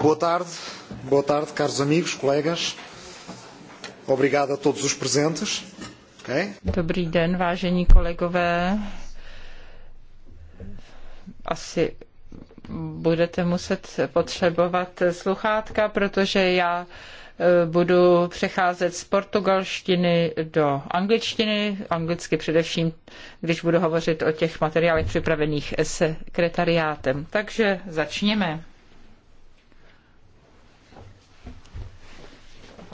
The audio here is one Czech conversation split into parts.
Boa tarde, boa tarde, caros amigos, colegas. Obrigado a todos os presentes. Okay. Dobrý den, vážení kolegové. Asi budete muset potřebovat sluchátka, protože já eh, budu přecházet z portugalštiny do angličtiny, anglicky především, když budu hovořit o těch materiálech připravených sekretariátem. Takže začněme.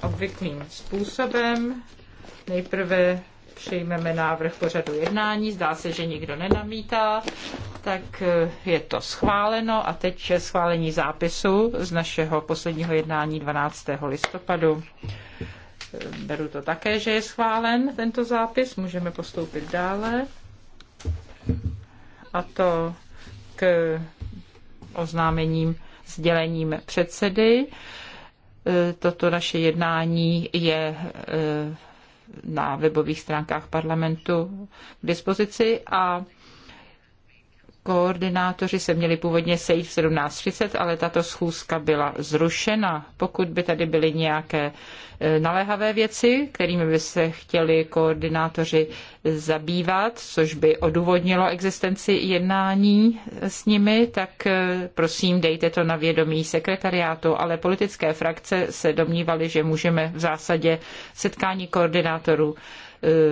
obvyklým způsobem. Nejprve přijmeme návrh pořadu jednání, zdá se, že nikdo nenamítá, tak eh, je to schváleno a teď je schválení zápisu z našeho posledního jednání 12. listopadu. Eh, beru to také, že je schválen tento zápis, můžeme postoupit dále. A to k oznámením sdělením předsedy. Toto naše jednání je eh, na webových stránkách parlamentu k dispozici a Koordinátoři se měli původně sejít v 17.30, ale tato schůzka byla zrušena. Pokud by tady byly nějaké e, naléhavé věci, kterými by se chtěli koordinátoři zabývat, což by odůvodnilo existenci jednání s nimi, tak e, prosím dejte to na vědomí sekretariátu, ale politické frakce se domnívaly, že můžeme v zásadě setkání koordinátorů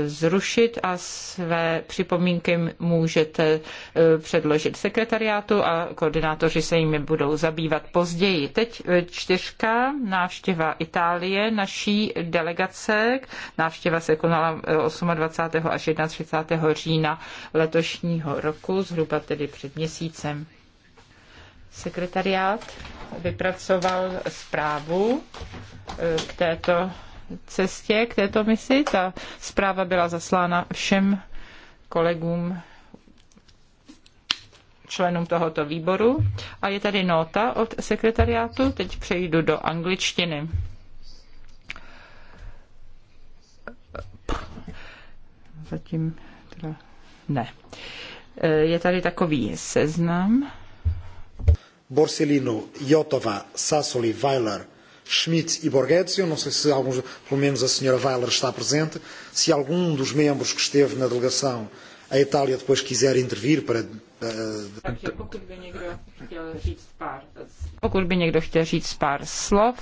zrušit a své připomínky můžete eh, předložit sekretariátu a koordinátoři se jimi budou zabývat později. Teď eh, čtyřka, návštěva Itálie, naší delegace. Návštěva se konala 28. Eh, až 31. října letošního roku, zhruba tedy před měsícem. Sekretariát vypracoval zprávu k této cestě k této misi. Ta zpráva byla zaslána všem kolegům členům tohoto výboru. A je tady nota od sekretariátu, teď přejdu do angličtiny. Zatím teda ne. E, je tady takový seznam. Borsellino, Jotova, Sassoli, Weiler, Schmidt e Borghezio, não sei se alguns, pelo menos a senhora Weiler está presente. Se algum dos membros que esteve na delegação a Itália depois quiser intervir para... Eh, pokud by někdo chtěl říct pár slov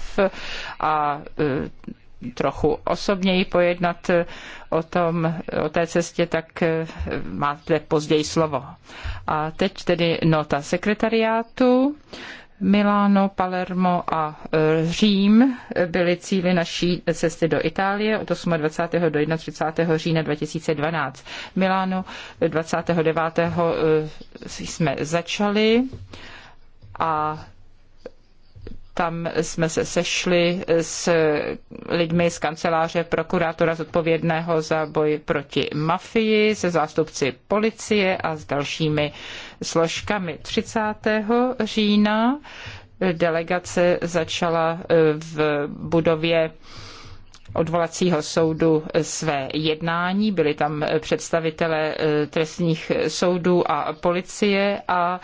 a eh, trochu osobněji pojednat eh, o, tom, o té cestě, tak máte později slovo. A teď tedy nota sekretariátu. Milano, Palermo a e, Řím byly cíly naší cesty do Itálie od 28. do 31. října 2012. Milano 29. jsme začali a tam jsme se sešli s lidmi z kanceláře prokurátora zodpovědného za boj proti mafii, se zástupci policie a s dalšími složkami. 30. října delegace začala eh, v budově odvolacího soudu své jednání. Byli tam představitelé eh, trestních soudů a policie a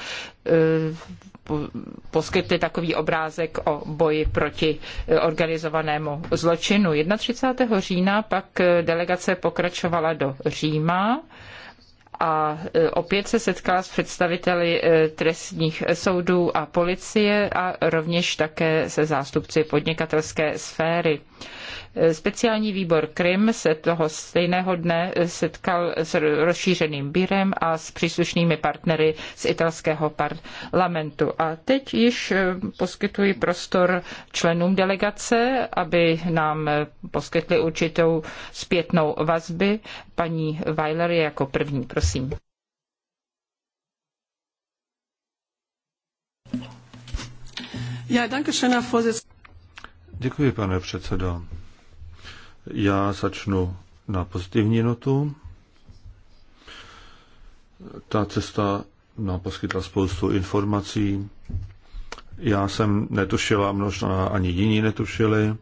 eh, poskytli takový obrázek o boji proti eh, organizovanému zločinu. 31. října pak eh, delegace pokračovala do Říma a eh, opět se setkala s představiteli trestních soudů a policie a rovněž také se zástupci podnikatelské sféry. Speciální výbor Krym se toho stejného dne setkal s rozšířeným bírem a s příslušnými partnery z italského parlamentu. A teď již eh, poskytuji prostor členům delegace, aby nám poskytli určitou zpětnou vazby. Paní Weiler je jako první, prosím. Děkuji, pane předsedo. Já začnu na pozitivní notu. Ta cesta nám poskytla spoustu informací. Já jsem netušila, možná ani jiní netušili,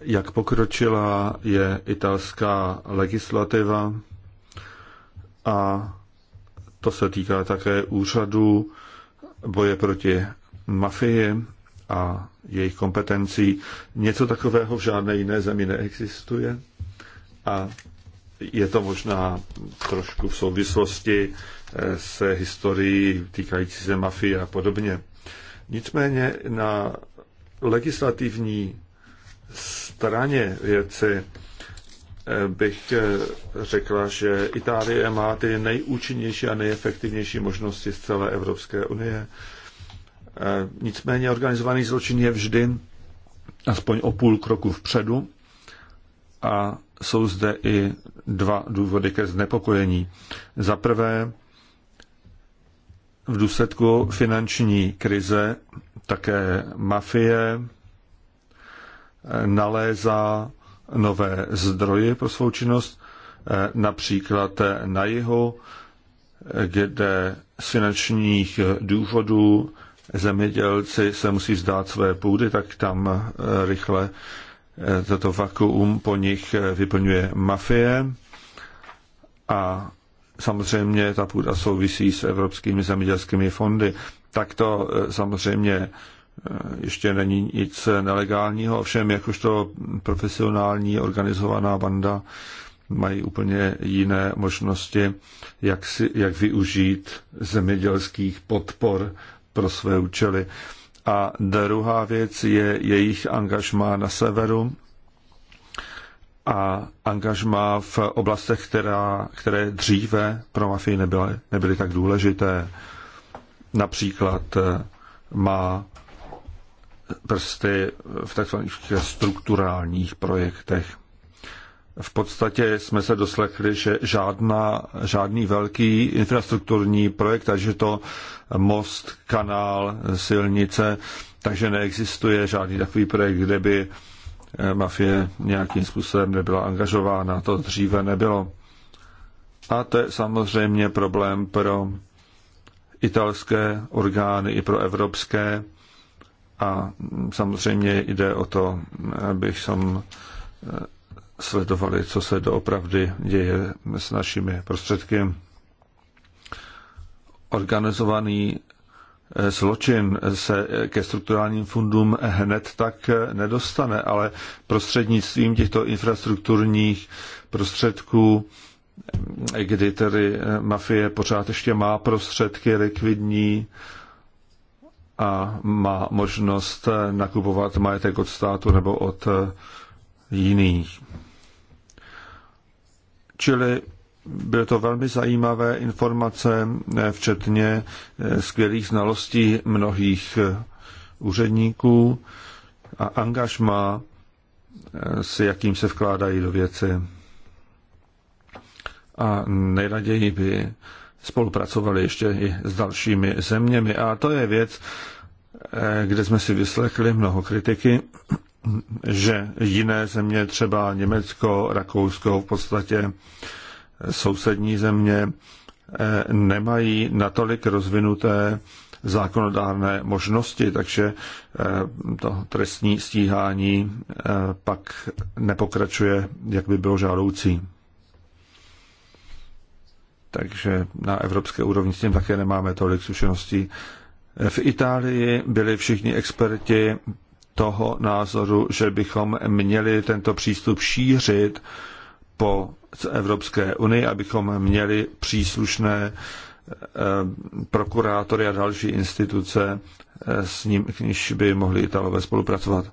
jak pokročila je italská legislativa a to se týká také úřadu boje proti mafii a jejich kompetencí. Něco takového v žádné jiné zemi neexistuje a je to možná trošku v souvislosti eh, se historií týkající se mafie a podobně. Nicméně na legislativní straně věci eh, bych eh, řekla, že Itálie má ty nejúčinnější a nejefektivnější možnosti z celé Evropské unie Eh, nicméně organizovaný zločin je vždy aspoň o půl kroku vpředu a jsou zde i dva důvody ke znepokojení. Za prvé, v důsledku finanční krize také mafie eh, nalézá nové zdroje pro svou činnost, eh, například na jihu, kde z finančních důvodů zemědělci se musí zdát své půdy, tak tam eh, rychle eh, toto vakuum po nich eh, vyplňuje mafie. A samozřejmě ta půda souvisí s evropskými zemědělskými fondy. Tak to samozřejmě ještě není nic nelegálního, ovšem jakožto profesionální organizovaná banda mají úplně jiné možnosti, jak, si, jak využít zemědělských podpor pro své účely. A druhá věc je jejich angažmá na severu a angažmá v oblastech, která, které dříve pro mafii nebyly, nebyly tak důležité. Například eh, má prsty v takzvaných strukturálních projektech v podstatě jsme se doslechli, že žádná, žádný velký infrastrukturní projekt, takže to most, kanál, silnice, takže neexistuje žádný takový projekt, kde by eh, mafie nějakým způsobem nebyla angažována. To dříve nebylo. A to je samozřejmě problém pro italské orgány i pro evropské. A mm, samozřejmě jde o to, eh, abych eh, sledovali, co se doopravdy děje s našimi prostředky. Organizovaný eh, zločin se eh, ke strukturálním fundům hned tak eh, nedostane, ale prostřednictvím těchto infrastrukturních prostředků, kdy tedy mafie pořád ještě má prostředky likvidní a má možnost nakupovat majetek od státu nebo od jiných. Čili byly to velmi zajímavé informace, eh, včetně eh, skvělých znalostí mnohých eh, úředníků a angažma, s jakým se vkládají do věci. A nejraději by spolupracovali ještě i s dalšími zeměmi. A to je věc, kde jsme si vyslechli mnoho kritiky že jiné země, třeba Německo, Rakousko, v podstatě sousední země, eh, nemají natolik rozvinuté zákonodárné možnosti, takže eh, to trestní stíhání eh, pak nepokračuje, jak by bylo žádoucí. Takže na evropské úrovni s tím také nemáme tolik zkušeností. V Itálii byli všichni experti toho názoru, že bychom měli tento přístup šířit po Evropské unii, abychom měli příslušné eh, prokurátory a další instituce, eh, s ním, k níž by mohli Italové spolupracovat.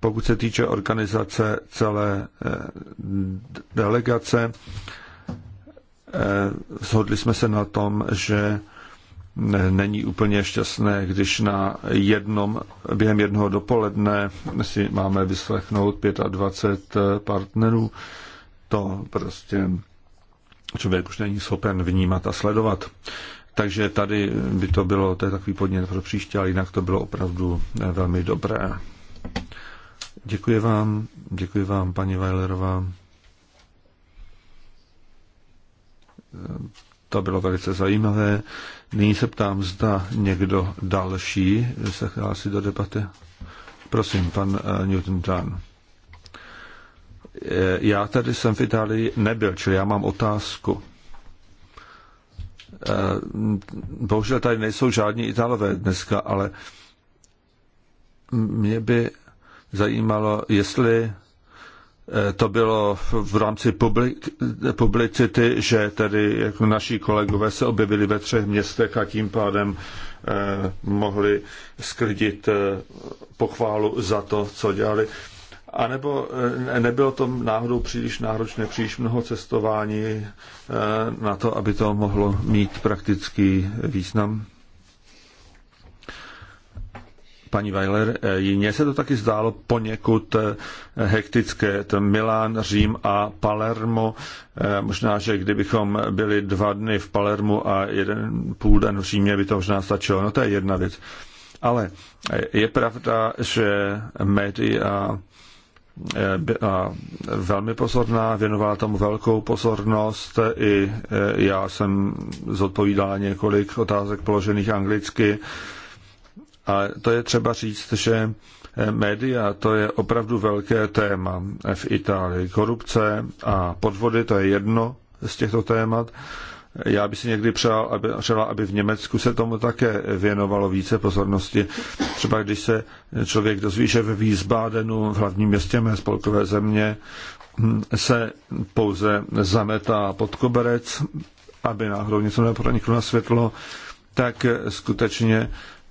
Pokud se týče organizace celé eh, delegace, shodli jsme se na tom, že není úplně šťastné, když na jednom, během jednoho dopoledne si máme vyslechnout 25 eh, partnerů. To prostě člověk už není schopen vnímat a sledovat. Takže tady by to bylo, to je takový podnět pro příště, ale jinak to bylo opravdu eh, velmi dobré. Děkuji vám, děkuji vám, paní Weilerová. Eh, to bylo velice zajímavé. Nyní se ptám, zda někdo další se hlásí do debaty. Prosím, pan eh, Newton Dunn. Eh, já tady jsem v Itálii nebyl, čili já mám otázku. Eh, bohužel tady nejsou žádní Italové dneska, ale mě by zajímalo, jestli Eh, to bylo v rámci publik, publicity, že tedy jako naši kolegové se objevili ve třech městech a tím pádem eh, mohli sklidit eh, pochválu za to, co dělali. A nebo eh, nebylo to náhodou příliš náročné, příliš mnoho cestování eh, na to, aby to mohlo mít praktický význam? paní Weiler, e, jině se to taky zdálo poněkud e, hektické. To Milán, Řím a Palermo. E, možná, že kdybychom byli dva dny v Palermu a jeden půl den v Římě, by to možná stačilo. No to je jedna věc. Ale je pravda, že média byla velmi pozorná, věnovala tomu velkou pozornost. I já jsem zodpovídala několik otázek položených anglicky a to je třeba říct, že eh, média to je opravdu velké téma v Itálii. Korupce a podvody to je jedno z těchto témat. Já bych si někdy přál, aby, přela, aby v Německu se tomu také věnovalo více pozornosti. Třeba když se člověk dozví, že ve Wiesbadenu, v hlavním městě mé spolkové země, hm, se pouze zametá pod koberec, aby náhodou něco neproniklo na světlo, tak skutečně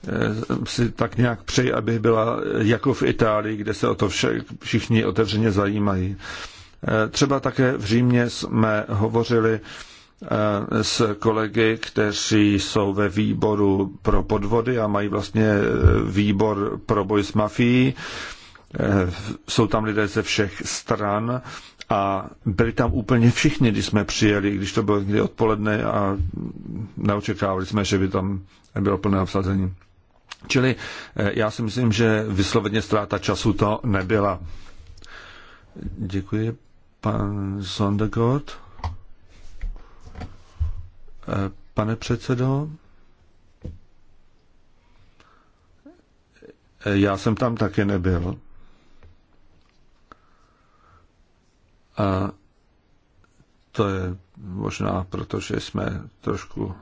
Eh, si tak nějak přeji, aby byla jako v Itálii, kde se o to vše, všichni otevřeně zajímají. Eh, třeba také v Římě jsme hovořili eh, s kolegy, kteří jsou ve výboru pro podvody a mají vlastně výbor pro boj s mafií. Jsou tam lidé ze všech stran a byli tam úplně všichni, když jsme přijeli, když to bylo někdy odpoledne a neočekávali jsme, že by tam bylo plné obsazení. Čili eh, já si myslím, že vysloveně ztráta času to nebyla. Děkuji, pan Sondegord. Eh, pane předsedo, eh, já jsem tam taky nebyl. A to je možná proto, že jsme trošku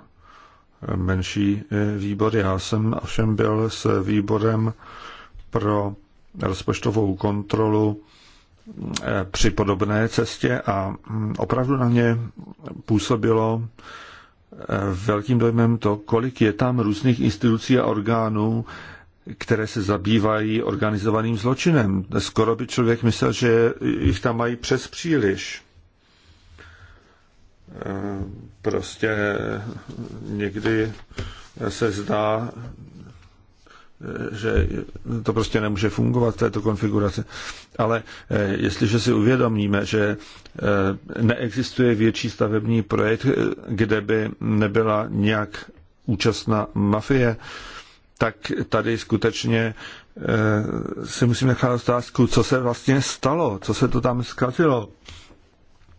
menší eh, výbor. Já jsem ovšem byl s výborem pro rozpočtovou kontrolu eh, při podobné cestě a mm, opravdu na mě působilo eh, velkým dojmem to, kolik je tam různých institucí a orgánů, které se zabývají organizovaným zločinem. Skoro by člověk myslel, že jich tam mají přes příliš prostě někdy se zdá, že to prostě nemůže fungovat v této konfiguraci. Ale jestliže si uvědomíme, že neexistuje větší stavební projekt, kde by nebyla nějak účastná mafie, tak tady skutečně eh, si musíme nechat otázku, co se vlastně stalo, co se to tam zkazilo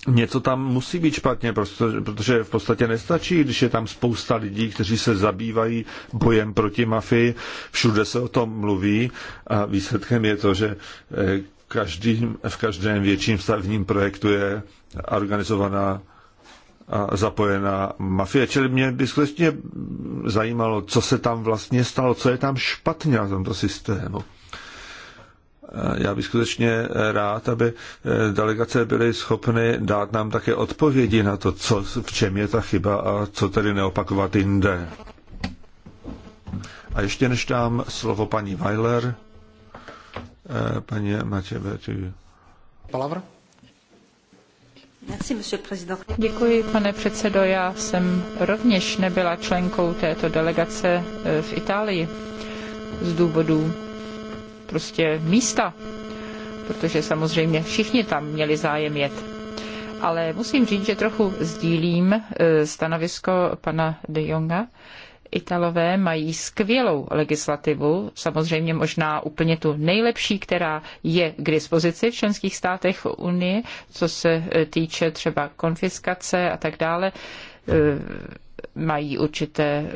něco tam musí být špatně, protože v podstatě nestačí, když je tam spousta lidí, kteří se zabývají bojem proti mafii, všude se o tom mluví a výsledkem je to, že eh, v každém větším stavním projektu je organizovaná a zapojená mafie. Čili mě by skutečně zajímalo, co se tam vlastně stalo, co je tam špatně na tomto systému. Eh, já bych skutečně eh, rád, aby eh, delegace byly schopny dát nám také odpovědi na to, co, v čem je ta chyba a co tedy neopakovat jinde. A ještě než dám slovo paní Weiler, paní Matěve, ty... Palavra? Děkuji, pane předsedo. Já jsem rovněž nebyla členkou této delegace v Itálii z důvodů prostě místa, protože samozřejmě všichni tam měli zájem jet. Ale musím říct, že trochu sdílím e, stanovisko pana de Jonga, Italové mají skvělou legislativu, samozřejmě možná úplně tu nejlepší, která je k dispozici v členských státech Unie, co se e, týče třeba konfiskace a tak dále. E, mají určité,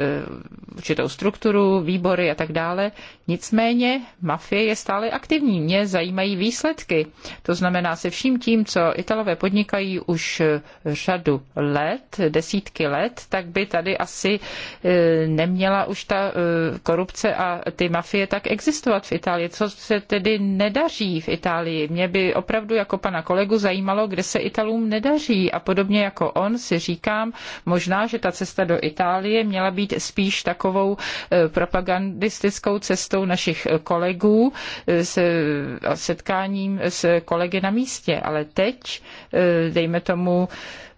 určitou strukturu, výbory a tak dále. Nicméně mafie je stále aktivní. Mě zajímají výsledky. To znamená se vším tím, co Italové podnikají už eh, řadu let, desítky let, tak by tady asi eh, neměla už ta eh, korupce a ty mafie tak existovat v Itálii. Co se tedy nedaří v Itálii? Mě by opravdu jako pana kolegu zajímalo, kde se Italům nedaří. A podobně jako on si říkám, možná, že ta cesta do Itálie měla být spíš takovou propagandistickou cestou, cestou našich kolegů eh, s setkáním s kolegy na místě. Ale teď, eh, dejme tomu,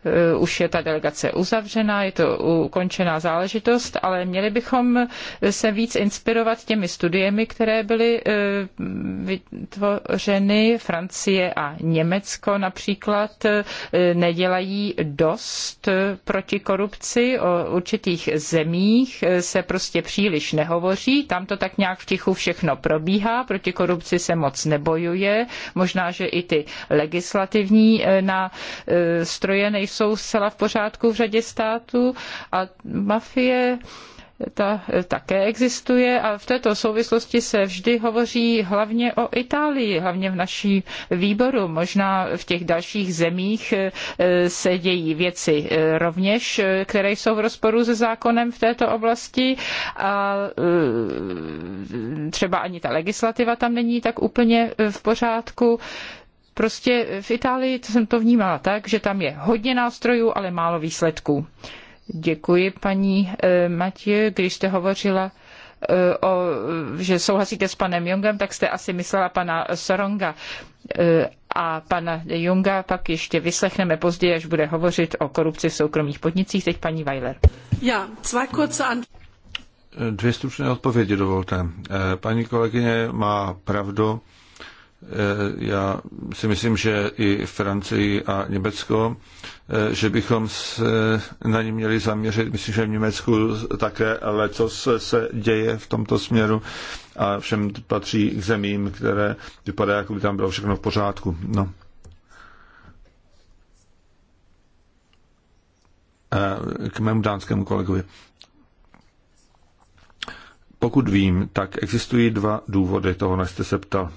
Eh, už je ta delegace uzavřena, je to ukončená záležitost, ale měli bychom se víc inspirovat těmi studiemi, které byly eh, vytvořeny. Francie a Německo například eh, nedělají dost proti korupci. O určitých zemích se prostě příliš nehovoří. Tam to tak nějak v tichu všechno probíhá. Proti korupci se moc nebojuje. Možná, že i ty legislativní nástroje nejsou jsou zcela v pořádku v řadě států a mafie ta také existuje a v této souvislosti se vždy hovoří hlavně o Itálii, hlavně v naší výboru. Možná v těch dalších zemích eh, se dějí věci eh, rovněž, eh, které jsou v rozporu se zákonem v této oblasti a třeba ani ta legislativa tam není tak úplně v pořádku. Prostě v Itálii jsem to vnímala tak, že tam je hodně nástrojů, ale málo výsledků. Děkuji, paní eh, Matě, když jste hovořila eh, o, že souhlasíte s panem Jungem, tak jste asi myslela pana Soronga. Eh, a pana Junga pak ještě vyslechneme později, až bude hovořit o korupci v soukromých podnicích. Teď paní Weiler. Já, zwei kurze Dvě stručné odpovědi dovolte. Paní kolegyně má pravdu Eh, já si myslím, že i Francii a Německo, eh, že bychom se na ní měli zaměřit. Myslím, že v Německu také co se děje v tomto směru a všem patří k zemím, které vypadá, jako by tam bylo všechno v pořádku. No. Eh, k mému dánskému kolegovi. Pokud vím, tak existují dva důvody toho, než jste se ptal.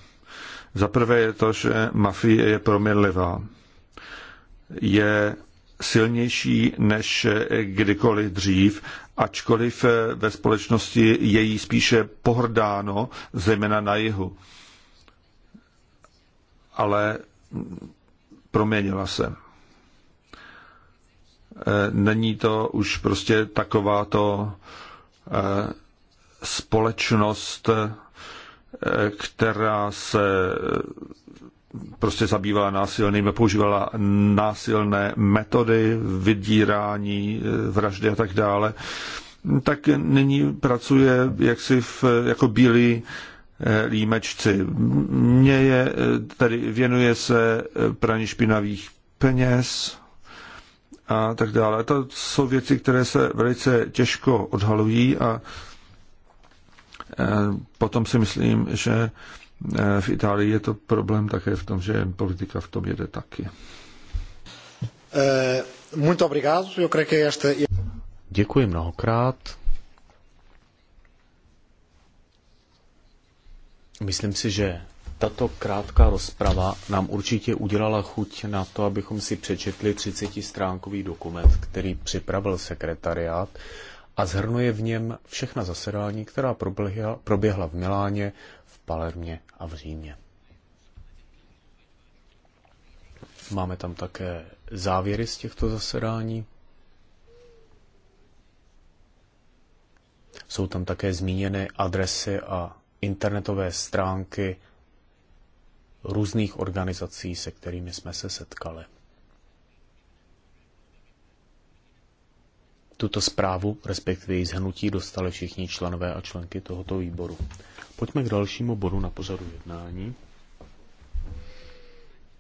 Za prvé je to, že mafie je proměnlivá. Je silnější než kdykoliv dřív, ačkoliv ve společnosti je jí spíše pohrdáno, zejména na jihu. Ale proměnila se. Eh, není to už prostě takováto eh, společnost, která se prostě zabývala násilným a používala násilné metody vydírání, vraždy a tak dále, tak nyní pracuje jaksi v, jako bílý eh, límečci. Mně je, eh, tedy věnuje se eh, praní špinavých peněz a tak dále. To jsou věci, které se velice těžko odhalují a Potom si myslím, že eh, v Itálii je to problém také v tom, že politika v tom jede taky. Eh, muito obrigado. Děkuji mnohokrát. Myslím si, že tato krátká rozprava nám určitě udělala chuť na to, abychom si přečetli 30-stránkový dokument, který připravil sekretariát a zhrnuje v něm všechna zasedání, která proběhla, proběhla v Miláně, v Palermě a v Římě. Máme tam také závěry z těchto zasedání. Jsou tam také zmíněny adresy a internetové stránky různých organizací, se kterými jsme se setkali. Tuto zprávu, respektive její zhnutí, dostali všichni členové a členky tohoto výboru. Pojďme k dalšímu bodu na pozoru jednání.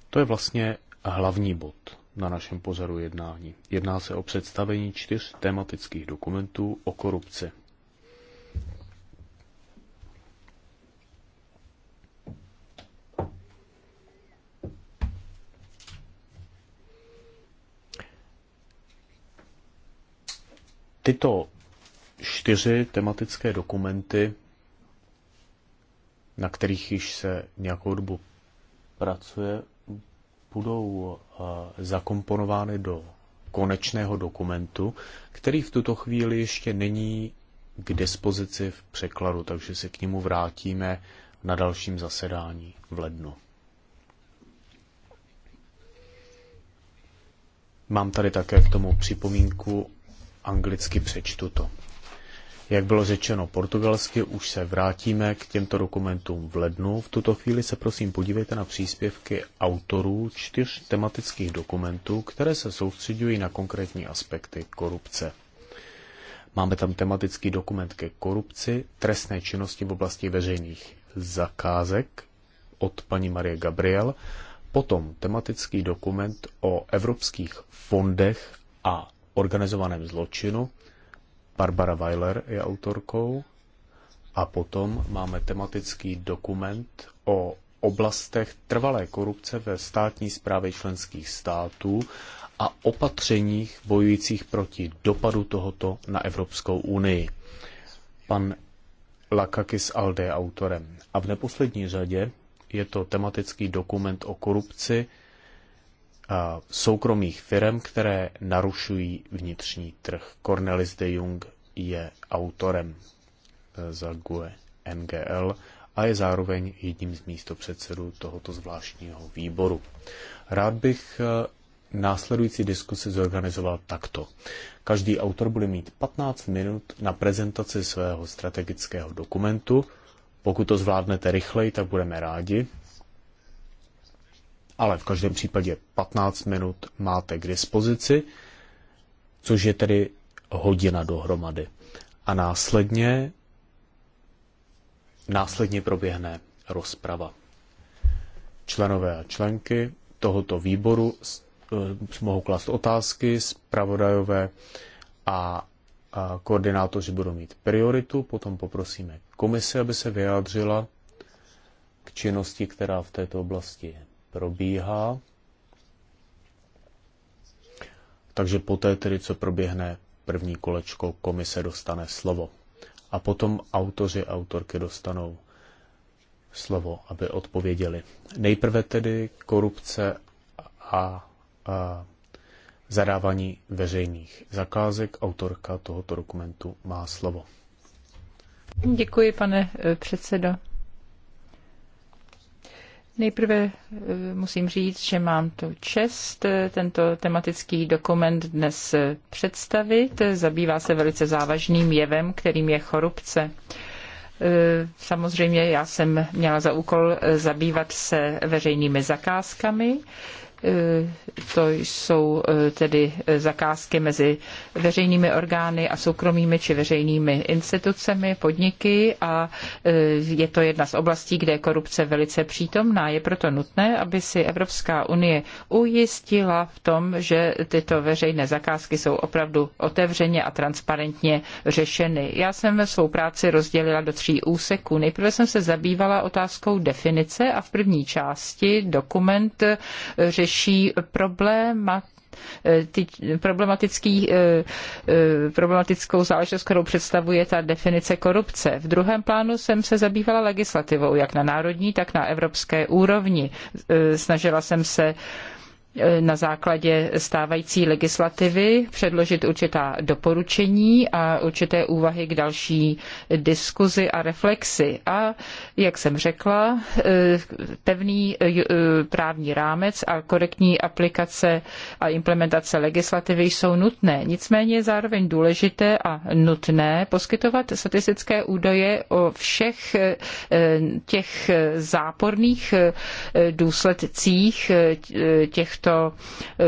To je vlastně hlavní bod na našem pozoru jednání. Jedná se o představení čtyř tematických dokumentů o korupci. Tyto čtyři tematické dokumenty, na kterých již se nějakou dobu pracuje, budou eh, zakomponovány do konečného dokumentu, který v tuto chvíli ještě není k dispozici v překladu, takže se k němu vrátíme na dalším zasedání v lednu. Mám tady také k tomu připomínku anglicky přečtu to. Jak bylo řečeno portugalsky, už se vrátíme k těmto dokumentům v lednu. V tuto chvíli se prosím podívejte na příspěvky autorů čtyř tematických dokumentů, které se soustředují na konkrétní aspekty korupce. Máme tam tematický dokument ke korupci, trestné činnosti v oblasti veřejných zakázek od paní Marie Gabriel, potom tematický dokument o evropských fondech a organizovaném zločinu. Barbara Weiler je autorkou. A potom máme tematický dokument o oblastech trvalé korupce ve státní správě členských států a opatřeních bojujících proti dopadu tohoto na Evropskou unii. Pan Lakakis Alde je autorem. A v neposlední řadě je to tematický dokument o korupci soukromých firm, které narušují vnitřní trh. Cornelis de Jung je autorem e, za GUE NGL a je zároveň jedním z místopředsedů tohoto zvláštního výboru. Rád bych e, následující diskusi zorganizoval takto. Každý autor bude mít 15 minut na prezentaci svého strategického dokumentu. Pokud to zvládnete rychleji, tak budeme rádi, ale v každém případě 15 minut máte k dispozici, což je tedy hodina dohromady. A následně, následně proběhne rozprava. Členové a členky tohoto výboru eh, mohou klást otázky, zpravodajové a koordinátoři budou mít prioritu, potom poprosíme komisi, aby se vyjádřila k činnosti, která v této oblasti je probíhá. Takže poté tedy, co proběhne první kolečko, komise dostane slovo. A potom autoři, autorky dostanou slovo, aby odpověděli. Nejprve tedy korupce a, a zadávání veřejných zakázek. Autorka tohoto dokumentu má slovo. Děkuji, pane eh, předsedo. Nejprve eh, musím říct, že mám tu čest eh, tento tematický dokument dnes eh, představit. Zabývá se velice závažným jevem, kterým je chorupce. Samozřejmě já jsem měla za úkol zabývat se veřejnými zakázkami E, to jsou e, tedy e, zakázky mezi veřejnými orgány a soukromými či veřejnými institucemi, podniky a je to jedna z oblastí, kde je korupce velice přítomná. Je proto nutné, aby si Evropská unie ujistila v tom, že tyto veřejné zakázky jsou opravdu otevřeně a transparentně řešeny. Já jsem svou práci rozdělila do tří úseků. Nejprve jsem se zabývala otázkou definice a v první části dokument řeší řeší problém eh, problematický, eh, eh, problematickou záležitost, kterou představuje ta definice korupce. V druhém plánu jsem se zabývala legislativou, jak na národní, tak na evropské úrovni. Snažila jsem se Eh, na základě stávající legislativy předložit určitá doporučení a určité úvahy k další diskuzi a reflexi. A jak jsem řekla, eh, pevný eh, právní rámec a korektní aplikace a implementace legislativy jsou nutné. Nicméně je zároveň důležité a nutné poskytovat statistické údaje o všech těch záporných důsledcích těch těchto eh,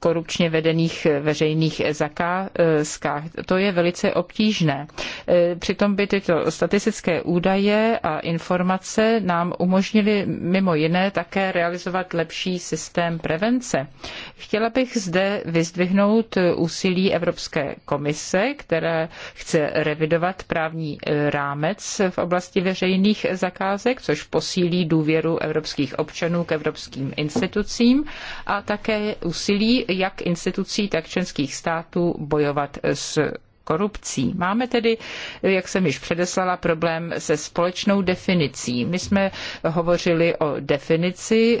korupčně vedených veřejných zakázkách. To je velice obtížné. Eh, přitom by tyto statistické údaje a informace nám umožnily mimo jiné také realizovat lepší systém prevence. Chtěla bych zde vyzdvihnout úsilí Evropské komise, které chce revidovat právní eh, rámec v oblasti veřejných zakázek, což posílí důvěru evropských občanů k evropským institucím myslím, a také úsilí jak institucí, tak členských států bojovat s korupcí. Máme tedy, jak jsem již předeslala, problém se společnou definicí. My jsme hovořili o definici eh,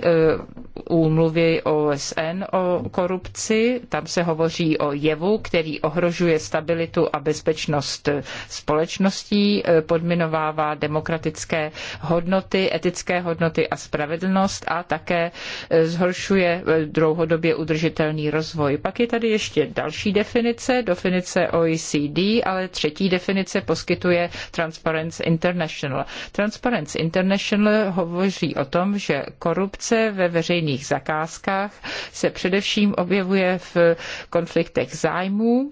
úmluvy OSN o korupci. Tam se hovoří o jevu, který ohrožuje stabilitu a bezpečnost společností, eh, podminovává demokratické hodnoty, etické hodnoty a spravedlnost a také eh, zhoršuje dlouhodobě udržitelný rozvoj. Pak je tady ještě další definice, definice OECD 3D, ale třetí definice poskytuje Transparency International. Transparency International hovoří o tom, že korupce ve veřejných zakázkách se především objevuje v konfliktech zájmů,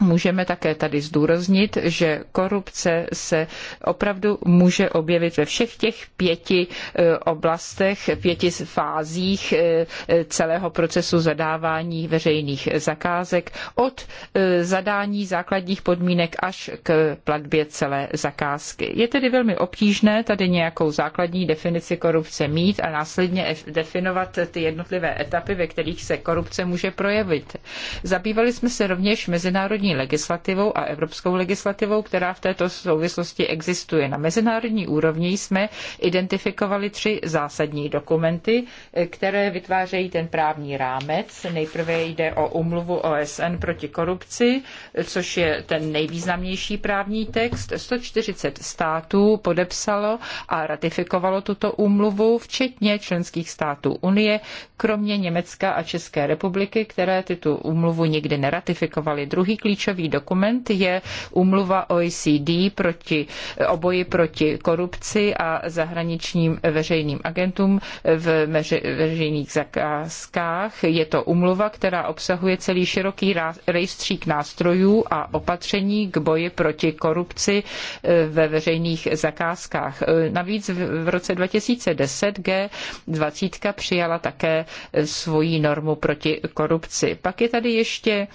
Můžeme také tady zdůraznit, že korupce se opravdu může objevit ve všech těch pěti eh, oblastech, pěti fázích eh, celého procesu zadávání veřejných zakázek, od eh, zadání základních podmínek až k platbě celé zakázky. Je tedy velmi obtížné tady nějakou základní definici korupce mít a následně definovat ty jednotlivé etapy, ve kterých se korupce může projevit. Zabývali jsme se rovněž mezinárodní národní legislativou a evropskou legislativou, která v této souvislosti existuje. Na mezinárodní úrovni jsme identifikovali tři zásadní dokumenty, které vytvářejí ten právní rámec. Nejprve jde o umluvu OSN proti korupci, což je ten nejvýznamnější právní text. 140 států podepsalo a ratifikovalo tuto úmluvu, včetně členských států Unie, kromě Německa a České republiky, které tyto úmluvu nikdy neratifikovaly. Druhý klíč klíčový dokument je umluva OECD proti oboji proti korupci a zahraničním veřejným agentům v veřejných zakázkách. Je to umluva, která obsahuje celý široký rejstřík nástrojů a opatření k boji proti korupci eh, ve veřejných zakázkách. Eh, navíc v roce 2010 G20 přijala také eh, svoji normu proti korupci. Pak je tady ještě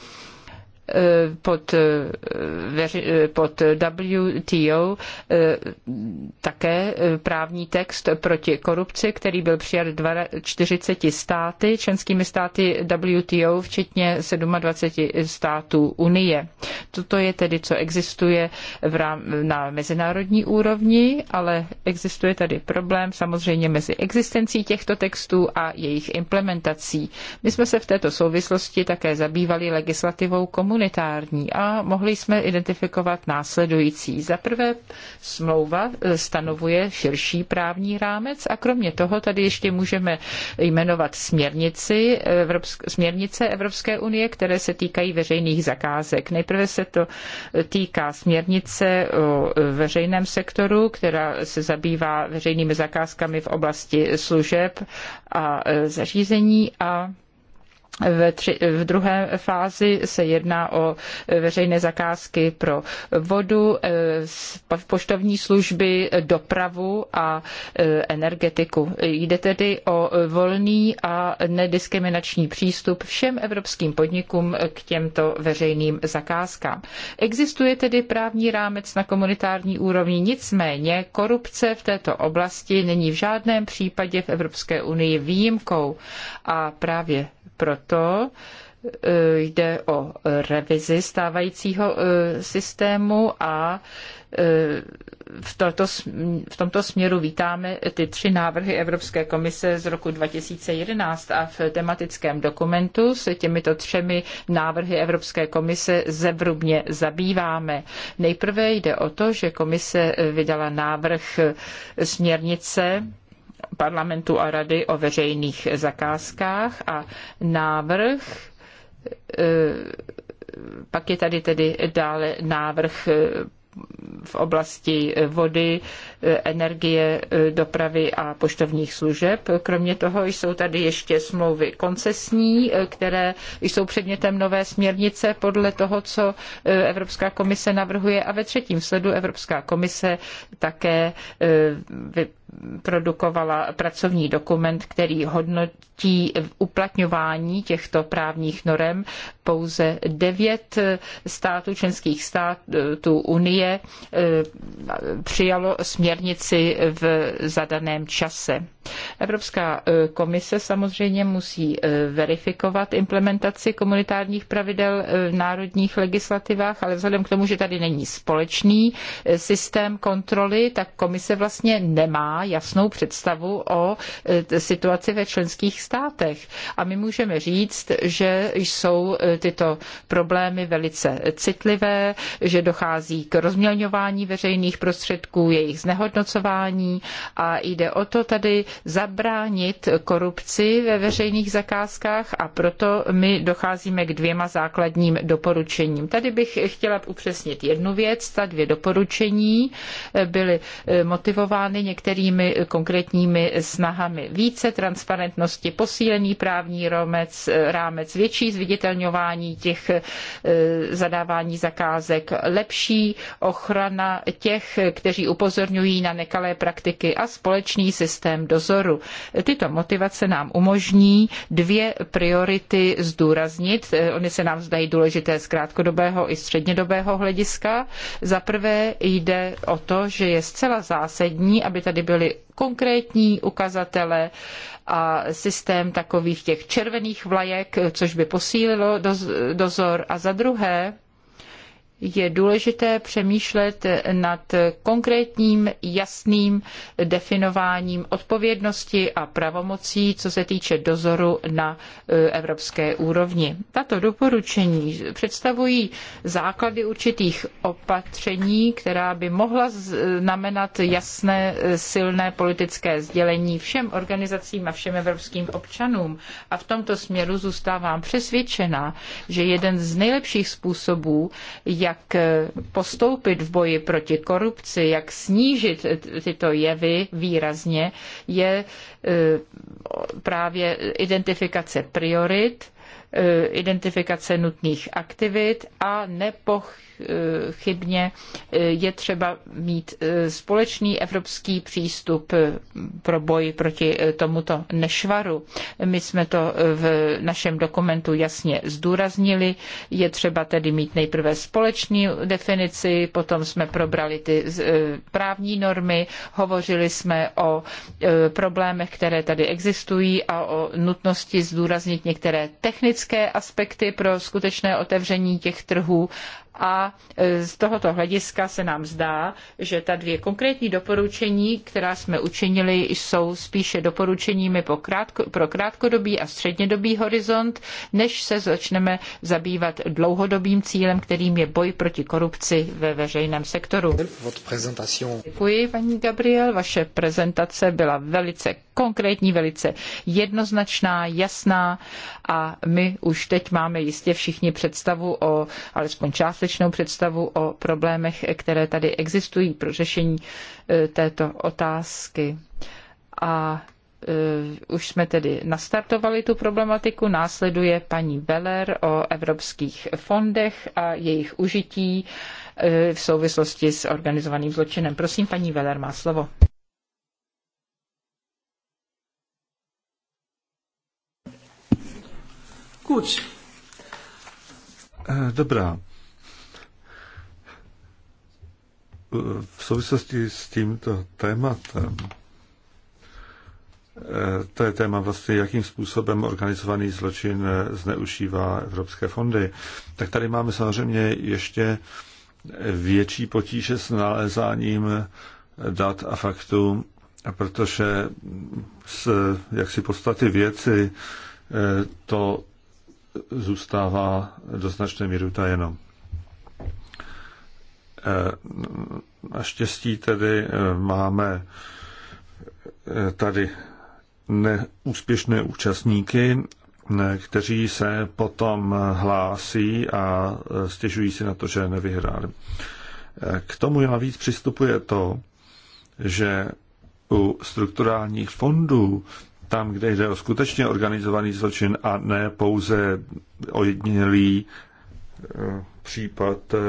Eh, pod, eh, eh, pod WTO také právní text proti korupci, který byl přijat 40 státy, členskými státy WTO, včetně 27 států Unie. Toto je tedy, co existuje v rám, na mezinárodní úrovni, ale existuje tady problém samozřejmě mezi existencí těchto textů a jejich implementací. My jsme se v této souvislosti také zabývali legislativou komunikací imunitární a mohli jsme identifikovat následující. Za prvé smlouva eh, stanovuje širší právní rámec a kromě toho tady ještě můžeme jmenovat směrnici, Evropsk, směrnice Evropské unie, které se týkají veřejných zakázek. Nejprve se to týká směrnice o veřejném sektoru, která se zabývá veřejnými zakázkami v oblasti služeb a eh, zařízení a ve tři, v druhé fázi se jedná o veřejné zakázky pro vodu, eh, poštovní služby, dopravu a eh, energetiku. Jde tedy o volný a nediskriminační přístup všem evropským podnikům k těmto veřejným zakázkám. Existuje tedy právní rámec na komunitární úrovni, nicméně korupce v této oblasti není v žádném případě v Evropské unii výjimkou a právě proto proto eh, jde o revizi stávajícího eh, systému a eh, v, toto, v tomto směru vítáme ty tři návrhy Evropské komise z roku 2011 a v tematickém dokumentu se těmito třemi návrhy Evropské komise zevrubně zabýváme. Nejprve jde o to, že komise vydala návrh směrnice parlamentu a rady o veřejných zakázkách a návrh e, pak je tady tedy dále návrh e, v oblasti vody, e, energie, dopravy a poštovních služeb. Kromě toho jsou tady ještě smlouvy koncesní, které jsou předmětem nové směrnice podle toho, co Evropská komise navrhuje. A ve třetím sledu Evropská komise také produkovala pracovní dokument, který hodnotí uplatňování těchto právních norem. Pouze devět států, členských států Unie eh, přijalo směrnici v zadaném čase. Evropská eh, komise samozřejmě musí eh, verifikovat implementaci komunitárních pravidel v národních legislativách, ale vzhledem k tomu, že tady není společný systém kontroly, tak komise vlastně nemá jasnou představu o e, situaci ve členských státech. A my můžeme říct, že jsou e, tyto problémy velice citlivé, že dochází k rozmělňování veřejných prostředků, jejich znehodnocování a jde o to tady zabránit korupci ve veřejných zakázkách a proto my docházíme k dvěma základním doporučením. Tady bych chtěla upřesnit jednu věc, ta dvě doporučení e, byly motivovány některými dalšími konkrétními snahami. Více transparentnosti, posílený právní rámec, rámec větší zviditelňování těch eh, zadávání zakázek, lepší ochrana těch, kteří upozorňují na nekalé praktiky a společný systém dozoru. Tyto motivace nám umožní dvě priority zdůraznit. Ony se nám zdají důležité z krátkodobého i střednědobého hlediska. Za prvé jde o to, že je zcela zásadní, aby tady byl byly konkrétní ukazatele a systém takových těch červených vlajek, což by posílilo dozor. A za druhé, je důležité přemýšlet nad konkrétním, jasným definováním odpovědnosti a pravomocí, co se týče dozoru na e, evropské úrovni. Tato doporučení představují základy určitých opatření, která by mohla znamenat jasné, e, silné politické sdělení všem organizacím a všem evropským občanům. A v tomto směru zůstávám přesvědčena, že jeden z nejlepších způsobů, jak jak postoupit v boji proti korupci, jak snížit tyto jevy výrazně, je eh, právě identifikace priorit, eh, identifikace nutných aktivit a nepochybnosti Eh, chybně eh, je třeba mít eh, společný evropský přístup pro boj proti tomuto nešvaru. My jsme to v našem dokumentu jasně zdůraznili. Je třeba tedy mít nejprve společný definici, potom jsme probrali ty právní normy, hovořili jsme o problémech, které tady existují a o nutnosti zdůraznit některé technické aspekty pro skutečné otevření těch trhů a e, z tohoto hlediska se nám zdá, že ta dvě konkrétní doporučení, která jsme učinili, jsou spíše doporučeními pro, krátko, pro krátkodobý a střednědobý horizont, než se začneme zabývat dlouhodobým cílem, kterým je boj proti korupci ve veřejném sektoru. Děkuji, paní Gabriel, vaše prezentace byla velice konkrétní, velice jednoznačná, jasná a my už teď máme jistě všichni představu o, alespoň částečnou představu o problémech, které tady existují pro řešení e, této otázky. A e, už jsme tedy nastartovali tu problematiku, následuje paní Beller o evropských fondech a jejich užití e, v souvislosti s organizovaným zločinem. Prosím, paní Veller má slovo. Gut. Eh, dobrá. V souvislosti s tímto tématem, eh, to je téma vlastně, jakým způsobem organizovaný zločin eh, zneužívá evropské fondy, tak tady máme samozřejmě ještě větší potíže s nalézáním dat a faktů, protože z jaksi podstaty věci to zůstává do značné míry utajeno. E, naštěstí tedy e, máme e, tady neúspěšné účastníky, kteří se potom hlásí a stěžují si na to, že nevyhráli. K tomu navíc přistupuje to, že u strukturálních fondů tam, kde jde o skutečně organizovaný zločin a ne pouze ojedinělý eh, případ eh,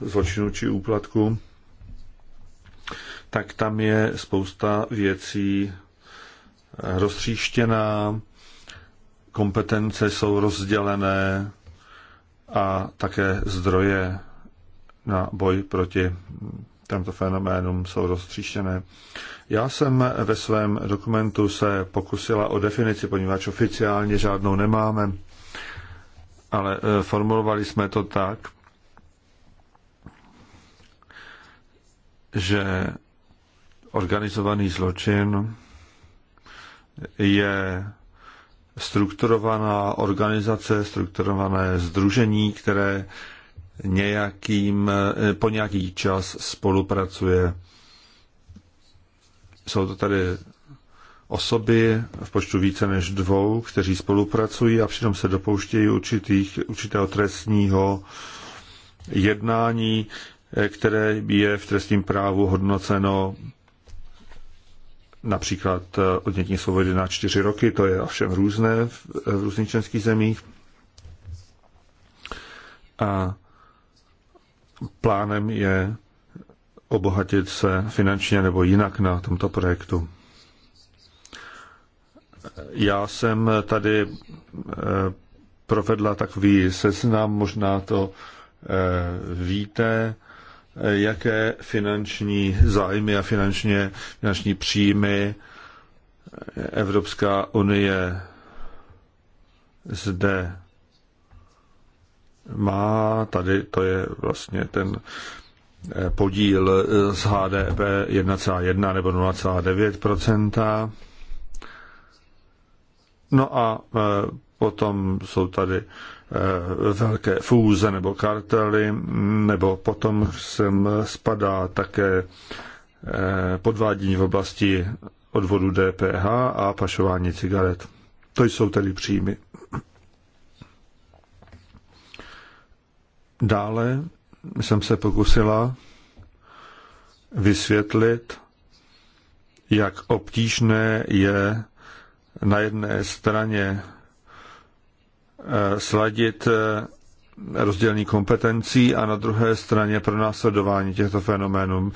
zločinu či úplatku, tak tam je spousta věcí eh, roztříštěná, kompetence jsou rozdělené a také zdroje na boj proti těmto fenoménům jsou roztříštěné. Já jsem ve svém dokumentu se pokusila o definici, poněvadž oficiálně žádnou nemáme, ale e, formulovali jsme to tak, že organizovaný zločin je strukturovaná organizace, strukturované združení, které nějakým, eh, po nějaký čas spolupracuje. Jsou to tady osoby v počtu více než dvou, kteří spolupracují a přitom se dopouštějí určitých, určitého trestního jednání, eh, které je v trestním právu hodnoceno například eh, odnětí svobody na čtyři roky, to je ovšem různé v, v různých členských zemích. A plánem je obohatit se finančně nebo jinak na tomto projektu. Já jsem tady eh, provedla takový seznam, možná to eh, víte, eh, jaké finanční zájmy a finančně, finanční příjmy Evropská unie zde má, tady to je vlastně ten eh, podíl eh, z HDP 1,1 nebo 0,9 No a eh, potom jsou tady velké fúze nebo kartely, mm, nebo potom sem spadá také podvádění v oblasti odvodu DPH a pašování cigaret. To jsou tedy příjmy. Dále jsem se pokusila vysvětlit, jak obtížné je na jedné straně eh, sladit eh, rozdělení kompetencí a na druhé straně pro následování těchto fenoménů.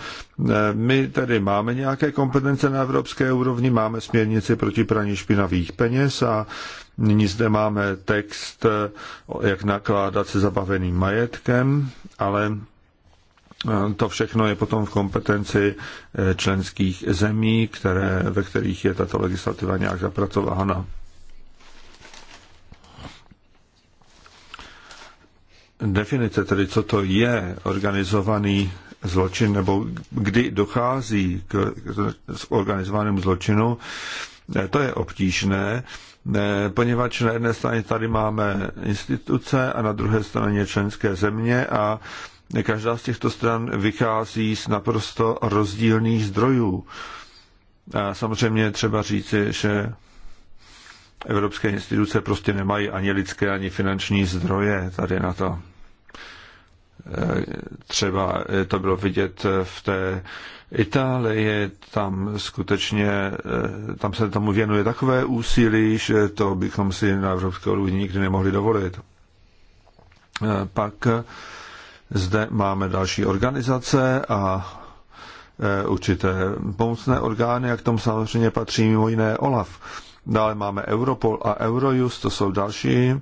My tedy máme nějaké kompetence na evropské úrovni, máme směrnici proti praní špinavých peněz a nyní zde máme text, jak nakládat se zabaveným majetkem, ale to všechno je potom v kompetenci eh, členských zemí, které, ve kterých je tato legislativa nějak zapracována. definice, tedy co to je organizovaný zločin, nebo kdy dochází k organizovanému zločinu, eh, to je obtížné, eh, poněvadž na jedné straně tady máme instituce a na druhé straně členské země a každá z těchto stran vychází z naprosto rozdílných zdrojů. A samozřejmě třeba říci, že evropské instituce prostě nemají ani lidské, ani finanční zdroje tady na to. Třeba to bylo vidět v té Itálii, tam skutečně, eh, tam se tomu věnuje takové úsilí, že to bychom si na evropské úrovni nikdy nemohli dovolit. Eh, pak eh, zde máme další organizace a určité pomocné orgány, jak tomu samozřejmě patří mimo jiné OLAF. Dále máme Europol a Eurojust, to jsou další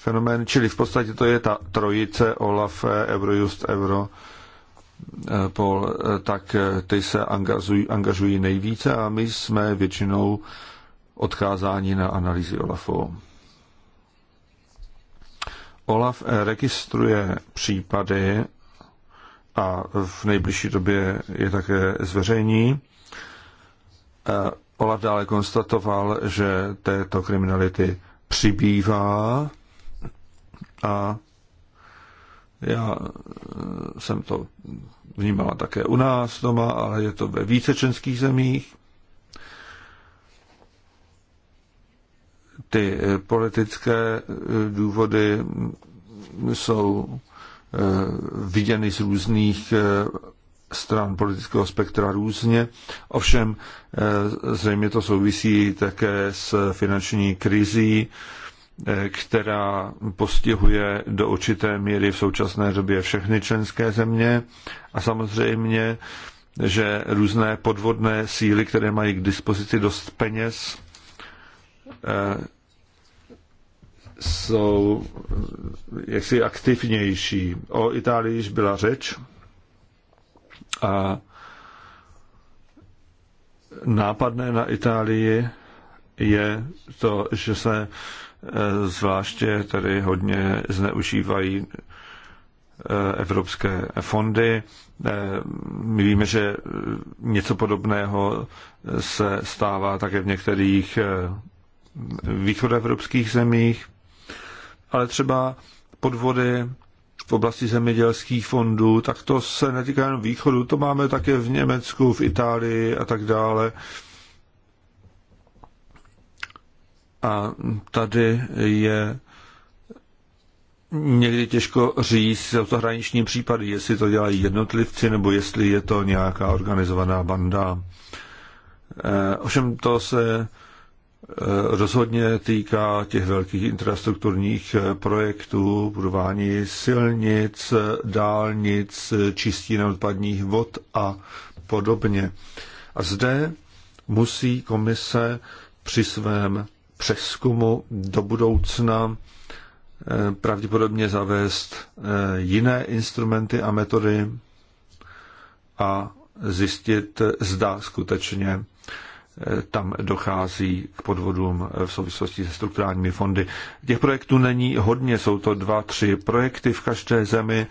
fenomén, čili v podstatě to je ta trojice OLAF, Eurojust, Euro, eh, Pol, eh, tak eh, ty se angažují, angažují nejvíce a my jsme většinou odkázáni na analýzy OLAFu. OLAF registruje případy a v nejbližší době je také zveřejní. Olaf dále konstatoval, že této kriminality přibývá a já eh, jsem to vnímala také u nás doma, ale je to ve více členských zemích. Ty eh, politické eh, důvody jsou viděny z různých stran politického spektra různě. Ovšem zřejmě to souvisí také s finanční krizí, Eh, která postihuje do určité míry v současné době všechny členské země a samozřejmě, že různé podvodné síly, které mají k dispozici dost peněz, eh, jsou eh, jaksi aktivnější. O Itálii již byla řeč a nápadné na Itálii je to, že se zvláště tady hodně zneužívají eh, evropské fondy. Eh, my víme, že eh, něco podobného se stává také v některých východoevropských zemích, ale třeba podvody v oblasti zemědělských fondů, tak to se netýká jenom východu, to máme také v Německu, v Itálii a tak dále. A tady je někdy těžko říct, jsou to hraniční případy, jestli to dělají jednotlivci, nebo jestli je to nějaká organizovaná banda. E, ovšem to se e, rozhodně týká těch velkých infrastrukturních e, projektů, budování silnic, dálnic, čistí odpadních vod a podobně. A zde musí komise při svém přeskumu do budoucna eh, pravděpodobně zavést eh, jiné instrumenty a metody a zjistit, zda skutečně eh, tam dochází k podvodům v souvislosti se strukturálními fondy. Těch projektů není hodně, jsou to dva, tři projekty v každé zemi,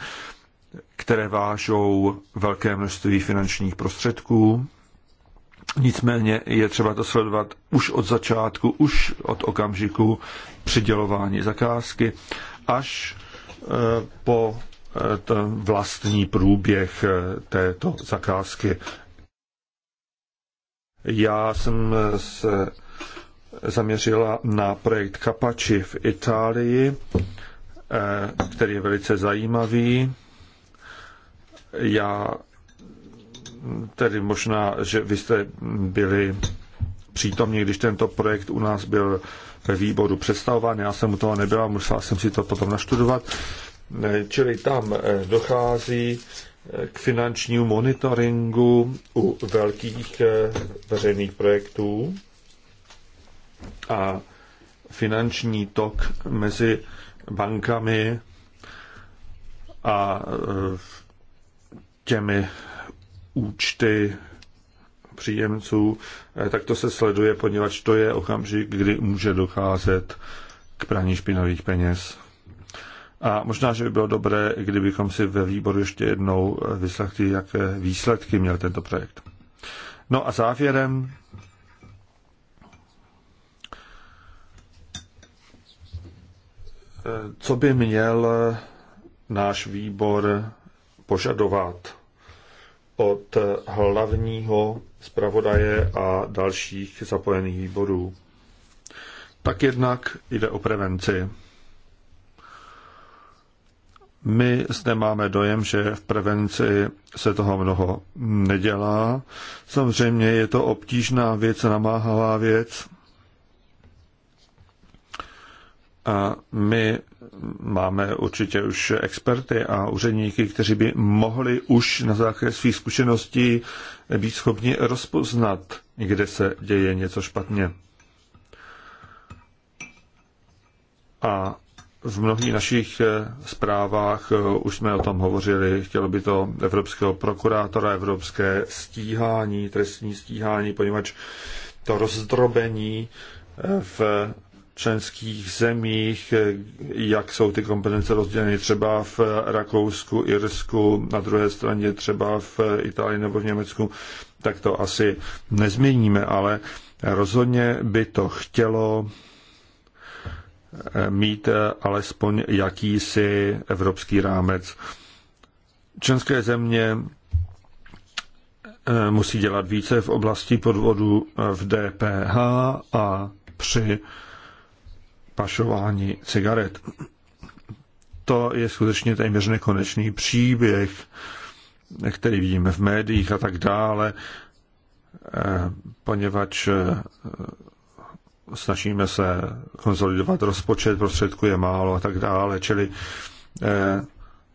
které vážou velké množství finančních prostředků Nicméně je třeba to sledovat už od začátku, už od okamžiku přidělování zakázky až eh, po eh, ten vlastní průběh eh, této zakázky. Já jsem se zaměřila na projekt Capaci v Itálii, který je velice zajímavý. Já tedy možná, že vy jste byli přítomní, když tento projekt u nás byl ve výboru představován. Já jsem u toho nebyla, musela jsem si to potom naštudovat. Čili tam eh, dochází eh, k finančnímu monitoringu u velkých eh, veřejných projektů a finanční tok mezi bankami a těmi účty příjemců, eh, tak to se sleduje, poněvadž to je okamžik, kdy může docházet k praní špinavých peněz. A možná, že by bylo dobré, kdybychom si ve výboru ještě jednou eh, vyslechli, jaké výsledky měl tento projekt. No a závěrem eh, co by měl náš výbor požadovat od hlavního zpravodaje a dalších zapojených výborů. Tak jednak jde o prevenci. My zde máme dojem, že v prevenci se toho mnoho nedělá. Samozřejmě je to obtížná věc, namáhavá věc. A my máme určitě už experty a úředníky, kteří by mohli už na základě svých zkušeností být schopni rozpoznat, kde se děje něco špatně. A v mnohých našich eh, zprávách eh, už jsme o tom hovořili, chtělo by to evropského prokurátora, evropské stíhání, trestní stíhání, poněvadž to rozdrobení eh, v členských zemích, jak jsou ty kompetence rozděleny třeba v Rakousku, Irsku, na druhé straně třeba v Itálii nebo v Německu, tak to asi nezměníme, ale rozhodně by to chtělo eh, mít eh, alespoň jakýsi evropský rámec. Členské země eh, musí dělat více v oblasti podvodu v DPH a při pašování cigaret. To je skutečně téměř nekonečný příběh, který vidíme v médiích a tak dále, eh, poněvadž eh, snažíme se konsolidovat rozpočet, prostředků je málo a tak dále, čili eh,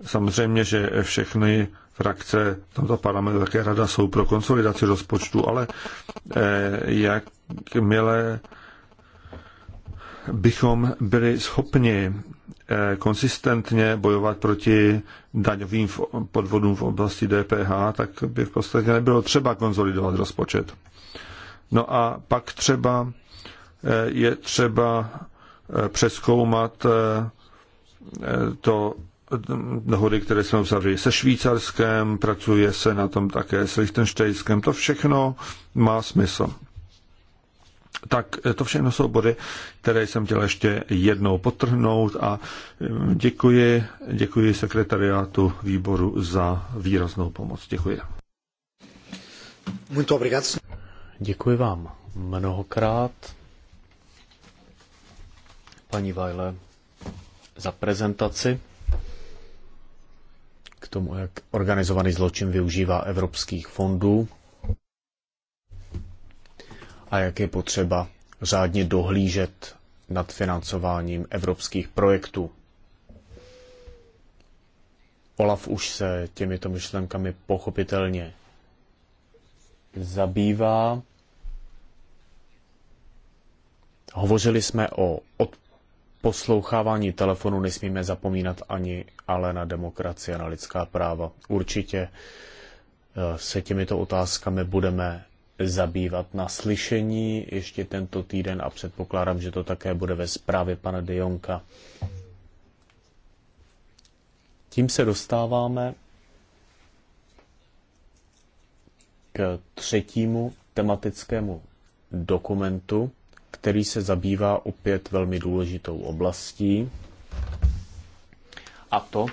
samozřejmě, že všechny frakce tomto parlamentu, také rada jsou pro konsolidaci rozpočtu, ale jakmile bychom byli schopni eh, konsistentně bojovat proti daňovým podvodům v oblasti DPH, tak by v podstatě nebylo třeba konzolidovat rozpočet. No a pak třeba eh, je třeba eh, přeskoumat to dohody, které jsme uzavřeli se Švýcarskem, pracuje se na tom také s Lichtenštejnskem. To všechno má smysl. Tak eh, to všechno jsou body, které jsem chtěl ještě jednou potrhnout a eh, děkuji, děkuji sekretariátu výboru za výraznou pomoc. Děkuji. Muito obrigado. Děkuji vám mnohokrát, paní Vajle, za prezentaci k tomu, jak organizovaný zločin využívá evropských fondů a jak je potřeba řádně dohlížet nad financováním evropských projektů. Olaf už se těmito myšlenkami pochopitelně zabývá. Hovořili jsme o odposlouchávání telefonu, nesmíme zapomínat ani ale na demokracie, na lidská práva. Určitě eh, se těmito otázkami budeme zabývat na slyšení ještě tento týden a předpokládám, že to také bude ve zprávě pana De Jonka. Tím se dostáváme k třetímu tematickému dokumentu, který se zabývá opět velmi důležitou oblastí, a to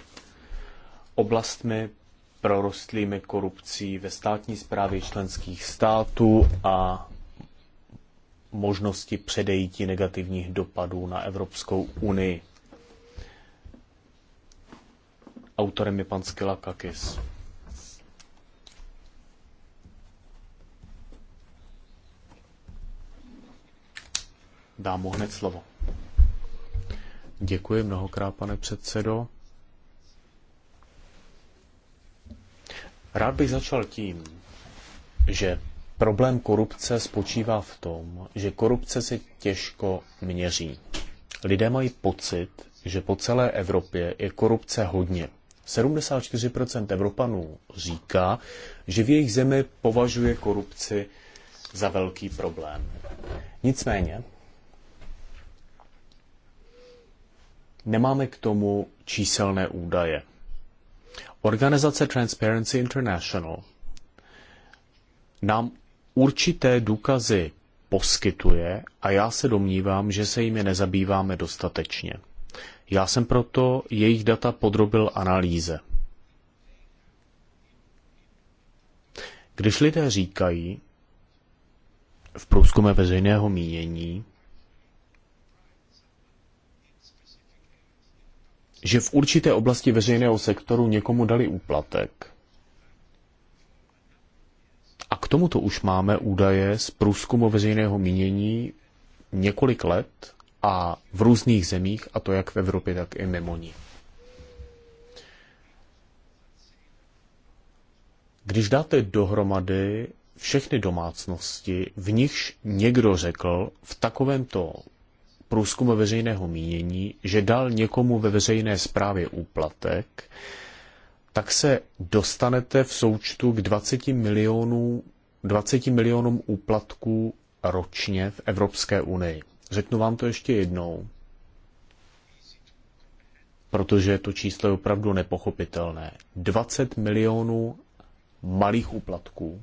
oblastmi prorostlými korupcí ve státní správě členských států a možnosti předejítí negativních dopadů na Evropskou unii. Autorem je pan Skilakakis. Dám mu hned slovo. Děkuji mnohokrát, pane předsedo. Rád bych začal tím, že problém korupce spočívá v tom, že korupce se těžko měří. Lidé mají pocit, že po celé Evropě je korupce hodně. 74% Evropanů říká, že v jejich zemi považuje korupci za velký problém. Nicméně, nemáme k tomu číselné údaje. Organizace Transparency International nám určité důkazy poskytuje a já se domnívám, že se jimi nezabýváme dostatečně. Já jsem proto jejich data podrobil analýze. Když lidé říkají v průzkume veřejného mínění, že v určité oblasti veřejného sektoru někomu dali úplatek. A k tomuto už máme údaje z průzkumu veřejného mínění několik let a v různých zemích, a to jak v Evropě, tak i mimo ní. Když dáte dohromady všechny domácnosti, v nichž někdo řekl, v takovémto průzkum veřejného mínění, že dal někomu ve veřejné správě úplatek, tak se dostanete v součtu k 20 milionů 20 milionům úplatků ročně v Evropské unii. Řeknu vám to ještě jednou, protože to číslo je opravdu nepochopitelné. 20 milionů malých úplatků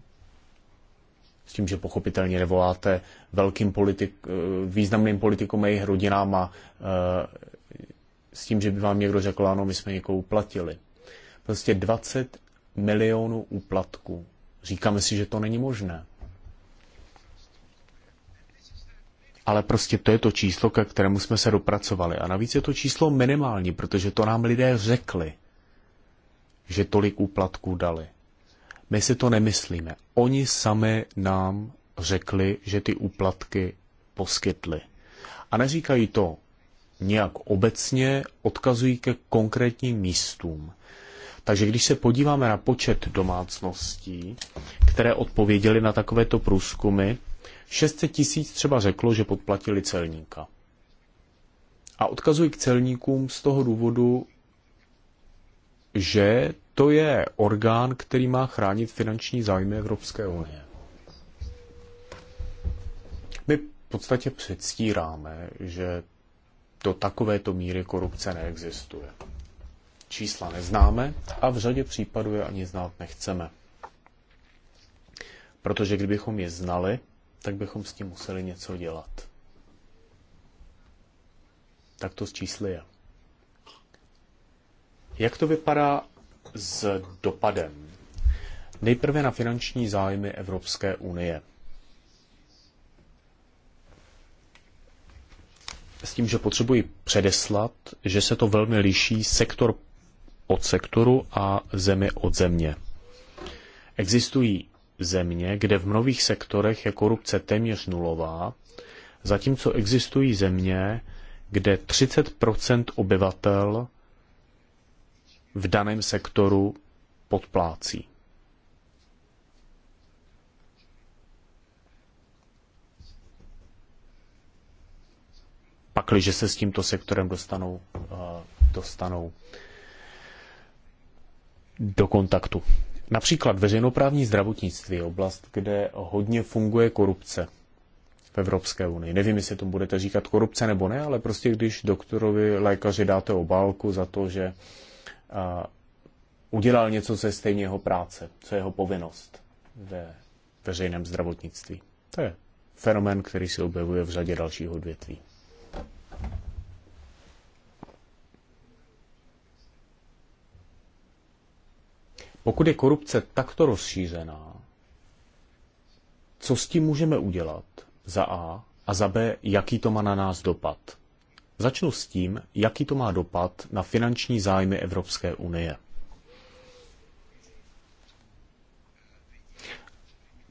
s tím, že pochopitelně nevoláte velkým politik, eh, významným politikům a jejich rodinám a eh, s tím, že by vám někdo řekl, ano, my jsme někoho uplatili. Prostě 20 milionů úplatků. Říkáme si, že to není možné. ale prostě to je to číslo, ke kterému jsme se dopracovali. A navíc je to číslo minimální, protože to nám lidé řekli, že tolik úplatků dali. My si to nemyslíme. Oni sami nám řekli, že ty úplatky poskytli. A neříkají to nějak obecně, odkazují ke konkrétním místům. Takže když se podíváme na počet domácností, které odpověděly na takovéto průzkumy, 600 tisíc třeba řeklo, že podplatili celníka. A odkazují k celníkům z toho důvodu, že to je orgán, který má chránit finanční zájmy Evropské unie. My v podstatě předstíráme, že do takovéto míry korupce neexistuje. Čísla neznáme a v řadě případů je ani znát nechceme. Protože kdybychom je znali, tak bychom s tím museli něco dělat. Tak to s čísly je. Jak to vypadá s dopadem. Nejprve na finanční zájmy Evropské unie. S tím, že potřebuji předeslat, že se to velmi liší sektor od sektoru a zemi od země. Existují země, kde v mnohých sektorech je korupce téměř nulová, zatímco existují země, kde 30 obyvatel v daném sektoru podplácí. pakliže se s tímto sektorem dostanou, eh, dostanou do kontaktu. Například veřejnoprávní zdravotnictví je oblast, kde hodně funguje korupce v Evropské unii. Nevím, jestli to budete říkat korupce nebo ne, ale prostě když doktorovi lékaři dáte obálku za to, že udělal něco, ze stejně jeho práce, co jeho povinnost ve veřejném zdravotnictví. To je fenomén, který se objevuje v řadě dalších odvětví. Pokud je korupce takto rozšířená, co s tím můžeme udělat? Za A a za B, jaký to má na nás dopad? Začnu s tím, jaký to má dopad na finanční zájmy Evropské unie.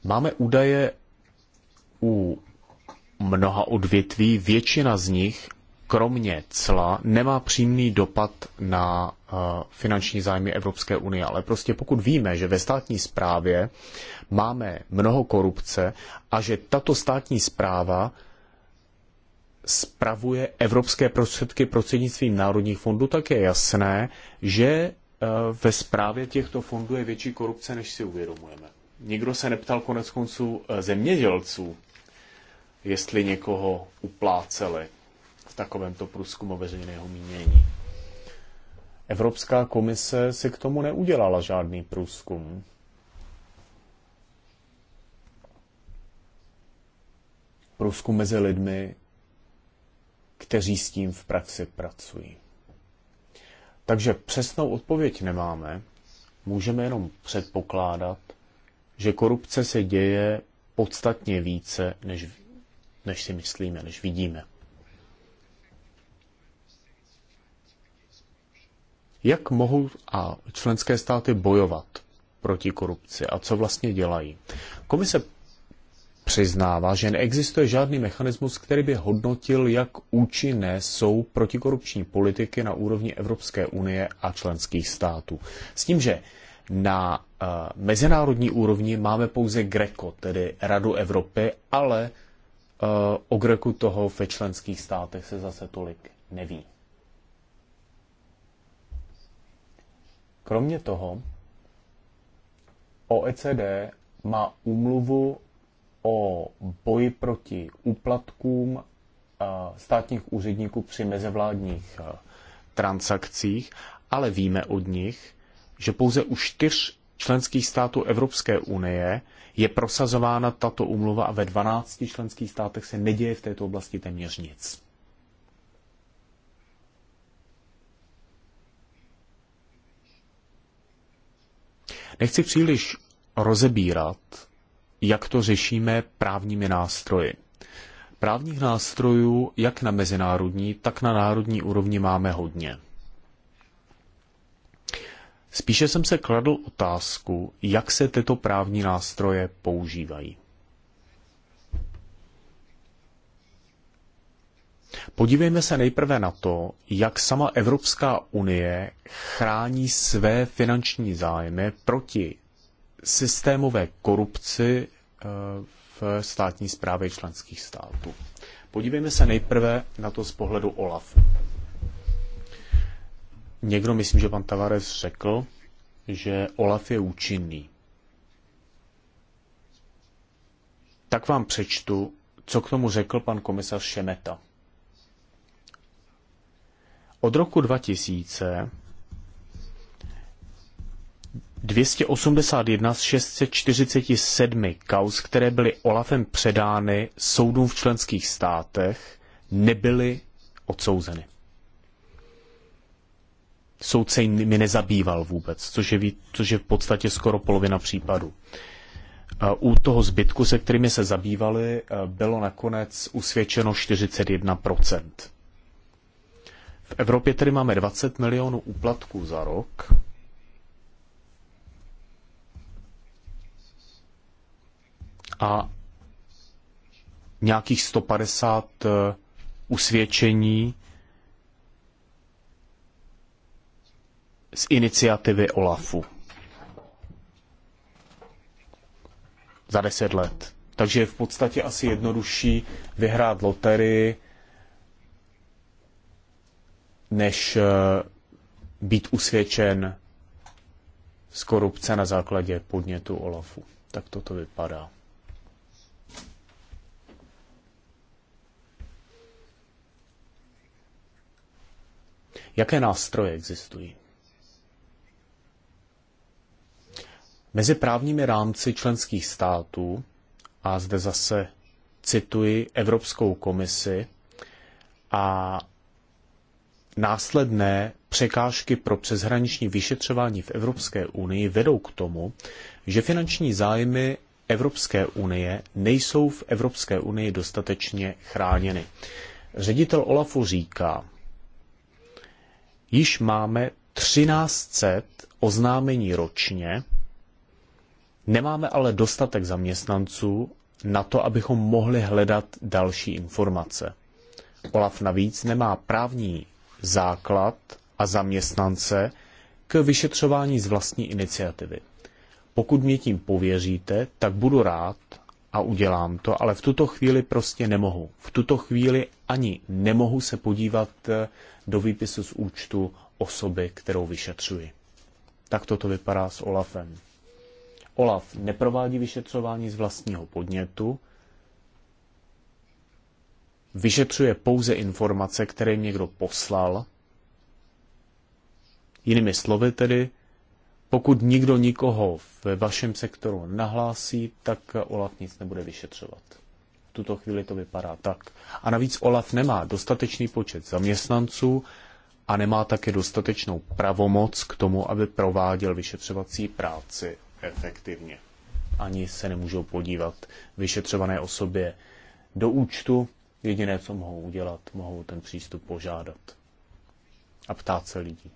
Máme údaje u mnoha odvětví, většina z nich, kromě cla, nemá přímý dopad na eh, finanční zájmy Evropské unie. Ale prostě pokud víme, že ve státní správě máme mnoho korupce a že tato státní správa spravuje evropské prostředky prostřednictvím národních fondů, tak je jasné, že e, ve správě těchto fondů je větší korupce, než si uvědomujeme. Nikdo se neptal konec konců e, zemědělců, jestli někoho upláceli v takovémto průzkumu veřejného mínění. Evropská komise si k tomu neudělala žádný průzkum. Průzkum mezi lidmi kteří s tím v praxi pracují. Takže přesnou odpověď nemáme, můžeme jenom předpokládat, že korupce se děje podstatně více, než, než si myslíme, než vidíme. Jak mohou a členské státy bojovat proti korupci a co vlastně dělají? Komise přiznává, že neexistuje žádný mechanismus, který by hodnotil, jak účinné jsou protikorupční politiky na úrovni Evropské unie a členských států. S tím, že na eh, mezinárodní úrovni máme pouze GRECO, tedy Radu Evropy, ale eh, o GRECO toho ve členských státech se zase tolik neví. Kromě toho, OECD má úmluvu o boji proti úplatkům eh, státních úředníků při mezevládních eh, transakcích, ale víme od nich, že pouze u čtyř členských států Evropské unie je prosazována tato umluva a ve 12 členských státech se neděje v této oblasti téměř nic. Nechci příliš rozebírat jak to řešíme právními nástroji. Právních nástrojů jak na mezinárodní, tak na národní úrovni máme hodně. Spíše jsem se kladl otázku, jak se tyto právní nástroje používají. Podívejme se nejprve na to, jak sama Evropská unie chrání své finanční zájmy proti systémové korupci eh, v státní správě členských států. Podívejme se nejprve na to z pohledu OLAF. Někdo, myslím, že pan Tavares řekl, že OLAF je účinný. Tak vám přečtu, co k tomu řekl pan komisař Šemeta. Od roku 2000 281 z 647 kaus, které byly Olafem předány soudům v členských státech, nebyly odsouzeny. Soud se jimi nezabýval vůbec, což je, což je v podstatě skoro polovina případů. Eh, u toho zbytku, se kterými se zabývali, eh, bylo nakonec usvědčeno 41%. V Evropě tedy máme 20 milionů úplatků za rok, a nějakých 150 eh, usvědčení z iniciativy OLAFu. Za deset let. Takže je v podstatě asi jednodušší vyhrát loterii, než eh, být usvědčen z korupce na základě podnětu OLAFu. Tak toto vypadá. Jaké nástroje existují? Mezi právními rámci členských států, a zde zase cituji Evropskou komisi, a následné překážky pro přeshraniční vyšetřování v Evropské unii vedou k tomu, že finanční zájmy Evropské unie nejsou v Evropské unii dostatečně chráněny. Ředitel Olafu říká, již máme 1300 oznámení ročně, nemáme ale dostatek zaměstnanců na to, abychom mohli hledat další informace. Olaf navíc nemá právní základ a zaměstnance k vyšetřování z vlastní iniciativy. Pokud mě tím pověříte, tak budu rád, a udělám to, ale v tuto chvíli prostě nemohu. V tuto chvíli ani nemohu se podívat eh, do výpisu z účtu osoby, kterou vyšetřuji. Tak toto vypadá s Olafem. Olaf neprovádí vyšetřování z vlastního podnětu, vyšetřuje pouze informace, které někdo poslal. Jinými slovy tedy, pokud nikdo nikoho ve vašem sektoru nahlásí, tak OLAF nic nebude vyšetřovat. V tuto chvíli to vypadá tak. A navíc OLAF nemá dostatečný počet zaměstnanců a nemá také dostatečnou pravomoc k tomu, aby prováděl vyšetřovací práci efektivně. Ani se nemůžou podívat vyšetřované osobě do účtu. Jediné, co mohou udělat, mohou ten přístup požádat a ptát se lidí.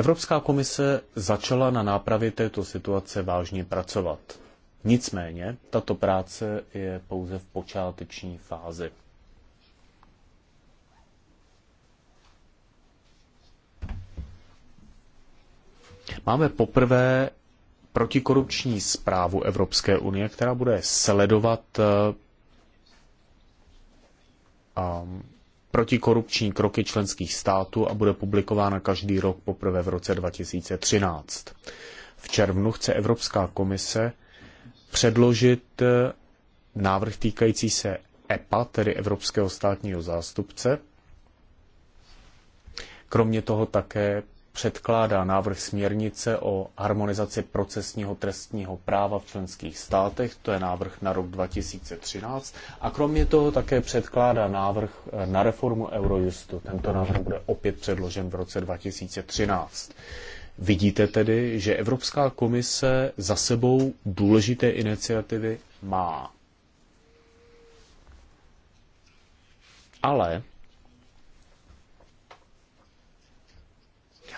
Evropská komise začala na nápravě této situace vážně pracovat. Nicméně, tato práce je pouze v počáteční fázi. Máme poprvé protikorupční zprávu Evropské unie, která bude sledovat eh, protikorupční kroky členských států a bude publikována každý rok poprvé v roce 2013. V červnu chce Evropská komise předložit eh, návrh týkající se EPA, tedy Evropského státního zástupce. Kromě toho také předkládá návrh směrnice o harmonizaci procesního trestního práva v členských státech, to je návrh na rok 2013, a kromě toho také předkládá návrh eh, na reformu Eurojustu. Tento návrh bude opět předložen v roce 2013. Vidíte tedy, že Evropská komise za sebou důležité iniciativy má. Ale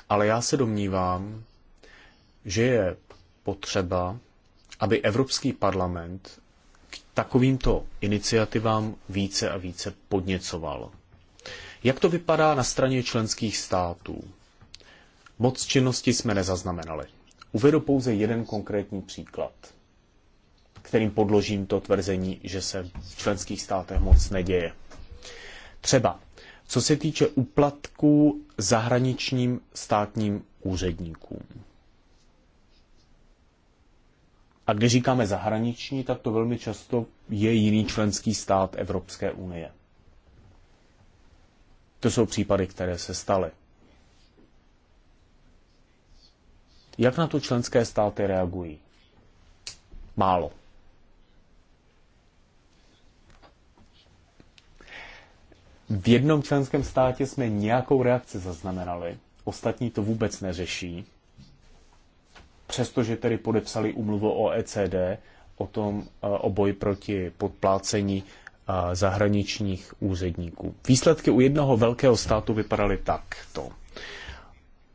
Ale já se domnívám, že je potřeba, aby Evropský parlament k takovýmto iniciativám více a více podněcoval. Jak to vypadá na straně členských států? Moc činnosti jsme nezaznamenali. Uvedu pouze jeden konkrétní příklad, kterým podložím to tvrzení, že se v členských státech moc neděje. Třeba co se týče uplatků zahraničním státním úředníkům. A když říkáme zahraniční, tak to velmi často je jiný členský stát Evropské unie. To jsou případy, které se staly. Jak na to členské státy reagují? Málo. V jednom členském státě jsme nějakou reakci zaznamenali, ostatní to vůbec neřeší, přestože tedy podepsali umluvu o OECD o tom, e, o boji proti podplácení e, zahraničních úředníků. Výsledky u jednoho velkého státu vypadaly takto.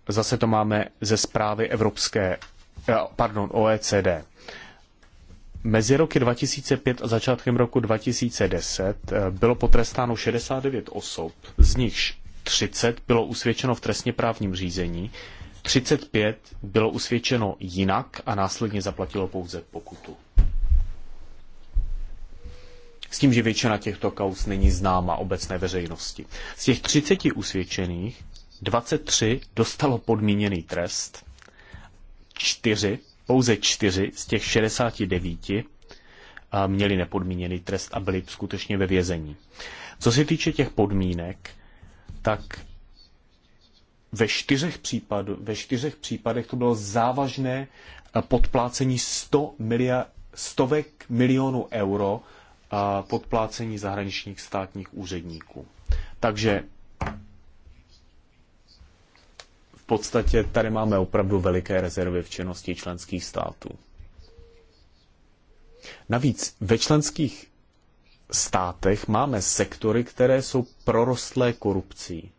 Zase to máme ze zprávy Evropské, e, pardon, OECD. Mezi roky 2005 a začátkem roku 2010 eh, bylo potrestáno 69 osob, z nichž 30 bylo usvědčeno v trestně právním řízení, 35 bylo usvědčeno jinak a následně zaplatilo pouze pokutu. S tím, že většina těchto kauz není známa obecné veřejnosti. Z těch 30 usvědčených 23 dostalo podmíněný trest, 4 pouze čtyři z těch 69 měli nepodmíněný trest a byli skutečně ve vězení. Co se týče těch podmínek, tak ve čtyřech, případu, ve čtyřech případech to bylo závažné podplácení 100 miliard, stovek milionů euro podplácení zahraničních státních úředníků. Takže podstatě tady máme opravdu veliké rezervy v činnosti členských států. Navíc ve členských státech máme sektory, které jsou prorostlé korupcí.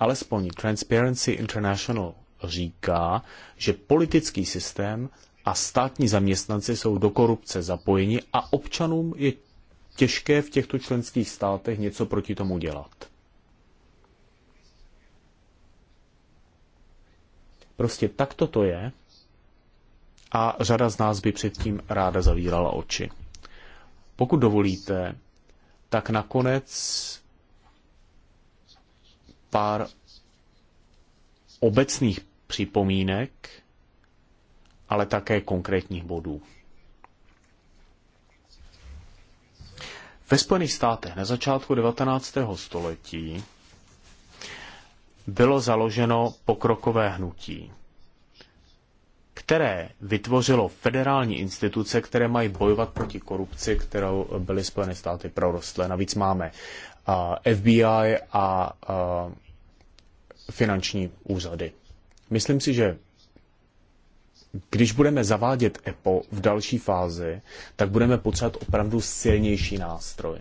Alespoň Transparency International říká, že politický systém a státní zaměstnanci jsou do korupce zapojeni a občanům je těžké v těchto členských státech něco proti tomu dělat. Prostě takto to je a řada z nás by předtím ráda zavírala oči. Pokud dovolíte, tak nakonec pár obecných připomínek, ale také konkrétních bodů. Ve Spojených státech na začátku 19. století bylo založeno pokrokové hnutí, které vytvořilo federální instituce, které mají bojovat proti korupci, kterou byly Spojené státy prorostlé. Navíc máme FBI a finanční úřady. Myslím si, že když budeme zavádět EPO v další fázi, tak budeme potřebovat opravdu silnější nástroj.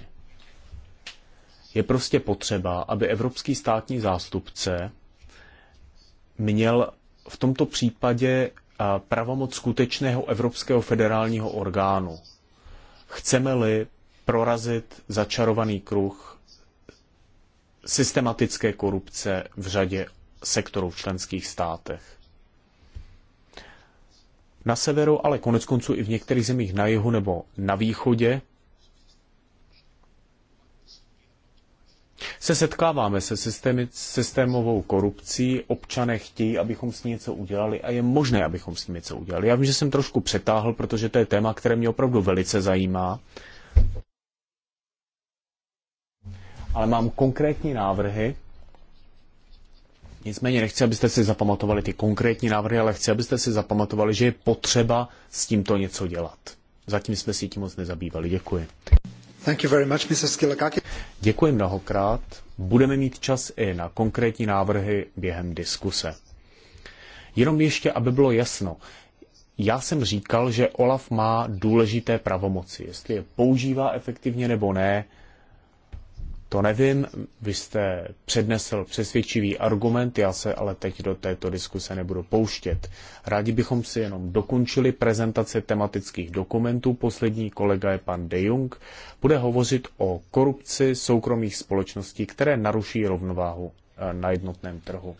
Je prostě potřeba, aby evropský státní zástupce měl v tomto případě eh, pravomoc skutečného evropského federálního orgánu. Chceme-li prorazit začarovaný kruh systematické korupce v řadě sektorů v členských státech. Na severu, ale konec konců i v některých zemích na jihu nebo na východě se setkáváme se systémy, systémovou korupcí, občané chtějí, abychom s ní něco udělali a je možné, abychom s ní něco udělali. Já vím, že jsem trošku přetáhl, protože to je téma, které mě opravdu velice zajímá. Ale mám konkrétní návrhy. Nicméně nechci, abyste si zapamatovali ty konkrétní návrhy, ale chci, abyste si zapamatovali, že je potřeba s tímto něco dělat. Zatím jsme si tím moc nezabývali. Děkuji. Děkuji mnohokrát. Budeme mít čas i na konkrétní návrhy během diskuse. Jenom ještě, aby bylo jasno, já jsem říkal, že Olaf má důležité pravomoci. Jestli je používá efektivně nebo ne, to nevím, vy jste přednesl přesvědčivý argument, já se ale teď do této diskuse nebudu pouštět. Rádi bychom si jenom dokončili prezentaci tematických dokumentů. Poslední kolega je pan De Jung. Bude hovořit o korupci soukromých společností, které naruší rovnováhu eh, na jednotném trhu.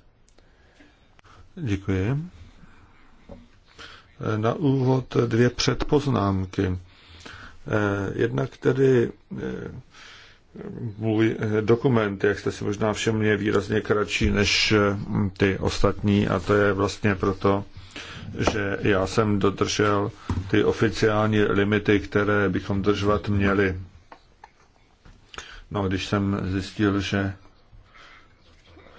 Děkuji. Eh, na úvod dvě předpoznámky. Eh, jednak tedy můj eh, dokument, jak jste si možná všimli, je výrazně kratší než mm, ty ostatní a to je vlastně proto, že já jsem dodržel ty oficiální limity, které bychom držovat měli. No, když jsem zjistil, že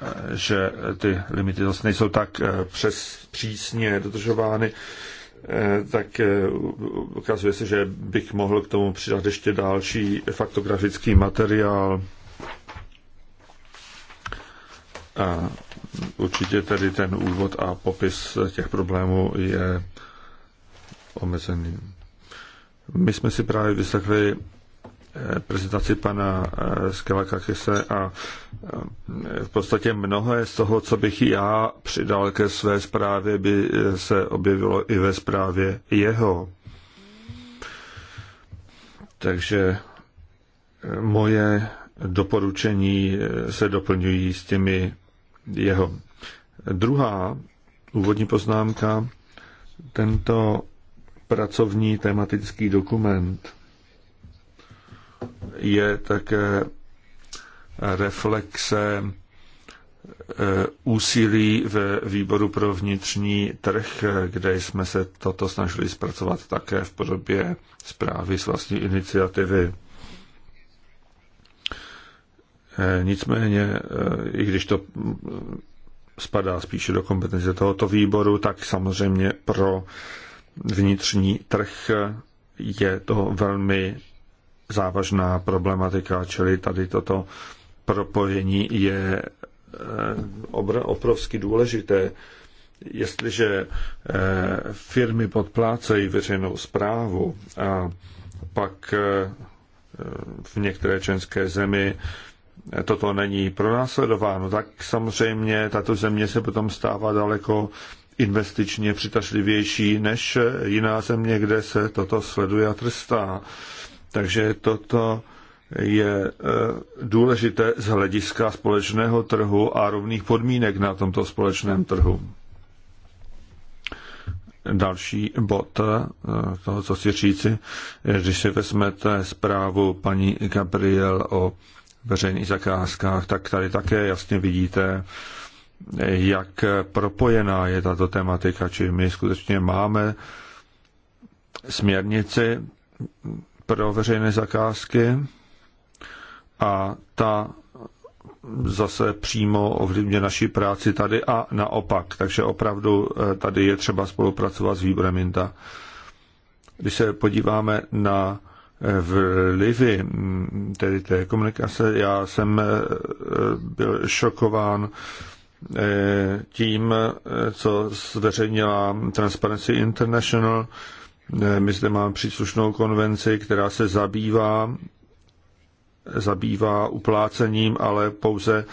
eh, že ty limity zase vlastně nejsou tak eh, přes přísně dodržovány, Eh, tak eh, ukazuje se, že bych mohl k tomu přidat ještě další faktografický materiál. A určitě tedy ten úvod a popis těch problémů je omezený. My jsme si právě vyslechli Eh, prezentaci pana eh, Skelakakise a eh, v podstatě mnohé z toho, co bych já přidal ke své zprávě, by se objevilo i ve zprávě jeho. Takže moje doporučení se doplňují s těmi jeho. Druhá úvodní poznámka, tento pracovní tematický dokument je také reflexe eh, úsilí ve výboru pro vnitřní trh, kde jsme se toto snažili zpracovat také v podobě zprávy z vlastní iniciativy. Eh, nicméně, eh, i když to spadá spíše do kompetence tohoto výboru, tak samozřejmě pro vnitřní trh je to velmi závažná problematika, čili tady toto propojení je eh, obrovsky důležité. Jestliže eh, firmy podplácejí veřejnou zprávu a pak eh, v některé členské zemi toto není pronásledováno, tak samozřejmě tato země se potom stává daleko investičně přitažlivější než jiná země, kde se toto sleduje a trstá. Takže toto je e, důležité z hlediska společného trhu a rovných podmínek na tomto společném trhu. Další bod e, toho, co si říci, když si vezmete zprávu paní Gabriel o veřejných zakázkách, tak tady také jasně vidíte, jak propojená je tato tematika, či my skutečně máme směrnici, pro veřejné zakázky a ta zase přímo ovlivňuje naši práci tady a naopak. Takže opravdu eh, tady je třeba spolupracovat s výborem INTA. Když se podíváme na eh, vlivy mm, tedy té komunikace, já jsem eh, byl šokován tím, co zveřejnila Transparency International, my zde máme příslušnou konvenci, která se zabývá, zabývá uplácením, ale pouze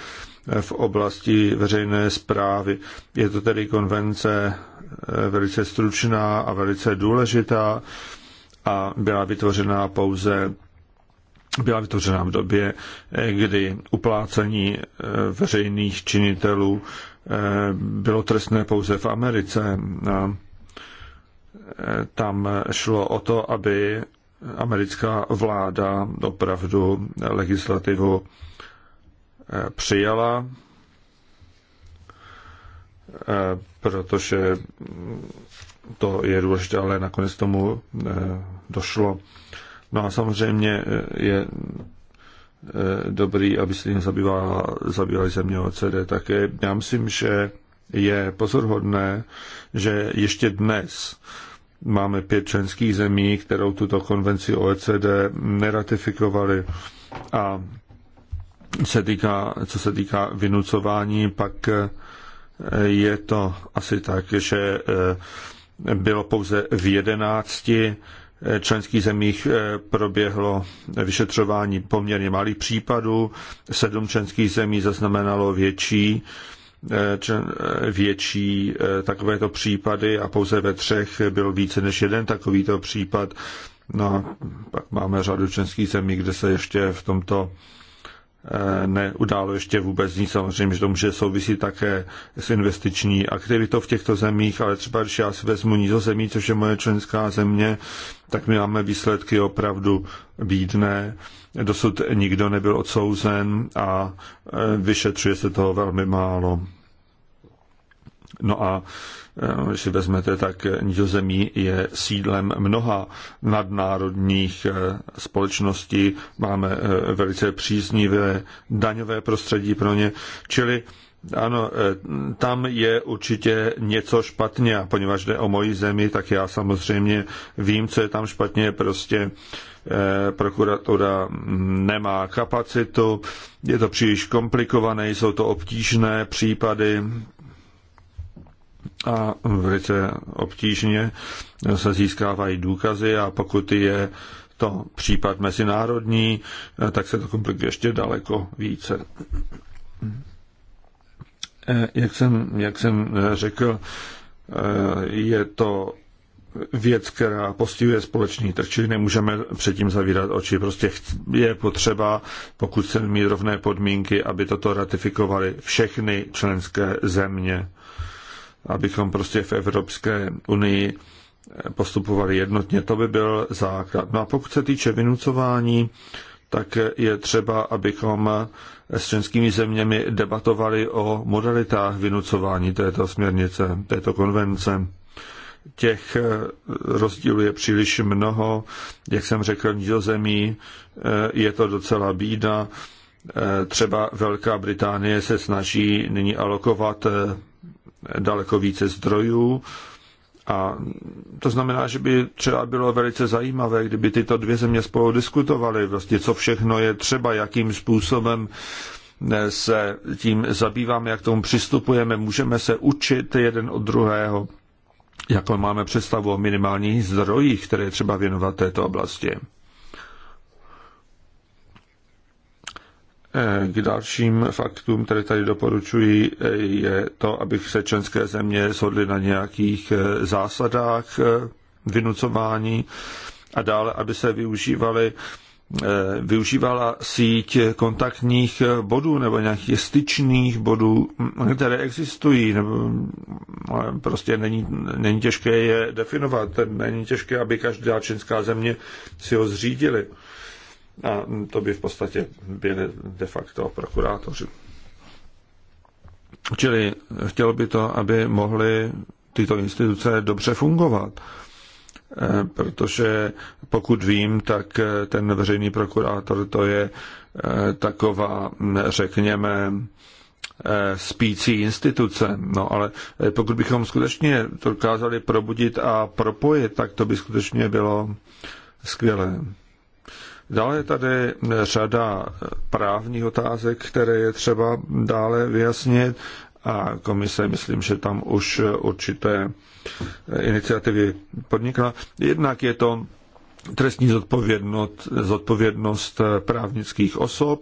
v oblasti veřejné zprávy. Je to tedy konvence eh, velice stručná a velice důležitá a byla vytvořena pouze byla vytvořena v době, eh, kdy uplácení eh, veřejných činitelů bylo trestné pouze v Americe. A tam šlo o to, aby americká vláda opravdu legislativu eh, přijala, eh, protože to je důležité, ale nakonec tomu eh, došlo. No a samozřejmě je dobrý, aby se tím zabývala, země OCD také. Já myslím, že je pozorhodné, že ještě dnes máme pět členských zemí, kterou tuto konvenci OECD neratifikovali a se týká, co se týká vynucování, pak eh, je to asi tak, že eh, bylo pouze v jedenácti eh, členských zemích proběhlo vyšetřování poměrně malých případů, sedm členských zemí zaznamenalo větší Eh, eh, větší eh, takovéto případy a pouze ve třech byl více než jeden takovýto případ. No pak máme řadu členských zemí, kde se ještě v tomto neudálo ještě vůbec nic. Samozřejmě, že to může souvisit také s investiční aktivitou v těchto zemích, ale třeba když já si vezmu nízozemí, což je moje členská země, tak my máme výsledky opravdu bídné Dosud nikdo nebyl odsouzen a e, vyšetřuje se toho velmi málo. No a e, když si vezmete, tak Nizozemí je sídlem mnoha nadnárodních e, společností. Máme velice příznivé daňové prostředí pro ně. Čili ano, tam je určitě něco špatně a poněvadž jde o moji zemi, tak já samozřejmě vím, co je tam špatně. Prostě Eh, prokuratura nemá kapacitu, je to příliš komplikované, jsou to obtížné případy a velice obtížně se získávají důkazy a pokud je to případ mezinárodní, eh, tak se to komplikuje ještě daleko více. Eh, jak jsem, jak jsem řekl, je to věc, která postihuje společný trh, čili nemůžeme předtím zavírat oči. Prostě je potřeba, pokud se mít rovné podmínky, aby toto ratifikovaly všechny členské země, abychom prostě v Evropské unii postupovali jednotně. To by byl základ. No a pokud se týče vynucování, tak je třeba, abychom s členskými zeměmi debatovali o modalitách vynucování této směrnice, této konvence těch eh, rozdílů je příliš mnoho. Jak jsem řekl, v Nizozemí eh, je to docela bída. Eh, třeba Velká Británie se snaží nyní alokovat daleko více zdrojů. A to znamená, že by třeba bylo velice zajímavé, kdyby tyto dvě země spolu diskutovaly, vlastně co všechno je třeba, jakým způsobem se tím zabýváme, jak tomu přistupujeme, můžeme se učit jeden od druhého jako máme představu o minimálních zdrojích, které třeba věnovat této oblasti. Eh, k dalším faktům, které tady doporučuji, eh, je to, abych se členské země shodly na nějakých eh, zásadách vynucování a dále, aby se využívaly Eh, využívala síť kontaktních eh, bodů nebo nějakých styčných bodů, hm, hm, které existují, nebo hm, prostě není, není těžké je definovat, není těžké, aby každá členská země si ho zřídili. A to by v podstatě byly de facto prokurátoři. Čili chtělo by to, aby mohly tyto instituce dobře fungovat. Eh, protože pokud vím, tak eh, ten veřejný prokurátor to je eh, taková, mm, řekněme, spící instituce. No ale pokud bychom skutečně to dokázali probudit a propojit, tak to by skutečně bylo skvělé. Dále je tady řada právních otázek, které je třeba dále vyjasnit a komise, myslím, že tam už určité iniciativy podnikla. Jednak je to trestní zodpovědnost, zodpovědnost právnických osob.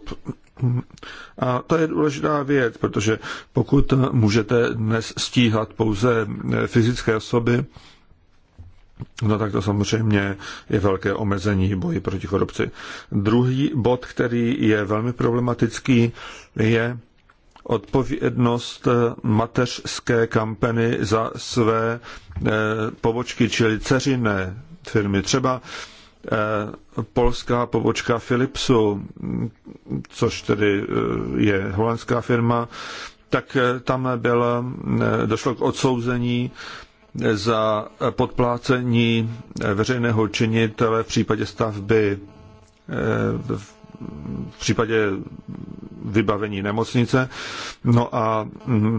A to je důležitá věc, protože pokud můžete dnes stíhat pouze fyzické osoby, No tak to samozřejmě je velké omezení boji proti korupci. Druhý bod, který je velmi problematický, je odpovědnost mateřské kampany za své eh, pobočky, čili ceřinné firmy. Třeba eh, polská pobočka Philipsu, což tedy eh, je holandská firma, tak tam bylo, došlo k odsouzení za podplácení veřejného činitele v případě stavby v v případě vybavení nemocnice. No a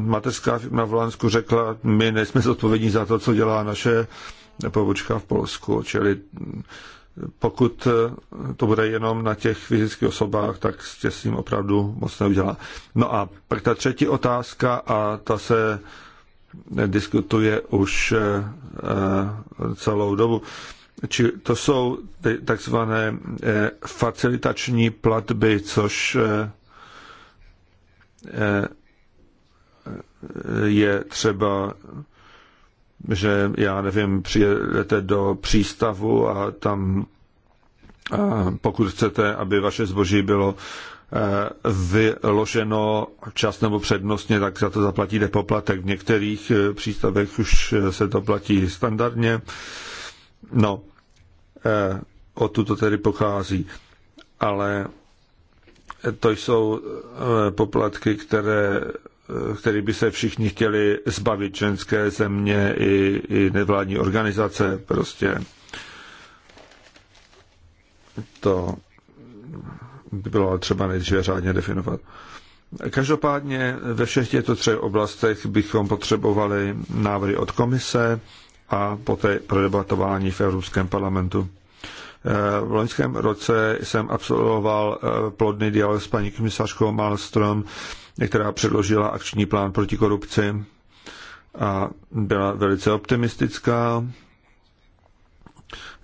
mateřská firma v Holandsku řekla, my nejsme zodpovědní za to, co dělá naše pobočka v Polsku, čili pokud to bude jenom na těch fyzických osobách, tak s tím opravdu moc neudělá. No a pak ta třetí otázka a ta se diskutuje už eh, celou dobu či to jsou ty takzvané eh, facilitační platby, což eh, eh, je třeba, že já nevím, přijedete do přístavu a tam a pokud chcete, aby vaše zboží bylo vyloženo čas nebo přednostně, tak za to zaplatíte poplatek. V některých přístavech už se to platí standardně. No, Eh, o tuto tedy pochází. Ale to jsou eh, poplatky, které, eh, který by se všichni chtěli zbavit členské země i, i nevládní organizace prostě. To by bylo třeba nejdříve řádně definovat. Každopádně ve všech těchto třech oblastech bychom potřebovali návrhy od komise, a poté prodebatování v Evropském parlamentu. Eh, v loňském roce jsem absolvoval eh, plodný dialog s paní komisařkou Malstrom, která předložila akční plán proti korupci a byla velice optimistická.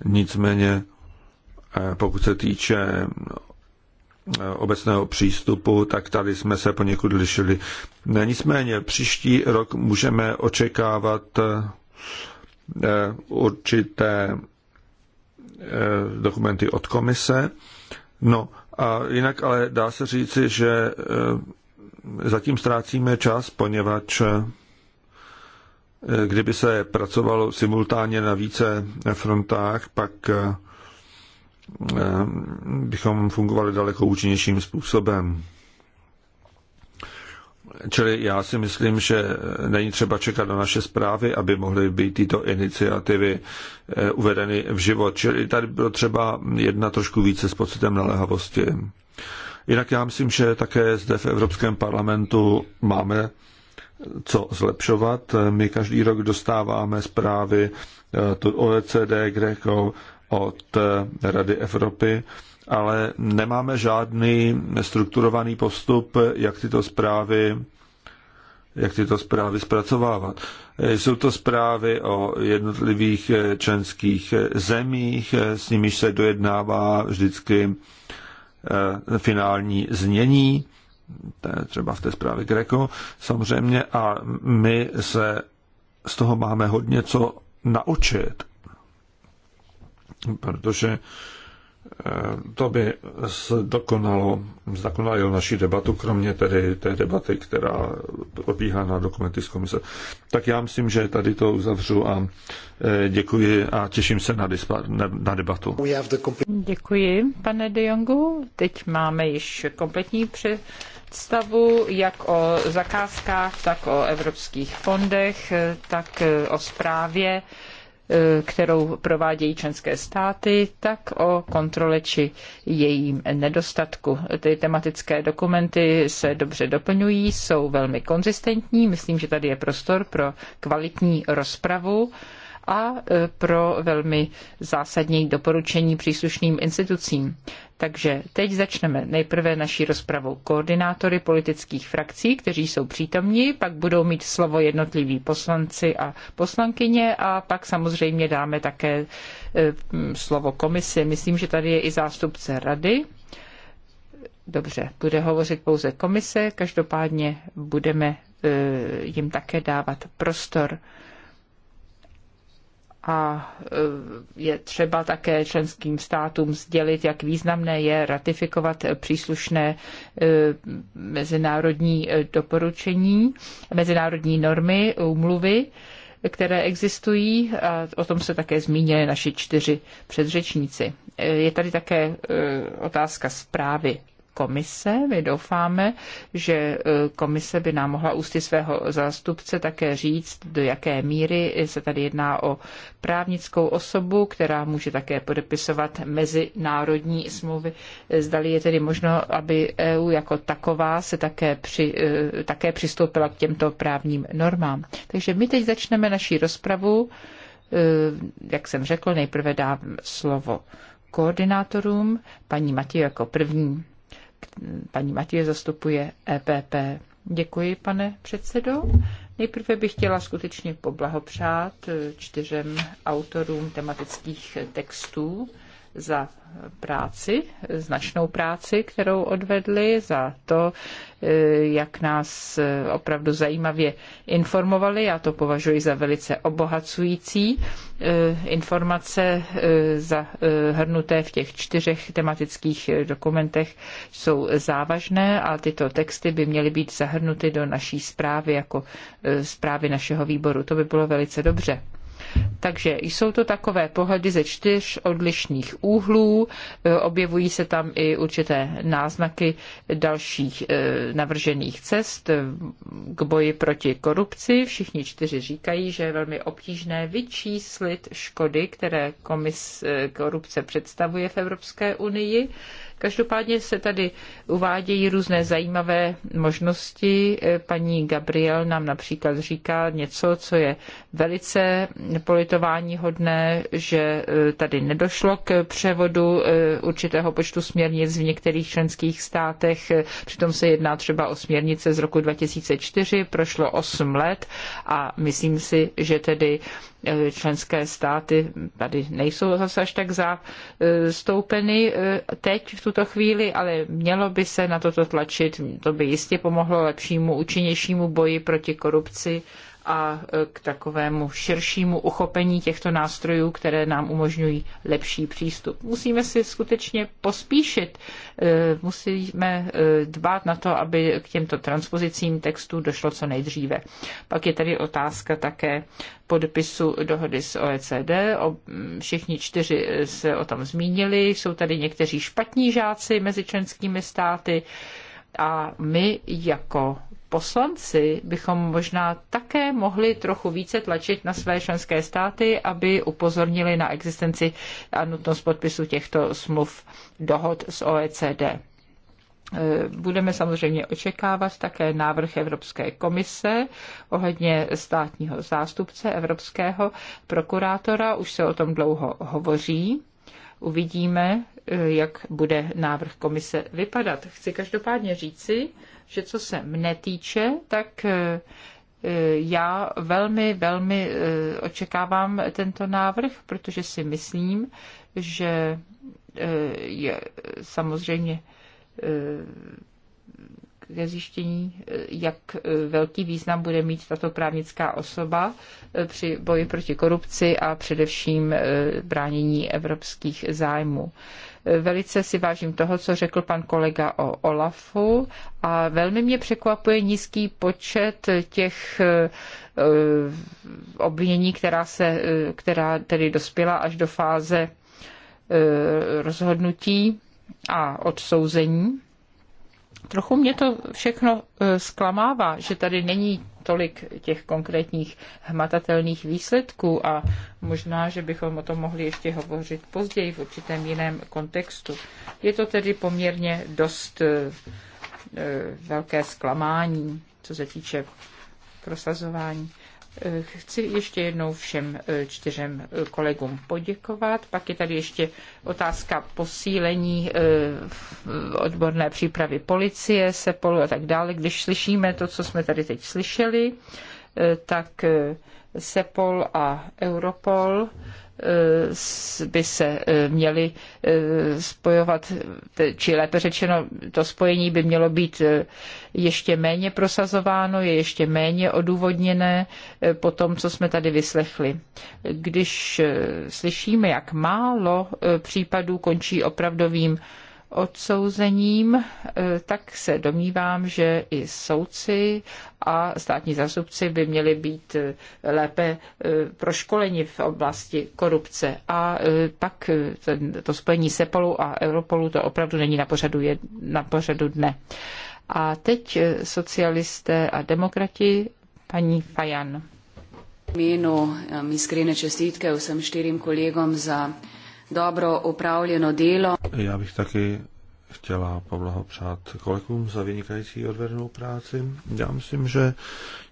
Nicméně, eh, pokud se týče obecného přístupu, tak tady jsme se poněkud lišili. Nicméně příští rok můžeme očekávat Eh, určité eh, dokumenty od komise. No a jinak ale dá se říci, že eh, zatím ztrácíme čas, poněvadž kdyby se pracovalo simultánně na více frontách, pak bychom fungovali daleko účinnějším způsobem. Čili já si myslím, že není třeba čekat na naše zprávy, aby mohly být tyto iniciativy eh, uvedeny v život. Čili tady bylo třeba jedna trošku více s pocitem naléhavosti. Jinak já myslím, že také zde v Evropském parlamentu máme co zlepšovat. My každý rok dostáváme zprávy eh, od e OECD, Greco, od eh, Rady Evropy ale nemáme žádný strukturovaný postup, jak tyto zprávy jak tyto zprávy zpracovávat. Jsou to zprávy o jednotlivých členských zemích, s nimiž se dojednává vždycky eh, finální znění, třeba v té zprávě Greco samozřejmě, a my se z toho máme hodně co naučit, protože Eh, to by zdokonalo, zdokonalo naši debatu, kromě tedy té debaty, která obíhá na dokumenty z komise. Tak já myslím, že tady to uzavřu a eh, děkuji a těším se na, dispa, na debatu. Děkuji, pane de Jongu. Teď máme již kompletní představu jak o zakázkách, tak o evropských fondech, eh, tak o zprávě kterou provádějí členské státy, tak o kontrole či jejím nedostatku. Ty tematické dokumenty se dobře doplňují, jsou velmi konzistentní. Myslím, že tady je prostor pro kvalitní rozpravu a e, pro velmi zásadní doporučení příslušným institucím. Takže teď začneme nejprve naší rozpravou koordinátory politických frakcí, kteří jsou přítomní, pak budou mít slovo jednotliví poslanci a poslankyně a pak samozřejmě dáme také e, slovo komisi. Myslím, že tady je i zástupce rady. Dobře, bude hovořit pouze komise, každopádně budeme e, jim také dávat prostor a e, je třeba také členským státům sdělit, jak významné je ratifikovat příslušné e, mezinárodní e, doporučení, mezinárodní normy, úmluvy, které existují a o tom se také zmínili naši čtyři předřečníci. Je tady také otázka zprávy komise. My doufáme, že e, komise by nám mohla ústy svého zástupce také říct, do jaké míry se tady jedná o právnickou osobu, která může také podepisovat mezinárodní smlouvy. E, zdali je tedy možno, aby EU jako taková se také, při, e, také přistoupila k těmto právním normám. Takže my teď začneme naší rozpravu. Jak jsem řekl, nejprve dám slovo koordinátorům, paní Matěj jako první. Paní Matěje zastupuje EPP. Děkuji, pane předsedo. Nejprve bych chtěla skutečně poblahopřát eh, čtyřem autorům tematických textů za práci, značnou práci, kterou odvedli, za to, eh, jak nás eh, opravdu zajímavě informovali. Já to považuji za velice obohacující eh, informace zahrnuté v těch čtyřech tematických dokumentech jsou závažné a tyto texty by měly být zahrnuty do naší zprávy jako zprávy našeho výboru. To by bylo velice dobře. Takže jsou to takové pohledy ze čtyř odlišných úhlů, e, objevují se tam i určité náznaky dalších e, navržených cest e, k boji proti korupci. Všichni čtyři říkají, že je velmi obtížné vyčíslit škody, které komis korupce představuje v Evropské unii. Každopádně se tady uvádějí různé zajímavé možnosti. Eh, Paní Gabriel nám například říká něco, co je velice politování hodné, že eh, tady nedošlo k převodu eh, určitého počtu směrnic v některých členských státech. Přitom se jedná třeba o směrnice z roku 2004, prošlo 8 let a myslím si, že tedy členské státy tady nejsou zase až tak zastoupeny teď v tuto chvíli, ale mělo by se na toto tlačit. To by jistě pomohlo lepšímu, účinnějšímu boji proti korupci a e, k takovému širšímu uchopení těchto nástrojů, které nám umožňují lepší přístup. Musíme si skutečně pospíšit, e, musíme e, dbát na to, aby k těmto transpozicím textů došlo co nejdříve. Pak je tady otázka také podpisu dohody s OECD. Všichni čtyři se o tom zmínili. Jsou tady někteří špatní žáci mezi členskými státy a my jako poslanci bychom možná také mohli trochu více tlačit na své členské státy, aby upozornili na existenci a nutnost podpisu těchto smluv dohod s OECD. E, budeme samozřejmě očekávat také návrh Evropské komise ohledně státního zástupce Evropského prokurátora. Už se o tom dlouho hovoří. Uvidíme, e, jak bude návrh komise vypadat. Chci každopádně říci, že co se mne týče, tak eh, eh, já velmi, velmi eh, očekávám tento návrh, protože si myslím, že je samozřejmě ke zjištění, eh, jak eh, velký význam bude mít tato právnická osoba eh, při boji proti korupci a především bránění evropských zájmů. Velice si vážím toho, co řekl pan kolega o Olafu a velmi mě překvapuje nízký počet těch obvinění, která, se, která tedy dospěla až do fáze rozhodnutí a odsouzení. Trochu mě to všechno e, zklamává, že tady není tolik těch konkrétních hmatatelných výsledků a možná, že bychom o tom mohli ještě hovořit později v určitém jiném kontextu. Je to tedy poměrně dost e, e, velké zklamání, co se týče prosazování. Chci ještě jednou všem e, čtyřem e, kolegům poděkovat. Pak je tady ještě otázka posílení e, odborné přípravy policie, SEPOLu a tak dále. Když slyšíme to, co jsme tady teď slyšeli, tak SEPOL a Europol Eh, by se eh, měly eh, spojovat, či lépe řečeno, to spojení by mělo být ještě méně prosazováno, je ještě méně odůvodněné po tom, co jsme tady vyslechli. Když slyšíme, jak málo případů končí opravdovým odsouzením, eh, tak se domnívám, že i soudci a státní zástupci by měli být eh, lépe eh, proškoleni v oblasti korupce. A pak to spojení SEPOLu a Europolu to opravdu není na pořadu, je na pořadu dne. A teď socialisté a demokrati, paní Fajan. Jméno, iskrene čestitke všem čtyřem kolegům za dobro upravljeno delo. Já bych taky chtěla poblahopřát kolegům za vynikající odvedenou práci. Já myslím, že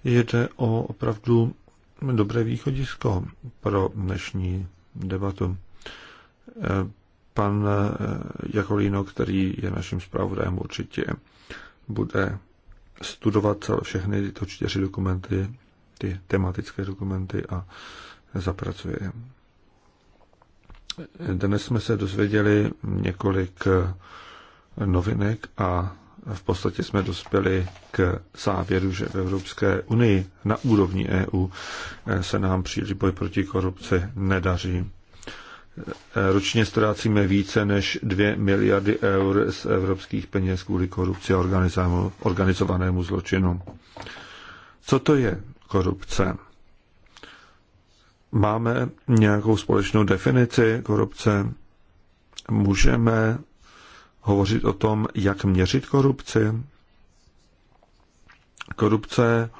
jde o opravdu dobré východisko pro dnešní debatu. Eh, pan eh, Jakolino, který je naším zpravodajem, určitě bude studovat všechny tyto čtyři dokumenty, ty tematické dokumenty a zapracuje je. Dnes jsme se dozvěděli několik eh, novinek a v podstatě jsme dospěli k závěru, že v Evropské unii na úrovni EU eh, se nám příliš boj proti korupci nedaří. Eh, ročně ztrácíme více než 2 miliardy eur z evropských peněz kvůli korupci a organizovanému zločinu. Co to je korupce? Máme nějakou společnou definici korupce? Můžeme hovořit o tom, jak měřit korupci? Korupce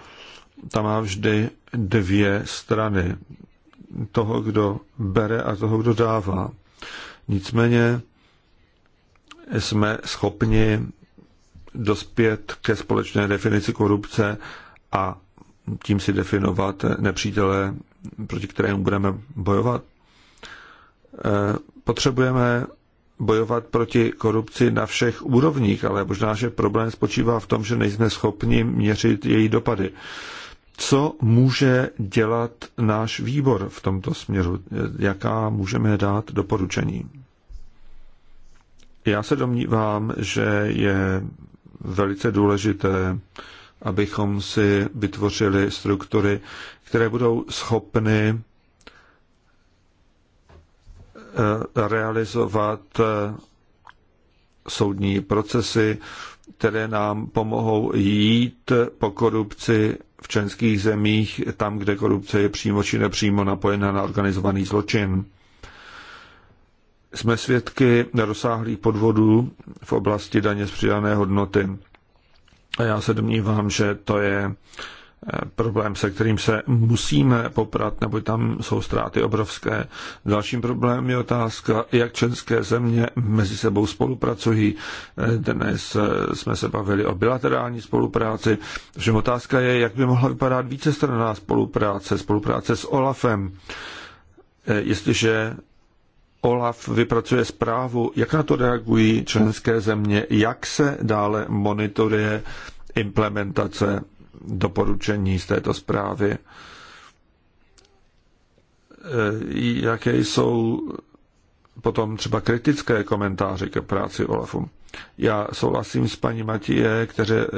tam má vždy dvě strany. Toho, kdo bere a toho, kdo dává. Nicméně jsme schopni dospět ke společné definici korupce a tím si definovat nepřítele proti kterému budeme bojovat. Eh, potřebujeme bojovat proti korupci na všech úrovních, ale možná, že problém spočívá v tom, že nejsme schopni měřit její dopady. Co může dělat náš výbor v tomto směru? Jaká můžeme dát doporučení? Já se domnívám, že je velice důležité abychom si vytvořili struktury, které budou schopny eh, realizovat eh, soudní procesy, které nám pomohou jít po korupci v členských zemích, tam, kde korupce je přímo či nepřímo napojena na organizovaný zločin. Jsme svědky rozsáhlých podvodů v oblasti daně z přidané hodnoty. A já se domnívám, že to je eh, problém, se kterým se musíme poprat, neboť tam jsou ztráty obrovské. Dalším problémem je otázka, jak české země mezi sebou spolupracují. Eh, dnes eh, jsme se bavili o bilaterální spolupráci, že otázka je, jak by mohla vypadat vícestranná spolupráce, spolupráce s OLAFem. Jestliže OLAF vypracuje zprávu, jak na to reagují členské země, jak se dále monitoruje implementace doporučení z této zprávy, e, jaké jsou potom třeba kritické komentáře ke práci OLAFu. Já souhlasím s paní Matěje,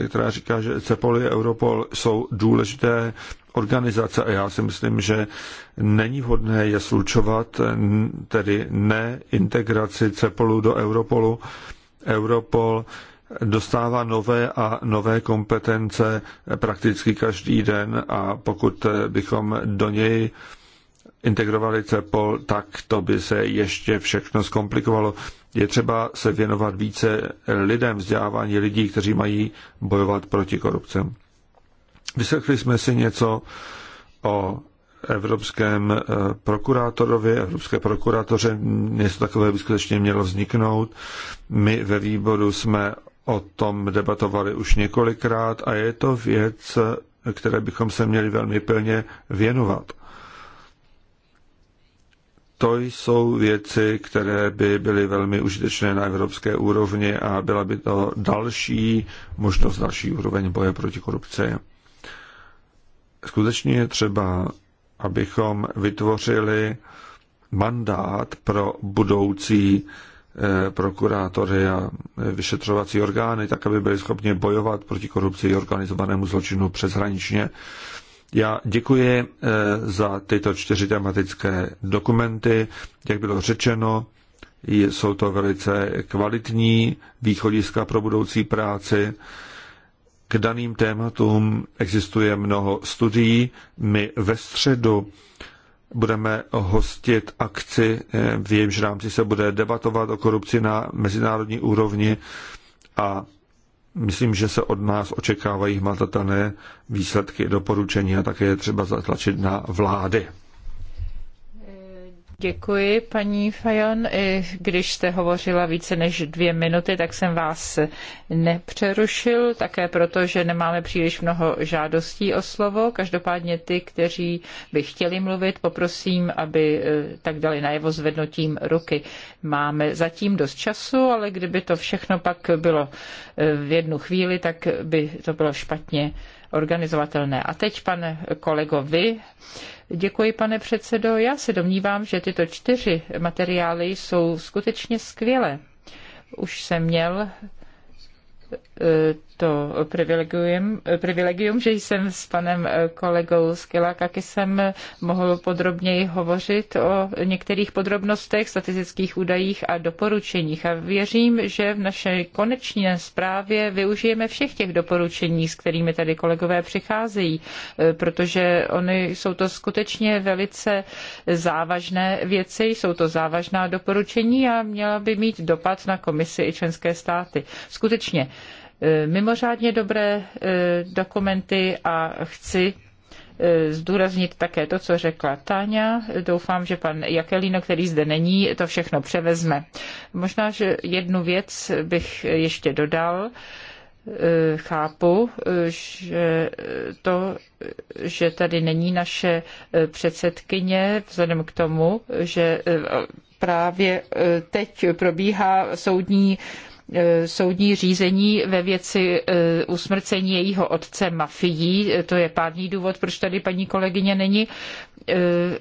která říká, že CEPOL a Europol jsou důležité organizace a já si myslím, že není vhodné je slučovat, tedy ne integraci CEPOLu do Europolu. Europol dostává nové a nové kompetence prakticky každý den a pokud bychom do něj integrovali CEPOL, tak to by se ještě všechno zkomplikovalo. Je třeba se věnovat více lidem, vzdělávání lidí, kteří mají bojovat proti korupcem. Vyslechli jsme si něco o evropském eh, prokurátorovi, evropské prokurátoře, něco takového by skutečně mělo vzniknout. My ve výboru jsme o tom debatovali už několikrát a je to věc, které bychom se měli velmi plně věnovat. To jsou věci, které by byly velmi užitečné na evropské úrovni a byla by to další možnost, další úroveň boje proti korupci skutečně je třeba, abychom vytvořili mandát pro budoucí eh, prokurátory a eh, vyšetřovací orgány, tak aby byli schopni bojovat proti korupci a organizovanému zločinu přeshraničně. Já děkuji eh, za tyto čtyři tematické dokumenty. Jak bylo řečeno, jsou to velice kvalitní východiska pro budoucí práci k daným tématům existuje mnoho studií. My ve středu budeme hostit akci, v jejímž rámci se bude debatovat o korupci na mezinárodní úrovni a myslím, že se od nás očekávají hmatatelné výsledky doporučení a také je třeba zatlačit na vlády. Děkuji, paní Fajon. I když jste hovořila více než dvě minuty, tak jsem vás nepřerušil, také proto, že nemáme příliš mnoho žádostí o slovo. Každopádně ty, kteří by chtěli mluvit, poprosím, aby eh, tak dali najevo zvednutím ruky. Máme zatím dost času, ale kdyby to všechno pak bylo eh, v jednu chvíli, tak by to bylo špatně organizovatelné. A teď, pane kolego, vy. Děkuji, pane předsedo. Já se domnívám, že tyto čtyři materiály jsou skutečně skvělé. Už jsem měl eh, to privilegium, privilegium, že jsem s panem kolegou jsem mohl podrobněji hovořit o některých podrobnostech, statistických údajích a doporučeních. A věřím, že v naší konečné zprávě využijeme všech těch doporučení, s kterými tady kolegové přicházejí, protože oni jsou to skutečně velice závažné věci, jsou to závažná doporučení a měla by mít dopad na komisi i členské státy. Skutečně E, mimořádně dobré e, dokumenty a chci e, zdůraznit také to, co řekla Táňa. Doufám, že pan Jakelino, který zde není, to všechno převezme. Možná, že jednu věc bych ještě dodal chápu, že to, že tady není naše předsedkyně, vzhledem k tomu, že právě teď probíhá soudní E, soudní řízení ve věci e, usmrcení jejího otce mafií. E, to je pádný důvod, proč tady paní kolegyně není. Eh,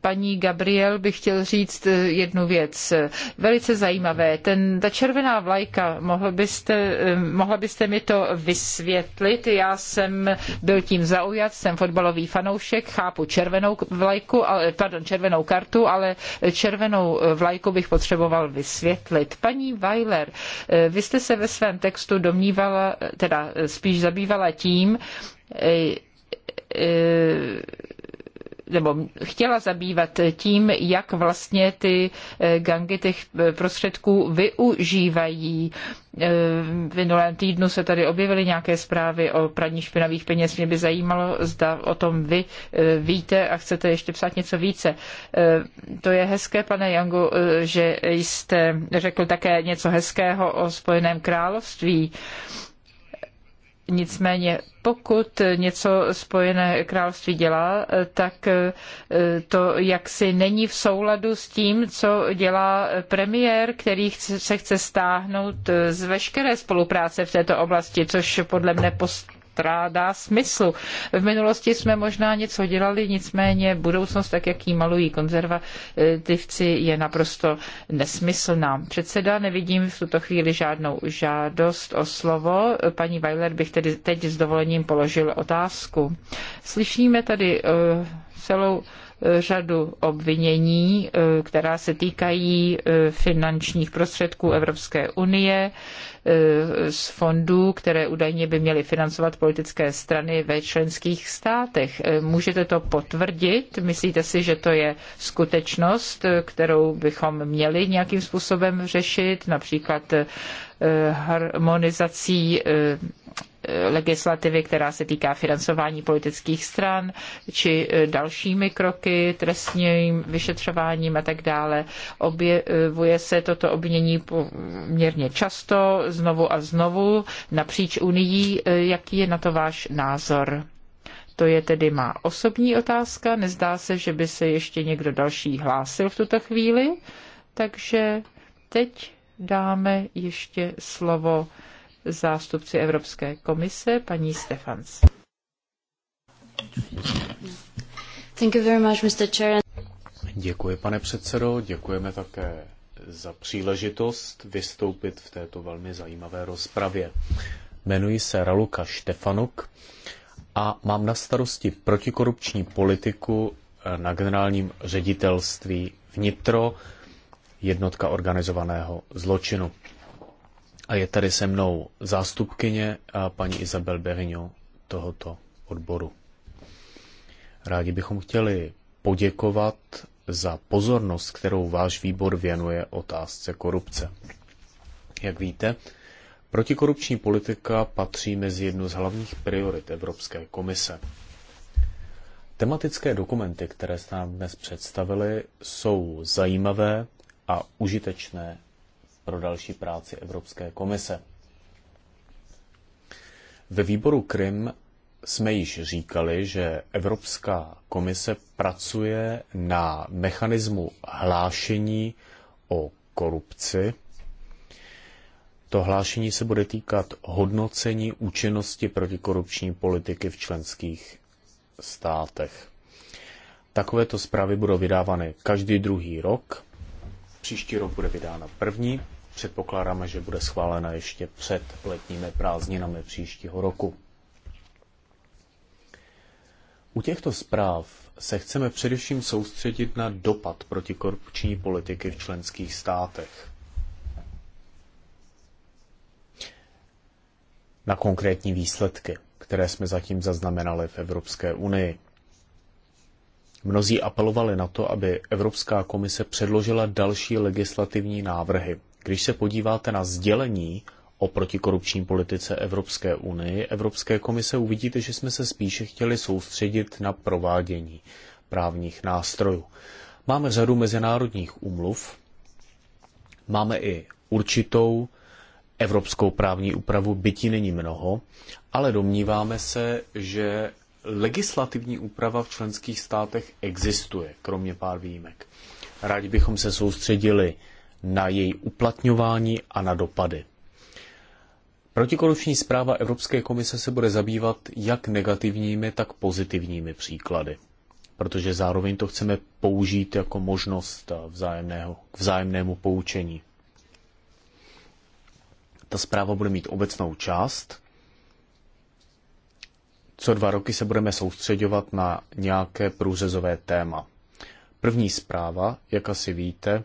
paní Gabriel bych chtěl říct eh, jednu věc. Velice zajímavé. Ten, ta červená vlajka, mohla byste, eh, mohla byste mi to vysvětlit? Já jsem byl tím zaujat, jsem fotbalový fanoušek, chápu červenou vlajku, pardon, červenou kartu, ale červenou vlajku bych potřeboval vysvětlit. Paní Weiler, vy jste se ve svém textu domnívala, teda spíš zabývala tím, nebo chtěla zabývat tím, jak vlastně ty eh, gangy těch eh, prostředků využívají. Eh, v minulém týdnu se tady objevily nějaké zprávy o praní špinavých peněz. Mě by zajímalo, zda o tom vy víte a chcete ještě psát něco více. To je hezké, pane Jangu, že jste řekl také něco hezkého o Spojeném království. Nicméně pokud něco Spojené království dělá, tak eh, to jaksi není v souladu s tím, co dělá premiér, který se chce stáhnout eh, z veškeré spolupráce v této oblasti, což podle mne post která dá smysl. V minulosti jsme možná něco dělali, nicméně budoucnost, tak jak ji malují konzervativci, je naprosto nesmyslná. Předseda, nevidím v tuto chvíli žádnou žádost o slovo. Paní Weiler bych tedy teď s dovolením položil otázku. Slyšíme tady eh, celou řadu obvinění, eh, která se týkají eh, finančních prostředků Evropské unie eh, z fondů, které údajně by měly financovat politické strany ve členských státech. Můžete to potvrdit? Myslíte si, že to je skutečnost, kterou bychom měli nějakým způsobem řešit, například harmonizací legislativy, která se týká financování politických stran, či e, dalšími kroky, trestním vyšetřováním a tak dále. Objevuje se toto obvinění poměrně často, znovu a znovu, napříč Unii. E, jaký je na to váš názor? To je tedy má osobní otázka. Nezdá se, že by se ještě někdo další hlásil v tuto chvíli, takže teď dáme ještě slovo zástupci Evropské komise, paní Stefans. Thank you very much, Mr. Chair. Děkuji, pane předsedo. Děkujeme také za příležitost vystoupit v této velmi zajímavé rozpravě. Jmenuji se Raluka Štefanuk a mám na starosti protikorupční politiku na generálním ředitelství vnitro jednotka organizovaného zločinu. A je tady se mnou zástupkyně a paní Isabel Berignon tohoto odboru. Rádi bychom chtěli poděkovat za pozornost, kterou váš výbor věnuje otázce korupce. Jak víte, protikorupční politika patří mezi jednu z hlavních priorit Evropské komise. Tematické dokumenty, které jste nám dnes představili, jsou zajímavé a užitečné pro další práci Evropské komise. Ve výboru Krym jsme již říkali, že Evropská komise pracuje na mechanismu hlášení o korupci. To hlášení se bude týkat hodnocení účinnosti protikorupční politiky v členských státech. Takovéto zprávy budou vydávány každý druhý rok Příští rok bude vydána první. Předpokládáme, že bude schválena ještě před letními prázdninami příštího roku. U těchto zpráv se chceme především soustředit na dopad protikorupční politiky v členských státech. Na konkrétní výsledky, které jsme zatím zaznamenali v Evropské unii. Mnozí apelovali na to, aby Evropská komise předložila další legislativní návrhy. Když se podíváte na sdělení o protikorupční politice Evropské unie, Evropské komise uvidíte, že jsme se spíše chtěli soustředit na provádění právních nástrojů. Máme řadu mezinárodních umluv, máme i určitou evropskou právní úpravu, bytí není mnoho, ale domníváme se, že legislativní úprava v členských státech existuje, kromě pár výjimek. Rádi bychom se soustředili na její uplatňování a na dopady. Protikorupční zpráva Evropské komise se bude zabývat jak negativními, tak pozitivními příklady, protože zároveň to chceme použít jako možnost vzájemného, k vzájemnému poučení. Ta zpráva bude mít obecnou část, co dva roky se budeme soustředovat na nějaké průřezové téma. První zpráva, jak asi víte,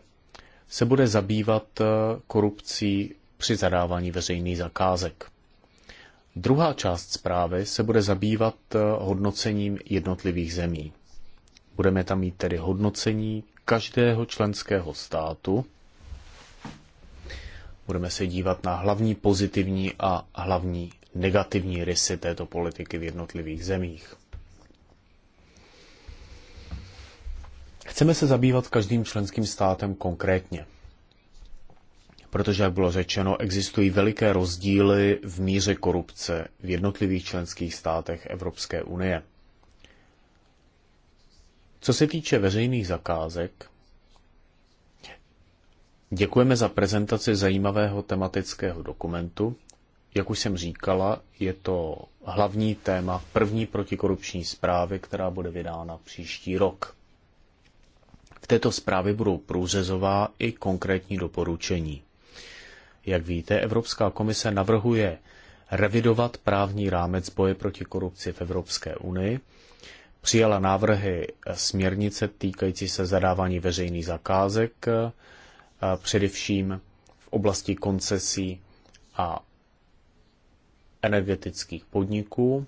se bude zabývat eh, korupcí při zadávání veřejných zakázek. Druhá část zprávy se bude zabývat eh, hodnocením jednotlivých zemí. Budeme tam mít tedy hodnocení každého členského státu. Budeme se dívat na hlavní pozitivní a hlavní negativní rysy této politiky v jednotlivých zemích. Chceme se zabývat každým členským státem konkrétně, protože, jak bylo řečeno, existují veliké rozdíly v míře korupce v jednotlivých členských státech Evropské unie. Co se týče veřejných zakázek, děkujeme za prezentaci zajímavého tematického dokumentu, jak už jsem říkala, je to hlavní téma první protikorupční zprávy, která bude vydána příští rok. V této zprávě budou průřezová i konkrétní doporučení. Jak víte, Evropská komise navrhuje revidovat právní rámec boje proti korupci v Evropské unii, přijala návrhy směrnice týkající se zadávání veřejných zakázek, především v oblasti koncesí a energetických podniků.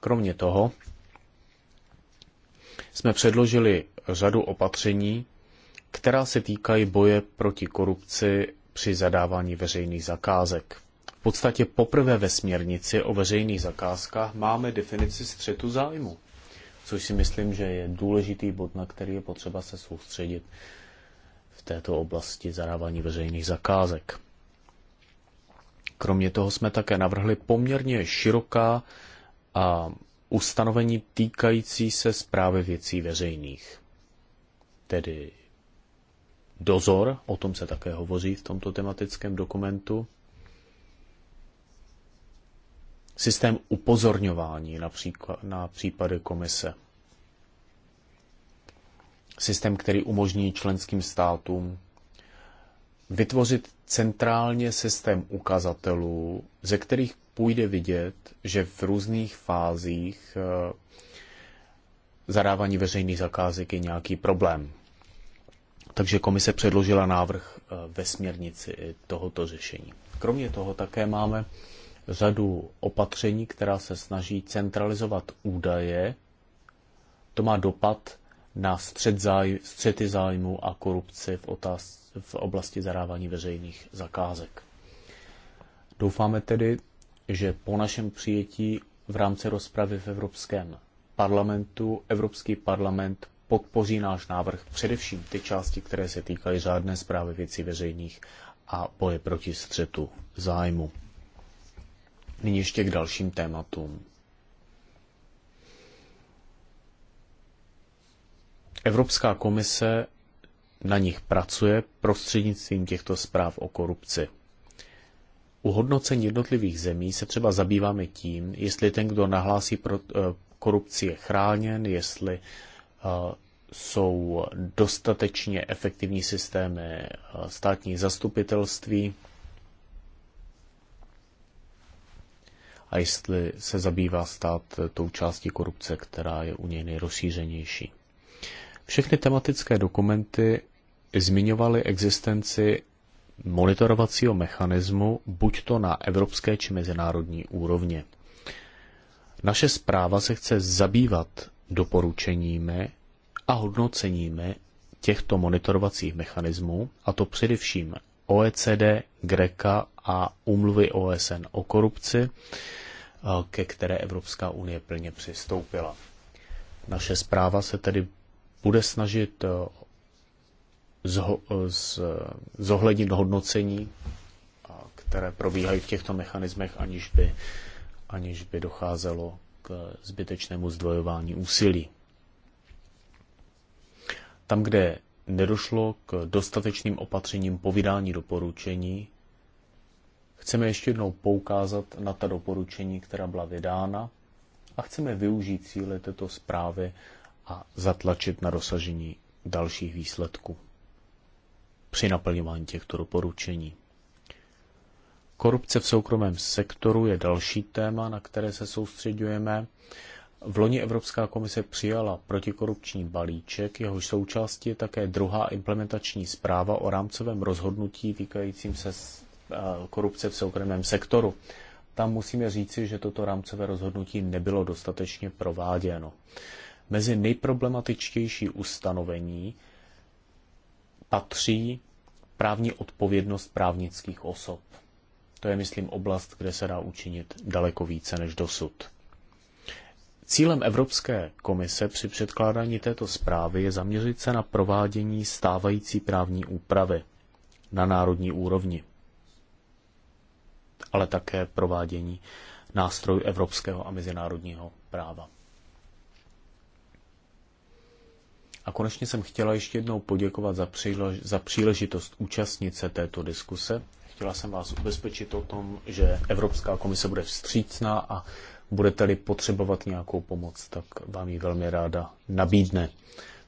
Kromě toho jsme předložili řadu opatření, která se týkají boje proti korupci při zadávání veřejných zakázek. V podstatě poprvé ve směrnici o veřejných zakázkách máme definici střetu zájmu, což si myslím, že je důležitý bod, na který je potřeba se soustředit v této oblasti zadávání veřejných zakázek. Kromě toho jsme také navrhli poměrně široká a ustanovení týkající se zprávy věcí veřejných. Tedy dozor, o tom se také hovoří v tomto tematickém dokumentu, systém upozorňování například na případy komise. Systém, který umožní členským státům vytvořit centrálně systém ukazatelů, ze kterých půjde vidět, že v různých fázích eh, zadávání veřejných zakázek je nějaký problém. Takže komise předložila návrh eh, ve směrnici tohoto řešení. Kromě toho také máme řadu opatření, která se snaží centralizovat údaje. To má dopad na střet střety zájmu a korupci v otázce v oblasti zadávání veřejných zakázek. Doufáme tedy, že po našem přijetí v rámci rozpravy v Evropském parlamentu Evropský parlament podpoří náš návrh, především ty části, které se týkají řádné zprávy věcí veřejných a boje proti střetu zájmu. Nyní ještě k dalším tématům. Evropská komise na nich pracuje prostřednictvím těchto zpráv o korupci. U hodnocení jednotlivých zemí se třeba zabýváme tím, jestli ten, kdo nahlásí eh, korupci, je chráněn, jestli eh, jsou dostatečně efektivní systémy eh, státní zastupitelství a jestli se zabývá stát tou částí korupce, která je u něj nejrozšířenější. Všechny tematické dokumenty zmiňovali existenci monitorovacího mechanismu buď to na evropské či mezinárodní úrovni. Naše zpráva se chce zabývat doporučeními a hodnoceními těchto monitorovacích mechanismů, a to především OECD, Greka a úmluvy OSN o korupci, eh, ke které Evropská unie plně přistoupila. Naše zpráva se tedy bude snažit eh, zohlednit hodnocení, které probíhají v těchto mechanismech, aniž by, aniž by docházelo k zbytečnému zdvojování úsilí. Tam, kde nedošlo k dostatečným opatřením po vydání doporučení, chceme ještě jednou poukázat na ta doporučení, která byla vydána a chceme využít cíle této zprávy a zatlačit na dosažení dalších výsledků při naplňování těchto doporučení. Korupce v soukromém sektoru je další téma, na které se soustředujeme. V loni Evropská komise přijala protikorupční balíček, jehož součástí je také druhá implementační zpráva o rámcovém rozhodnutí týkajícím se eh, korupce v soukromém sektoru. Tam musíme říci, že toto rámcové rozhodnutí nebylo dostatečně prováděno. Mezi nejproblematičtější ustanovení patří právní odpovědnost právnických osob. To je, myslím, oblast, kde se dá učinit daleko více než dosud. Cílem Evropské komise při předkládání této zprávy je zaměřit se na provádění stávající právní úpravy na národní úrovni, ale také provádění nástrojů evropského a mezinárodního práva. A konečně jsem chtěla ještě jednou poděkovat za, přílež, za příležitost účastnit se této diskuse. Chtěla jsem vás ubezpečit o tom, že Evropská komise bude vstřícná a budete-li potřebovat nějakou pomoc, tak vám ji velmi ráda nabídne.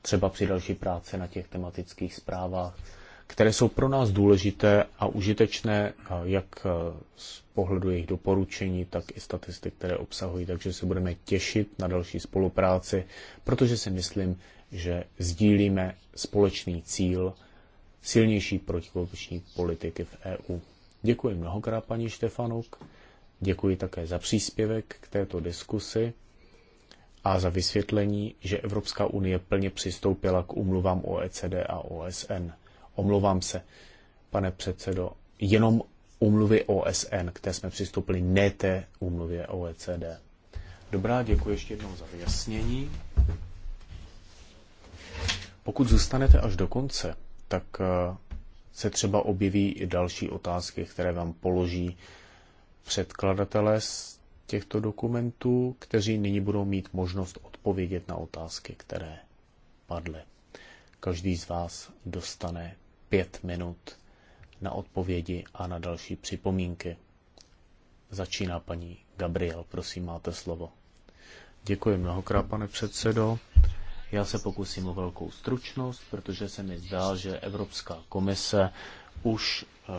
Třeba při další práci na těch tematických zprávách, které jsou pro nás důležité a užitečné, jak e, z pohledu jejich doporučení, tak i statistik, které obsahují. Takže se budeme těšit na další spolupráci, protože si myslím, že sdílíme společný cíl silnější protikorupční politiky v EU. Děkuji mnohokrát, paní Štefanuk. Děkuji také za příspěvek k této diskusi a za vysvětlení, že Evropská unie plně přistoupila k umluvám OECD a OSN. Omlouvám se, pane předsedo, jenom umluvy OSN, které jsme přistoupili, ne té umluvě OECD. Dobrá, děkuji ještě jednou za vyjasnění. Pokud zůstanete až do konce, tak eh, se třeba objeví i další otázky, které vám položí předkladatelé z těchto dokumentů, kteří nyní budou mít možnost odpovědět na otázky, které padly. Každý z vás dostane pět minut na odpovědi a na další připomínky. Začíná paní Gabriel, prosím, máte slovo. Děkuji mnohokrát, pane předsedo. Já se pokusím o velkou stručnost, protože se mi zdá, že Evropská komise už eh,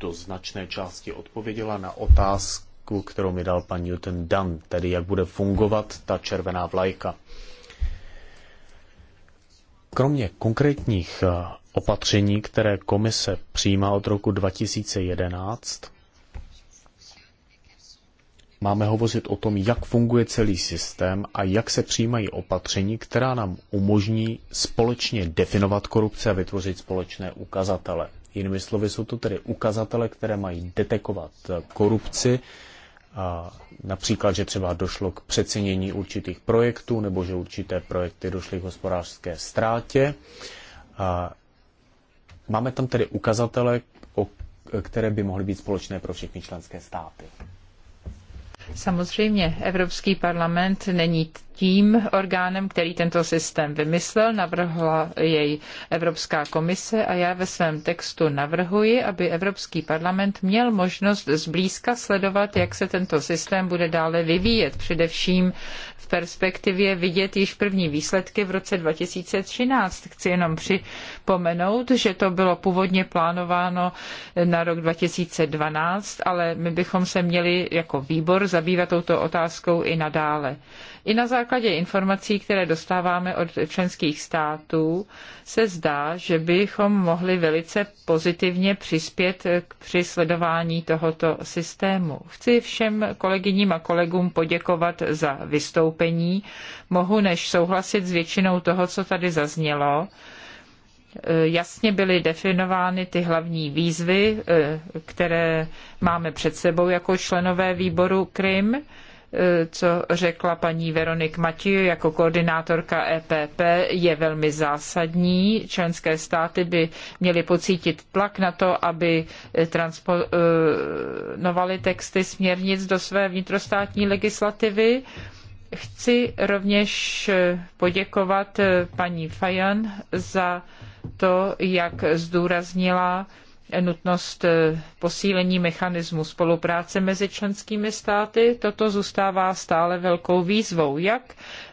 do značné části odpověděla na otázku, kterou mi dal pan Newton Dunn, tedy jak bude fungovat ta červená vlajka. Kromě konkrétních eh, opatření, které komise přijímá od roku 2011, máme hovořit o tom, jak funguje celý systém a jak se přijímají opatření, která nám umožní společně definovat korupce a vytvořit společné ukazatele. Jinými slovy, jsou to tedy ukazatele, které mají detekovat korupci, a například, že třeba došlo k přecenění určitých projektů nebo že určité projekty došly k hospodářské ztrátě. A máme tam tedy ukazatele, které by mohly být společné pro všechny členské státy. Samozřejmě, Evropský parlament není tím orgánem, který tento systém vymyslel, navrhla jej Evropská komise a já ve svém textu navrhuji, aby Evropský parlament měl možnost zblízka sledovat, jak se tento systém bude dále vyvíjet, především v perspektivě vidět již první výsledky v roce 2013. Chci jenom připomenout, že to bylo původně plánováno na rok 2012, ale my bychom se měli jako výbor zabývat touto otázkou i nadále. I na základě informací, které dostáváme od členských států, se zdá, že bychom mohli velice pozitivně přispět k přisledování tohoto systému. Chci všem kolegyním a kolegům poděkovat za vystoupení. Mohu než souhlasit s většinou toho, co tady zaznělo jasně byly definovány ty hlavní výzvy, eh, které máme před sebou jako členové výboru Krym co řekla paní Veronik Matiu jako koordinátorka EPP, je velmi zásadní. Členské státy by měly pocítit tlak na to, aby transponovaly texty směrnic do své vnitrostátní legislativy. Chci rovněž poděkovat paní Fajan za to, jak zdůraznila nutnost eh, posílení mechanismu spolupráce mezi členskými státy. Toto zůstává stále velkou výzvou, jak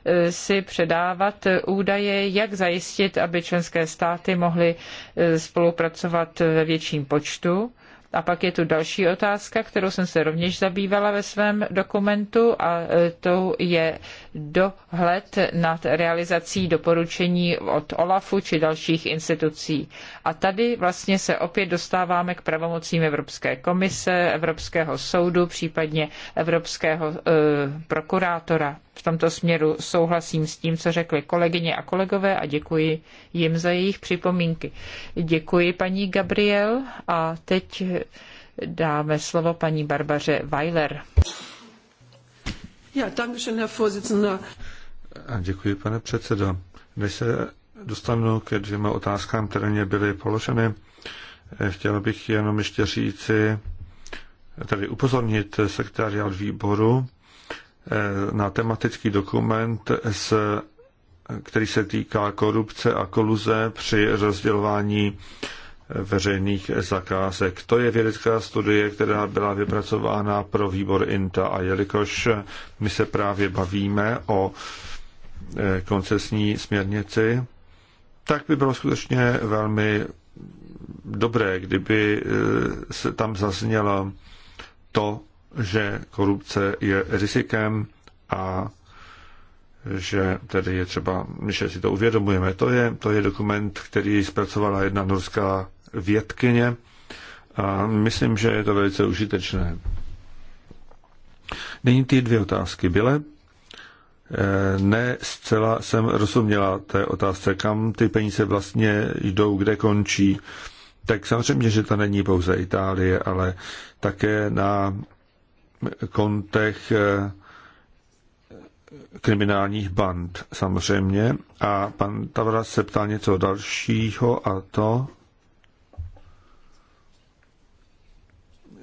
eh, si předávat eh, údaje, jak zajistit, aby členské státy mohly spolupracovat ve větším počtu a pak je tu další otázka, kterou jsem se rovněž zabývala ve svém dokumentu a e, to je dohled nad realizací doporučení od OLAFu či dalších institucí. A tady vlastně se opět dostáváme k pravomocím Evropské komise, Evropského soudu, případně Evropského e, prokurátora. V tomto směru souhlasím s tím, co řekli kolegyně a kolegové a děkuji jim za jejich připomínky. Děkuji paní Gabriel a teď dáme slovo paní Barbaře Weiler. Ja, dankeschön, Herr Vorsitzender. Děkuji, pane předsedo. Než se dostanu ke dvěma otázkám, které mě byly položeny, eh, chtěl bych jenom ještě říci, tedy upozornit sekretariát výboru, Eh, na tematický dokument, s, který se týká korupce a koluze při rozdělování eh, veřejných zakázek. To je vědecká studie, která byla vypracována pro výbor INTA a jelikož my se právě bavíme o eh, koncesní směrnici, tak by bylo skutečně velmi dobré, kdyby se tam zaznělo to, že korupce je rizikem a že tedy je třeba, že si to uvědomujeme. To je, to je dokument, který zpracovala jedna norská vědkyně a myslím, že je to velice užitečné. Nyní ty dvě otázky. byly. Eh, ne zcela jsem rozuměla té otázce, kam ty peníze vlastně jdou, kde končí. Tak samozřejmě, že to není pouze Itálie, ale také na kontech eh, kriminálních band samozřejmě. A pan Tavras se ptal něco dalšího a to,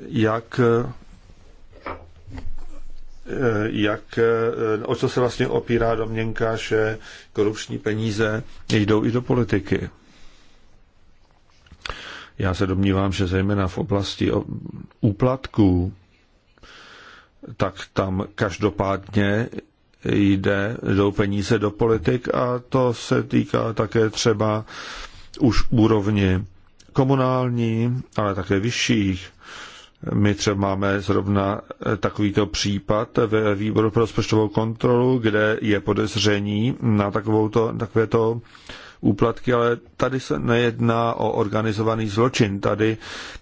jak eh, jak, eh, o co se vlastně opírá domněnka, že korupční peníze jdou i do politiky. Já se domnívám, že zejména v oblasti úplatků tak tam každopádně jde, jdou peníze do politik a to se týká také třeba už úrovni komunální, ale také vyšších. My třeba máme zrovna takovýto případ ve výboru pro rozpočtovou kontrolu, kde je podezření na takovouto, takovéto úplatky, ale tady se nejedná o organizovaný zločin. Tady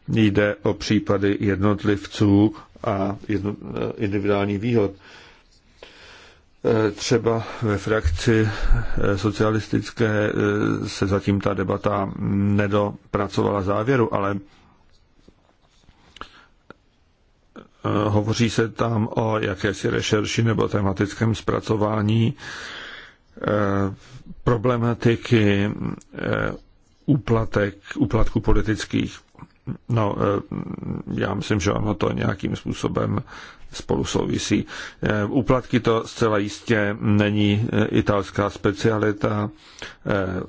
jde o případy jednotlivců, a eh, individuální výhod. Eh, třeba ve frakci eh, socialistické se zatím ta debata nedopracovala závěru, ale hovoří se tam o jakési rešerši nebo tematickém zpracování problematiky úplatek, úplatku politických. No, eh, já myslím, že ono to nějakým způsobem spolu souvisí. Eh, úplatky to zcela jistě není eh, italská specialita.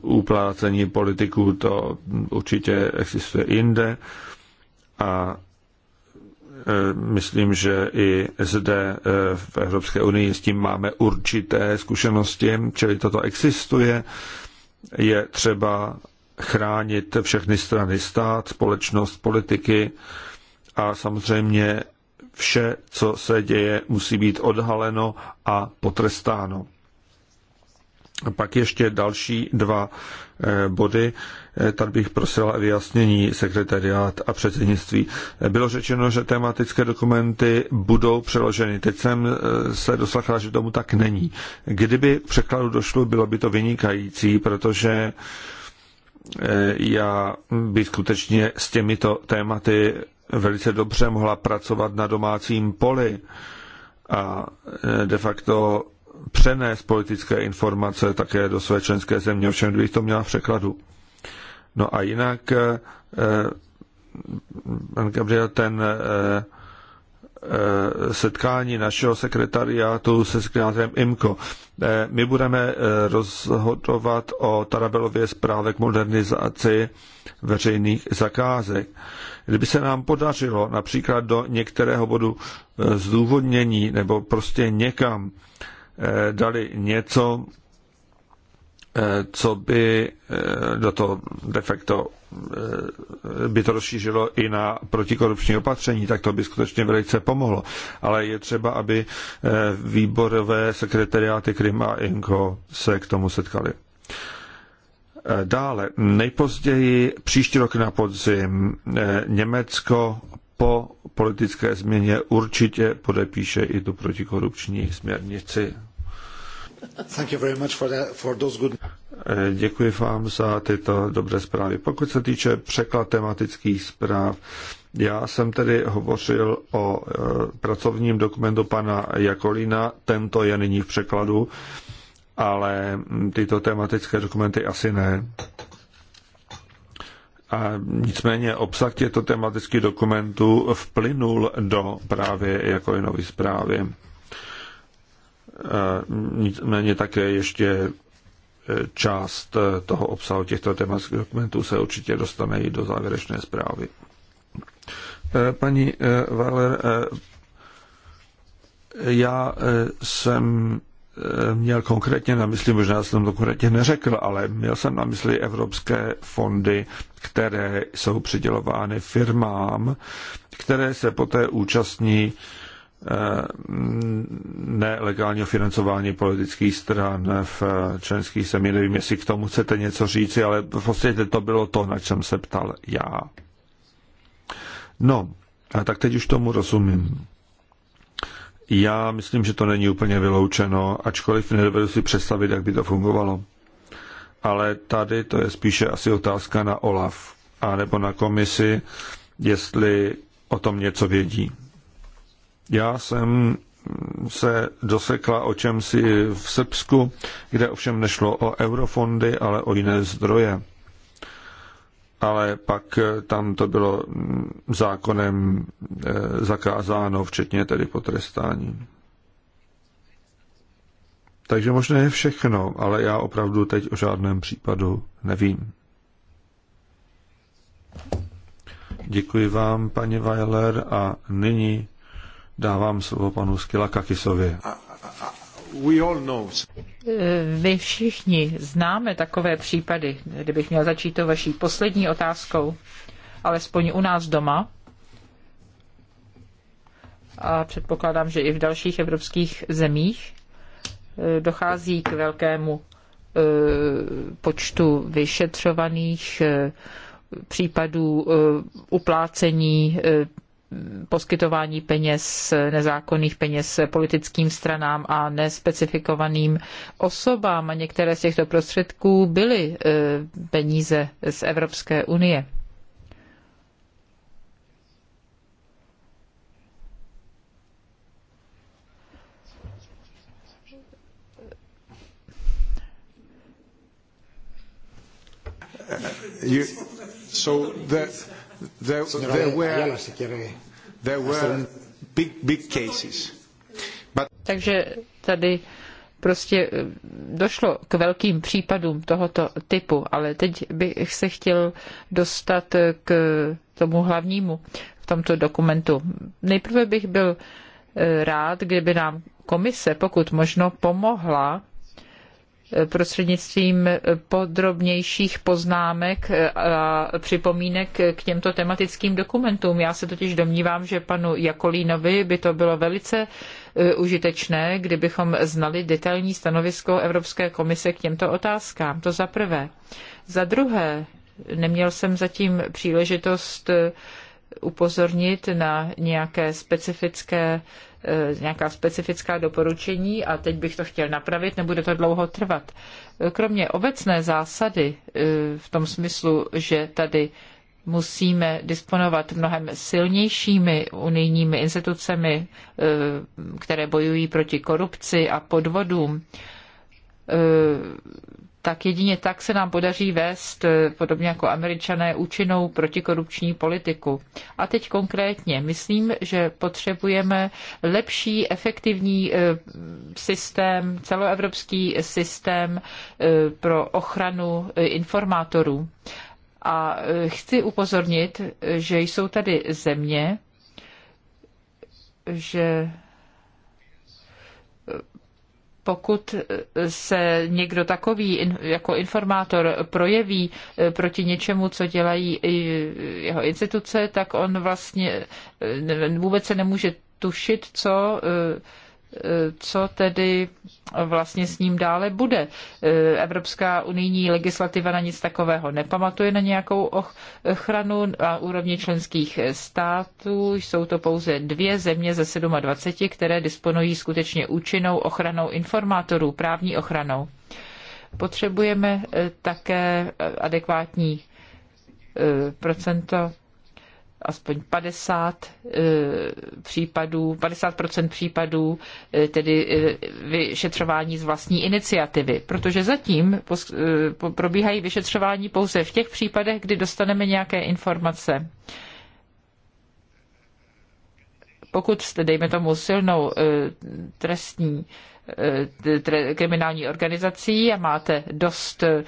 Uplácení politiků to určitě existuje jinde. A myslím, že i zde v Evropské unii s tím máme určité zkušenosti, čili toto existuje. Je třeba chránit všechny strany stát, společnost, politiky a samozřejmě vše, co se děje, musí být odhaleno a potrestáno. A pak ještě další dva eh, body. Eh, tady bych prosila vyjasnění sekretariát a předsednictví. Eh, bylo řečeno, že tematické dokumenty budou přeloženy. Teď jsem se doslechla, že tomu tak není. Kdyby překladu došlo, bylo by to vynikající, protože Eh, já bych skutečně s těmito tématy velice dobře mohla pracovat na domácím poli a eh, de facto přenést politické informace také do své členské země, ovšem kdybych to měla v překladu. No a jinak, eh, pan Gabriel, ten eh, Eh, setkání našeho sekretariátu se sekretářem IMCO. Eh, my budeme eh, rozhodovat o Tarabelově zprávě k modernizaci veřejných zakázek. Kdyby se nám podařilo například do některého bodu zdůvodnění nebo prostě někam dali něco, co by do toho defekto Eh, by to rozšířilo i na protikorupční opatření, tak to by skutečně velice pomohlo. Ale je třeba, aby eh, výborové sekretariáty Krym a Inko se k tomu setkali. Eh, dále, nejpozději příští rok na podzim Německo po politické změně určitě podepíše i tu protikorupční směrnici. Eh, děkuji vám za tyto dobré zprávy. Pokud se týče překlad tematických zpráv, já jsem tedy hovořil o eh, pracovním dokumentu pana Jakolina, tento je nyní v překladu, ale hm, tyto tematické dokumenty asi ne. A nicméně obsah těchto tematických dokumentů vplynul do právě Jakolinovy zprávy. Eh, nicméně také ještě eh, část eh, toho obsahu těchto tematických dokumentů se určitě dostane i do závěrečné zprávy. Paní Valer, já jsem měl konkrétně na mysli, možná jsem to konkrétně neřekl, ale měl jsem na mysli evropské fondy, které jsou přidělovány firmám, které se poté účastní Eh, nelegálního financování politických stran v členských zemích. Nevím, jestli k tomu chcete něco říci, ale v podstatě to bylo to, na čem se ptal já. No, a tak teď už tomu rozumím. Já myslím, že to není úplně vyloučeno, ačkoliv nedovedu si představit, jak by to fungovalo. Ale tady to je spíše asi otázka na OLAF, a nebo na komisi, jestli o tom něco vědí. Já jsem se dosekla o čem si v Srbsku, kde ovšem nešlo o eurofondy, ale o jiné zdroje. Ale pak eh, tam to bylo mm, zákonem eh, zakázáno, včetně tedy potrestání. Takže možná je všechno, ale já opravdu teď o žádném případu nevím. Děkuji vám, paní Weiler, a nyní Dávám slovo panu Skilakakisovi. Eh, vy všichni známe takové případy, kdybych měl začít to vaší poslední otázkou, alespoň u nás doma. A předpokládám, že i v dalších evropských zemích eh, dochází k velkému eh, počtu vyšetřovaných případů uplácení poskytování peněz, nezákonných peněz politickým stranám a nespecifikovaným osobám. A některé z těchto prostředků byly eh, peníze z Evropské unie. You, so there, there were, there were big, big cases. But... Takže tady prostě eh, došlo k velkým případům tohoto typu, ale teď bych se chtěl dostat eh, k tomu hlavnímu v tomto dokumentu. Nejprve bych byl eh, rád, kdyby nám komise pokud možno pomohla prostřednictvím podrobnějších poznámek a připomínek k těmto tematickým dokumentům. Já se totiž domnívám, že panu Jakolínovi by to bylo velice e, užitečné, kdybychom znali detailní stanovisko Evropské komise k těmto otázkám. To za prvé. Za druhé, neměl jsem zatím příležitost e, upozornit na nějaké specifické, eh, nějaká specifická doporučení a teď bych to chtěl napravit, nebude to dlouho trvat. Eh, kromě obecné zásady eh, v tom smyslu, že tady musíme disponovat mnohem silnějšími unijními institucemi, které bojují proti korupci a podvodům, tak jedině tak se nám podaří vést, eh, podobně jako američané, účinnou protikorupční politiku. A teď konkrétně, myslím, že potřebujeme lepší, efektivní eh, systém, celoevropský systém eh, pro ochranu informátorů. A chci upozornit, že jsou tady země, že pokud se někdo takový jako informátor projeví eh, proti něčemu, co dělají eh, jeho instituce, tak on vlastně eh, vůbec se nemůže tušit, co co tedy vlastně s ním dále bude. Eh, Evropská unijní legislativa na nic takového nepamatuje na nějakou ochranu a úrovni členských států. Jsou to pouze dvě země ze 27, které disponují skutečně účinnou ochranou informátorů, právní ochranou. Potřebujeme eh, také eh, adekvátní procento aspoň 50 eh, případů, 50 případů eh, tedy eh, vyšetřování z vlastní iniciativy, protože zatím probíhají vyšetřování pouze v těch případech, kdy dostaneme nějaké informace pokud jste, dejme tomu, silnou eh, trestní eh, kriminální organizací a máte dost eh,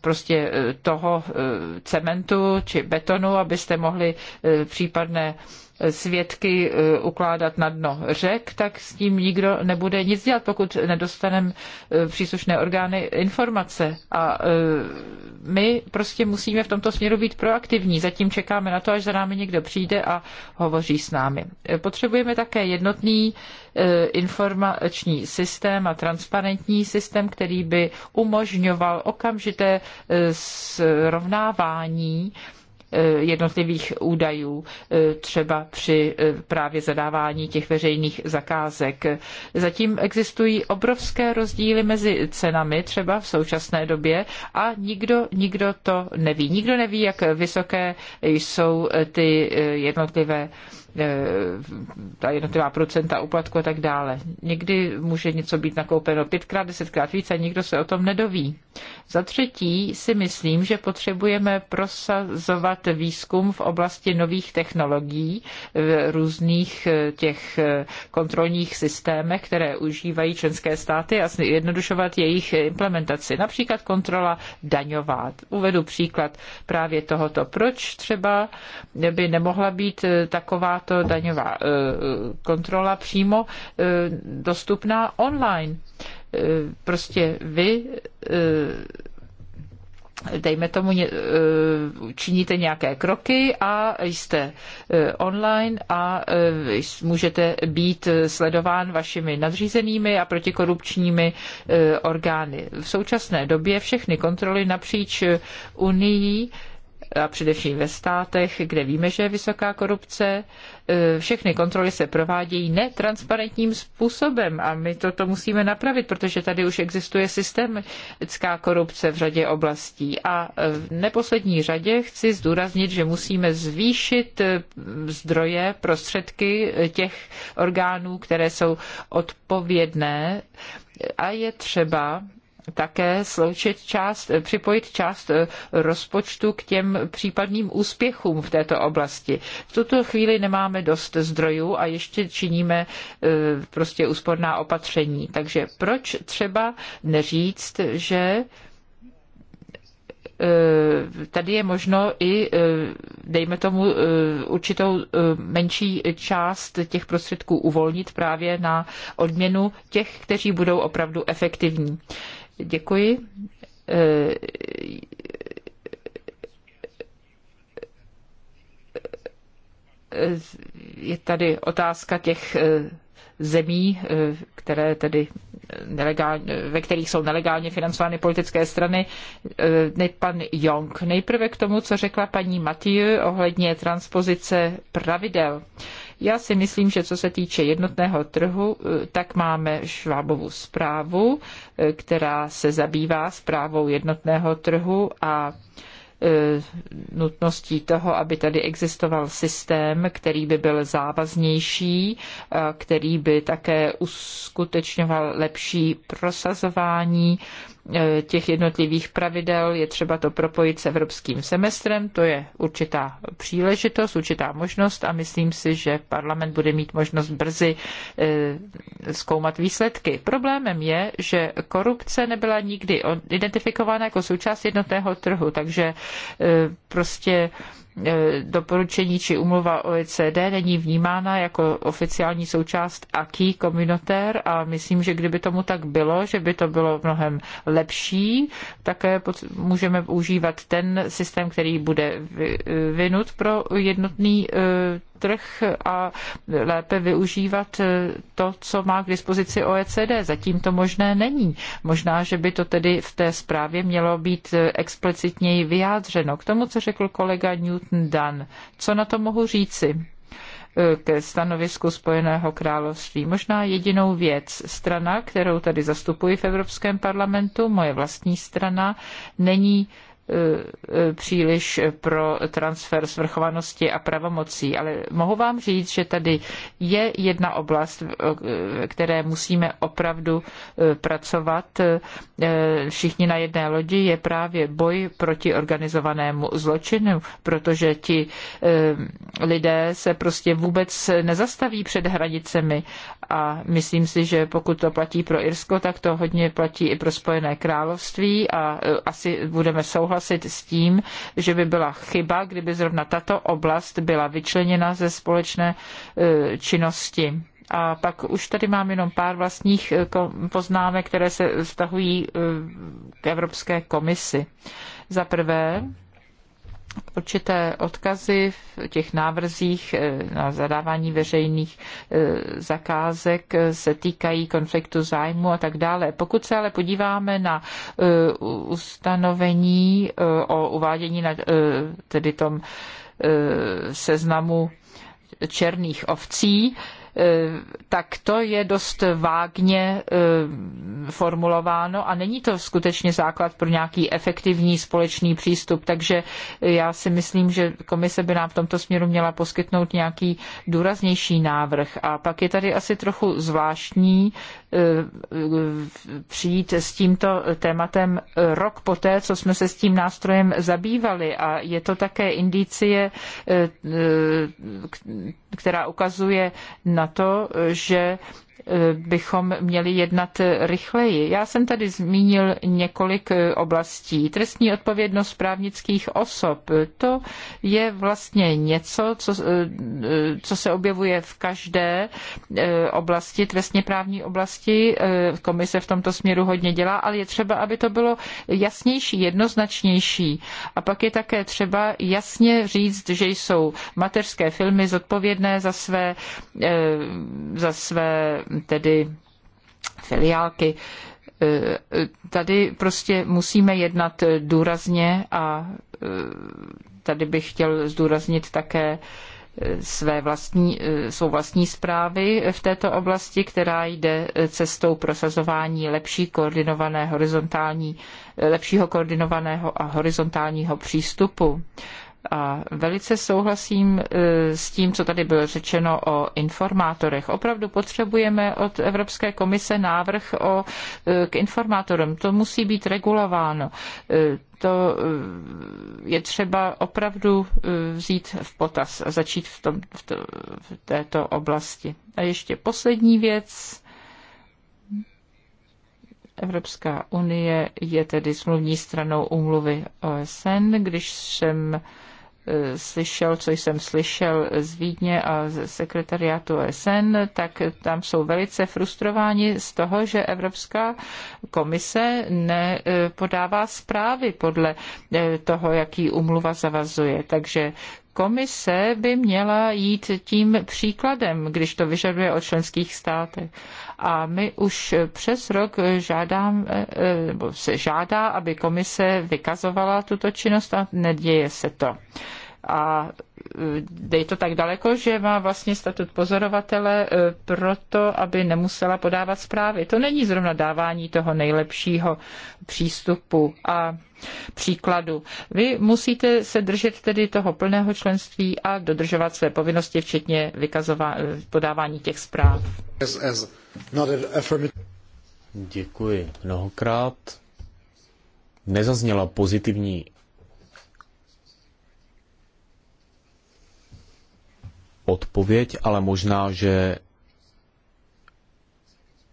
prostě toho cementu či betonu, abyste mohli případné svědky eh, ukládat na dno řek, tak s tím nikdo nebude nic dělat, pokud nedostaneme eh, příslušné orgány informace. A eh, my prostě musíme v tomto směru být proaktivní. Zatím čekáme na to, až za námi někdo přijde a hovoří s námi. Potřebujeme také jednotný informační systém a transparentní systém, který by umožňoval okamžité srovnávání Eh, jednotlivých údajů, eh, třeba při eh, právě zadávání těch veřejných zakázek. Zatím existují obrovské rozdíly mezi cenami třeba v současné době a nikdo, nikdo to neví. Nikdo neví, jak vysoké jsou ty jednotlivé Eh, ta jednotlivá procenta úplatku a tak dále. Někdy může něco být nakoupeno pětkrát, desetkrát více a nikdo se o tom nedoví. Za třetí si myslím, že potřebujeme prosazovat výzkum v oblasti nových technologií v různých eh, těch eh, kontrolních systémech, které užívají členské státy a jednodušovat jejich implementaci. Například kontrola daňová. Uvedu příklad právě tohoto. Proč třeba by nemohla být taková takováto daňová eh, kontrola přímo eh, dostupná online. Eh, prostě vy dejme tomu, činíte nějaké kroky a jste online a můžete být sledován vašimi nadřízenými a protikorupčními orgány. V současné době všechny kontroly napříč Unii a především ve státech, kde víme, že je vysoká korupce. E, všechny kontroly se provádějí netransparentním způsobem a my toto musíme napravit, protože tady už existuje systémická korupce v řadě oblastí. A e, v neposlední řadě chci zdůraznit, že musíme zvýšit e, zdroje, prostředky těch orgánů, které jsou odpovědné a je třeba také sloučit část, připojit část eh, rozpočtu k těm případným úspěchům v této oblasti. V tuto chvíli nemáme dost zdrojů a ještě činíme eh, prostě úsporná opatření. Takže proč třeba neříct, že eh, tady je možno i, dejme tomu, určitou menší část těch prostředků uvolnit právě na odměnu těch, kteří budou opravdu efektivní. Děkuji. Je tady otázka těch eh, zemí, eh, které tedy nelegálně, ve kterých jsou nelegálně financovány politické strany, eh, ne pan Jong. Nejprve k tomu, co řekla paní Matiu ohledně transpozice pravidel. Já si myslím, že co se týče jednotného trhu, eh, tak máme švábovou zprávu, eh, která se zabývá zprávou jednotného trhu a eh, nutností toho, aby tady existoval systém, který by byl závaznější, který by také uskutečňoval lepší prosazování E, těch jednotlivých pravidel, je třeba to propojit s evropským semestrem, to je určitá příležitost, určitá možnost a myslím si, že parlament bude mít možnost brzy e, zkoumat výsledky. Problémem je, že korupce nebyla nikdy identifikována jako součást jednotného trhu, takže e, prostě E, doporučení či umluva OECD není vnímána jako oficiální součást aký komunitér a myslím, že kdyby tomu tak bylo, že by to bylo mnohem lepší, také e, můžeme používat ten systém, který bude e, vynut pro jednotný trh a lépe využívat to, co má k dispozici OECD. Zatím to možné není. Možná, že by to tedy v té zprávě mělo být explicitněji vyjádřeno. K tomu, co řekl kolega Newton, Newton Dunn. Co na to mohu říci? E, ke stanovisku Spojeného království. Možná jedinou věc. Strana, kterou tady zastupuji v Evropském parlamentu, moje vlastní strana, není příliš pro transfer svrchovanosti a pravomocí, ale mohu vám říct, že tady je jedna oblast, které musíme opravdu eh, pracovat eh, všichni na jedné lodi, je právě boj proti organizovanému zločinu, protože ti eh, lidé se prostě vůbec nezastaví před hranicemi a myslím si, že pokud to platí pro Irsko, tak to hodně platí i pro Spojené království a asi budeme souhlasit souhlasit s tím, že by byla chyba, kdyby zrovna tato oblast byla vyčleněna ze společné e, činnosti. A pak už tady mám jenom pár vlastních e, poznámek, které se vztahují e, k Evropské komisi. Za prvé, určité odkazy v těch návrzích eh, na zadávání veřejných eh, zakázek eh, se týkají konfliktu zájmu a tak dále. Pokud se ale podíváme na ustanovení o uvádění na tedy tom seznamu černých ovcí, Eh, tak to je dost vágně eh, formulováno a není to skutečně základ pro nějaký efektivní společný přístup. Takže já si myslím, že komise by nám v tomto směru měla poskytnout nějaký důraznější návrh. A pak je tady asi trochu zvláštní eh, přijít s tímto tématem rok poté, co jsme se s tím nástrojem zabývali. A je to také indicie která ukazuje na to, že bychom měli jednat rychleji. Já jsem tady zmínil několik eh, oblastí. Trestní odpovědnost právnických osob, to je vlastně něco, co, eh, eh, co se objevuje v každé oblasti, trestně právní oblasti. Komise v tomto směru hodně dělá, ale je třeba, aby to bylo jasnější, jednoznačnější. A pak je také třeba jasně říct, že jsou mateřské filmy zodpovědné za své, za své tedy filiálky. Eh, tady prostě musíme jednat důrazně a eh, tady bych chtěl zdůraznit také eh, své vlastní, svou vlastní zprávy v této oblasti, která jde cestou prosazování lepší koordinované horizontální, lepšího koordinovaného a horizontálního přístupu. A velice souhlasím e, s tím, co tady bylo řečeno o informátorech. Opravdu potřebujeme od Evropské komise návrh o, e, k informátorům. To musí být regulováno. E, to je třeba opravdu vzít v potaz a začít v, tom, v, to, v této oblasti. A ještě poslední věc. Evropská unie je tedy smluvní stranou úmluvy OSN. Když jsem Eh, slyšel, co jsem slyšel z Vídně a z sekretariátu OSN, tak tam jsou velice frustrováni z toho, že Evropská komise nepodává zprávy podle eh, toho, jaký umluva zavazuje. Takže komise by měla jít tím příkladem, když to vyžaduje od členských státech. A my už přes rok žádám, eh, eh, se žádá, aby komise vykazovala tuto činnost a neděje se to a e, dej to tak daleko, že má vlastně statut pozorovatele e, proto, aby nemusela podávat zprávy. To není zrovna dávání toho nejlepšího přístupu a příkladu. Vy musíte se držet tedy toho plného členství a dodržovat své povinnosti, včetně e, podávání těch zpráv. Děkuji mnohokrát. Nezazněla pozitivní odpověď, ale možná, že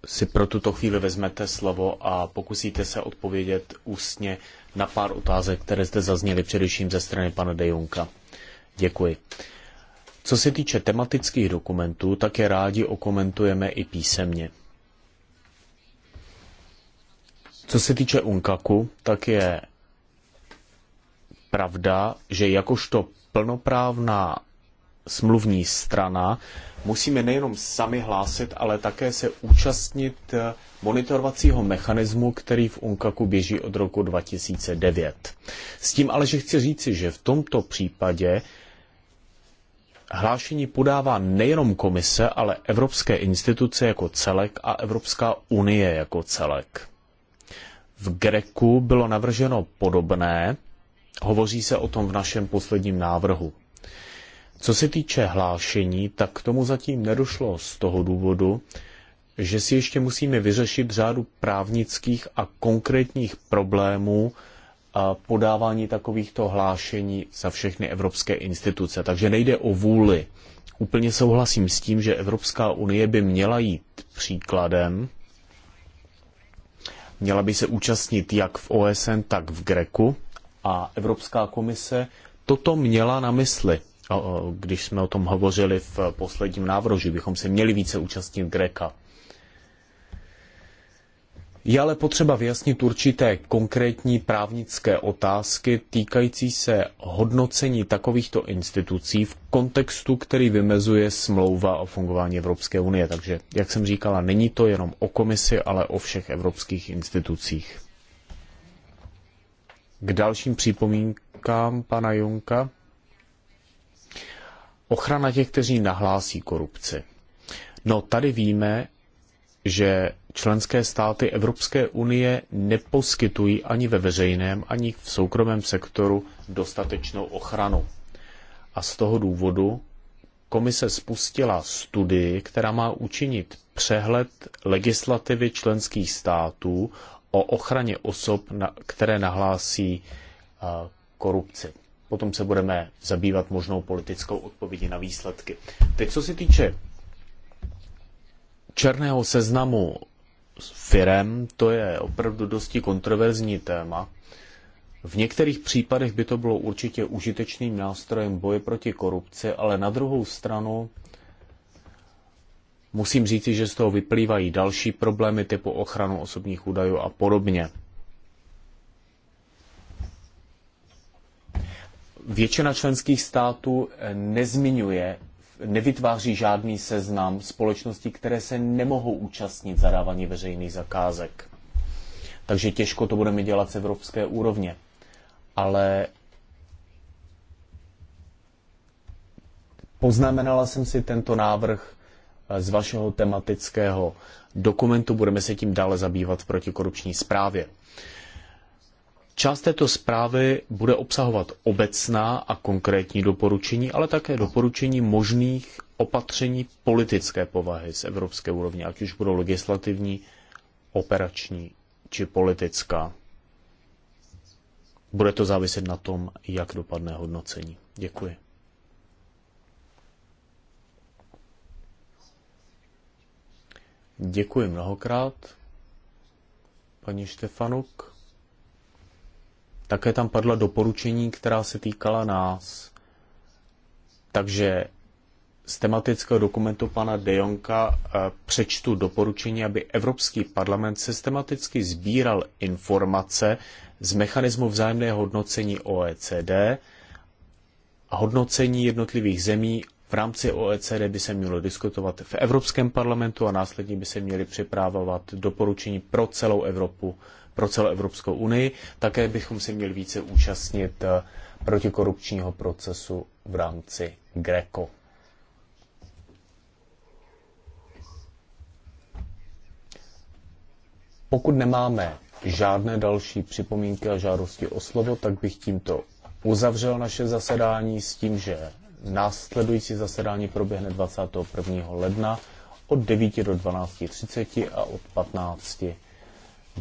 si pro tuto chvíli vezmete slovo a pokusíte se odpovědět ústně na pár otázek, které zde zazněly především ze strany pana De Junka. Děkuji. Co se týče tematických dokumentů, tak je rádi okomentujeme i písemně. Co se týče UNKAKu, tak je pravda, že jakožto plnoprávná smluvní strana, musíme nejenom sami hlásit, ale také se účastnit eh, monitorovacího mechanismu, který v Unkaku běží od roku 2009. S tím ale, že chci říci, že v tomto případě hlášení podává nejenom komise, ale evropské instituce jako celek a Evropská unie jako celek. V Greku bylo navrženo podobné, hovoří se o tom v našem posledním návrhu. Co se týče hlášení, tak k tomu zatím nedošlo z toho důvodu, že si ještě musíme vyřešit řádu právnických a konkrétních problémů a podávání takovýchto hlášení za všechny evropské instituce. Takže nejde o vůli. Úplně souhlasím s tím, že Evropská unie by měla jít příkladem, měla by se účastnit jak v OSN, tak v Greku a Evropská komise toto měla na mysli když jsme o tom hovořili v posledním návrhu, že bychom se měli více účastnit Greka. Je ale potřeba vyjasnit určité konkrétní právnické otázky týkající se hodnocení takovýchto institucí v kontextu, který vymezuje smlouva o fungování Evropské unie. Takže, jak jsem říkala, není to jenom o komisi, ale o všech evropských institucích. K dalším připomínkám pana Junka Ochrana těch, kteří nahlásí korupci. No tady víme, že členské státy Evropské unie neposkytují ani ve veřejném, ani v soukromém sektoru dostatečnou ochranu. A z toho důvodu komise spustila studii, která má učinit přehled legislativy členských států o ochraně osob, které nahlásí eh, korupci potom se budeme zabývat možnou politickou odpovědí na výsledky. Teď co se týče černého seznamu firem, to je opravdu dosti kontroverzní téma. V některých případech by to bylo určitě užitečným nástrojem boje proti korupci, ale na druhou stranu musím říci, že z toho vyplývají další problémy typu ochranu osobních údajů a podobně. Většina členských států eh, nezmiňuje, nevytváří žádný seznam společností, které se nemohou účastnit zadávání veřejných zakázek. Takže těžko to budeme dělat z evropské úrovně. Ale poznamenala jsem si tento návrh eh, z vašeho tematického dokumentu. Budeme se tím dále zabývat v protikorupční zprávě. Část této zprávy bude obsahovat obecná a konkrétní doporučení, ale také doporučení možných opatření politické povahy z evropské úrovně, ať už budou legislativní, operační či politická. Bude to záviset na tom, jak dopadne hodnocení. Děkuji. Děkuji mnohokrát, paní Štefanuk. Také tam padla doporučení, která se týkala nás. Takže z tematického dokumentu pana De Jonka eh, přečtu doporučení, aby Evropský parlament systematicky sbíral informace z mechanismu vzájemného hodnocení OECD a hodnocení jednotlivých zemí v rámci OECD by se mělo diskutovat v Evropském parlamentu a následně by se měly připravovat doporučení pro celou Evropu pro celou Evropskou unii. Také bychom se měli více účastnit eh, protikorupčního procesu v rámci GRECO. Pokud nemáme žádné další připomínky a žádosti o slovo, tak bych tímto uzavřel naše zasedání s tím, že následující zasedání proběhne 21. ledna od 9 do 12.30 a od 15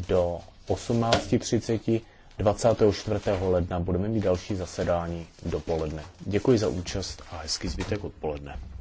do 18.30 24. ledna budeme mít další zasedání dopoledne. Děkuji za účast a hezký zbytek odpoledne.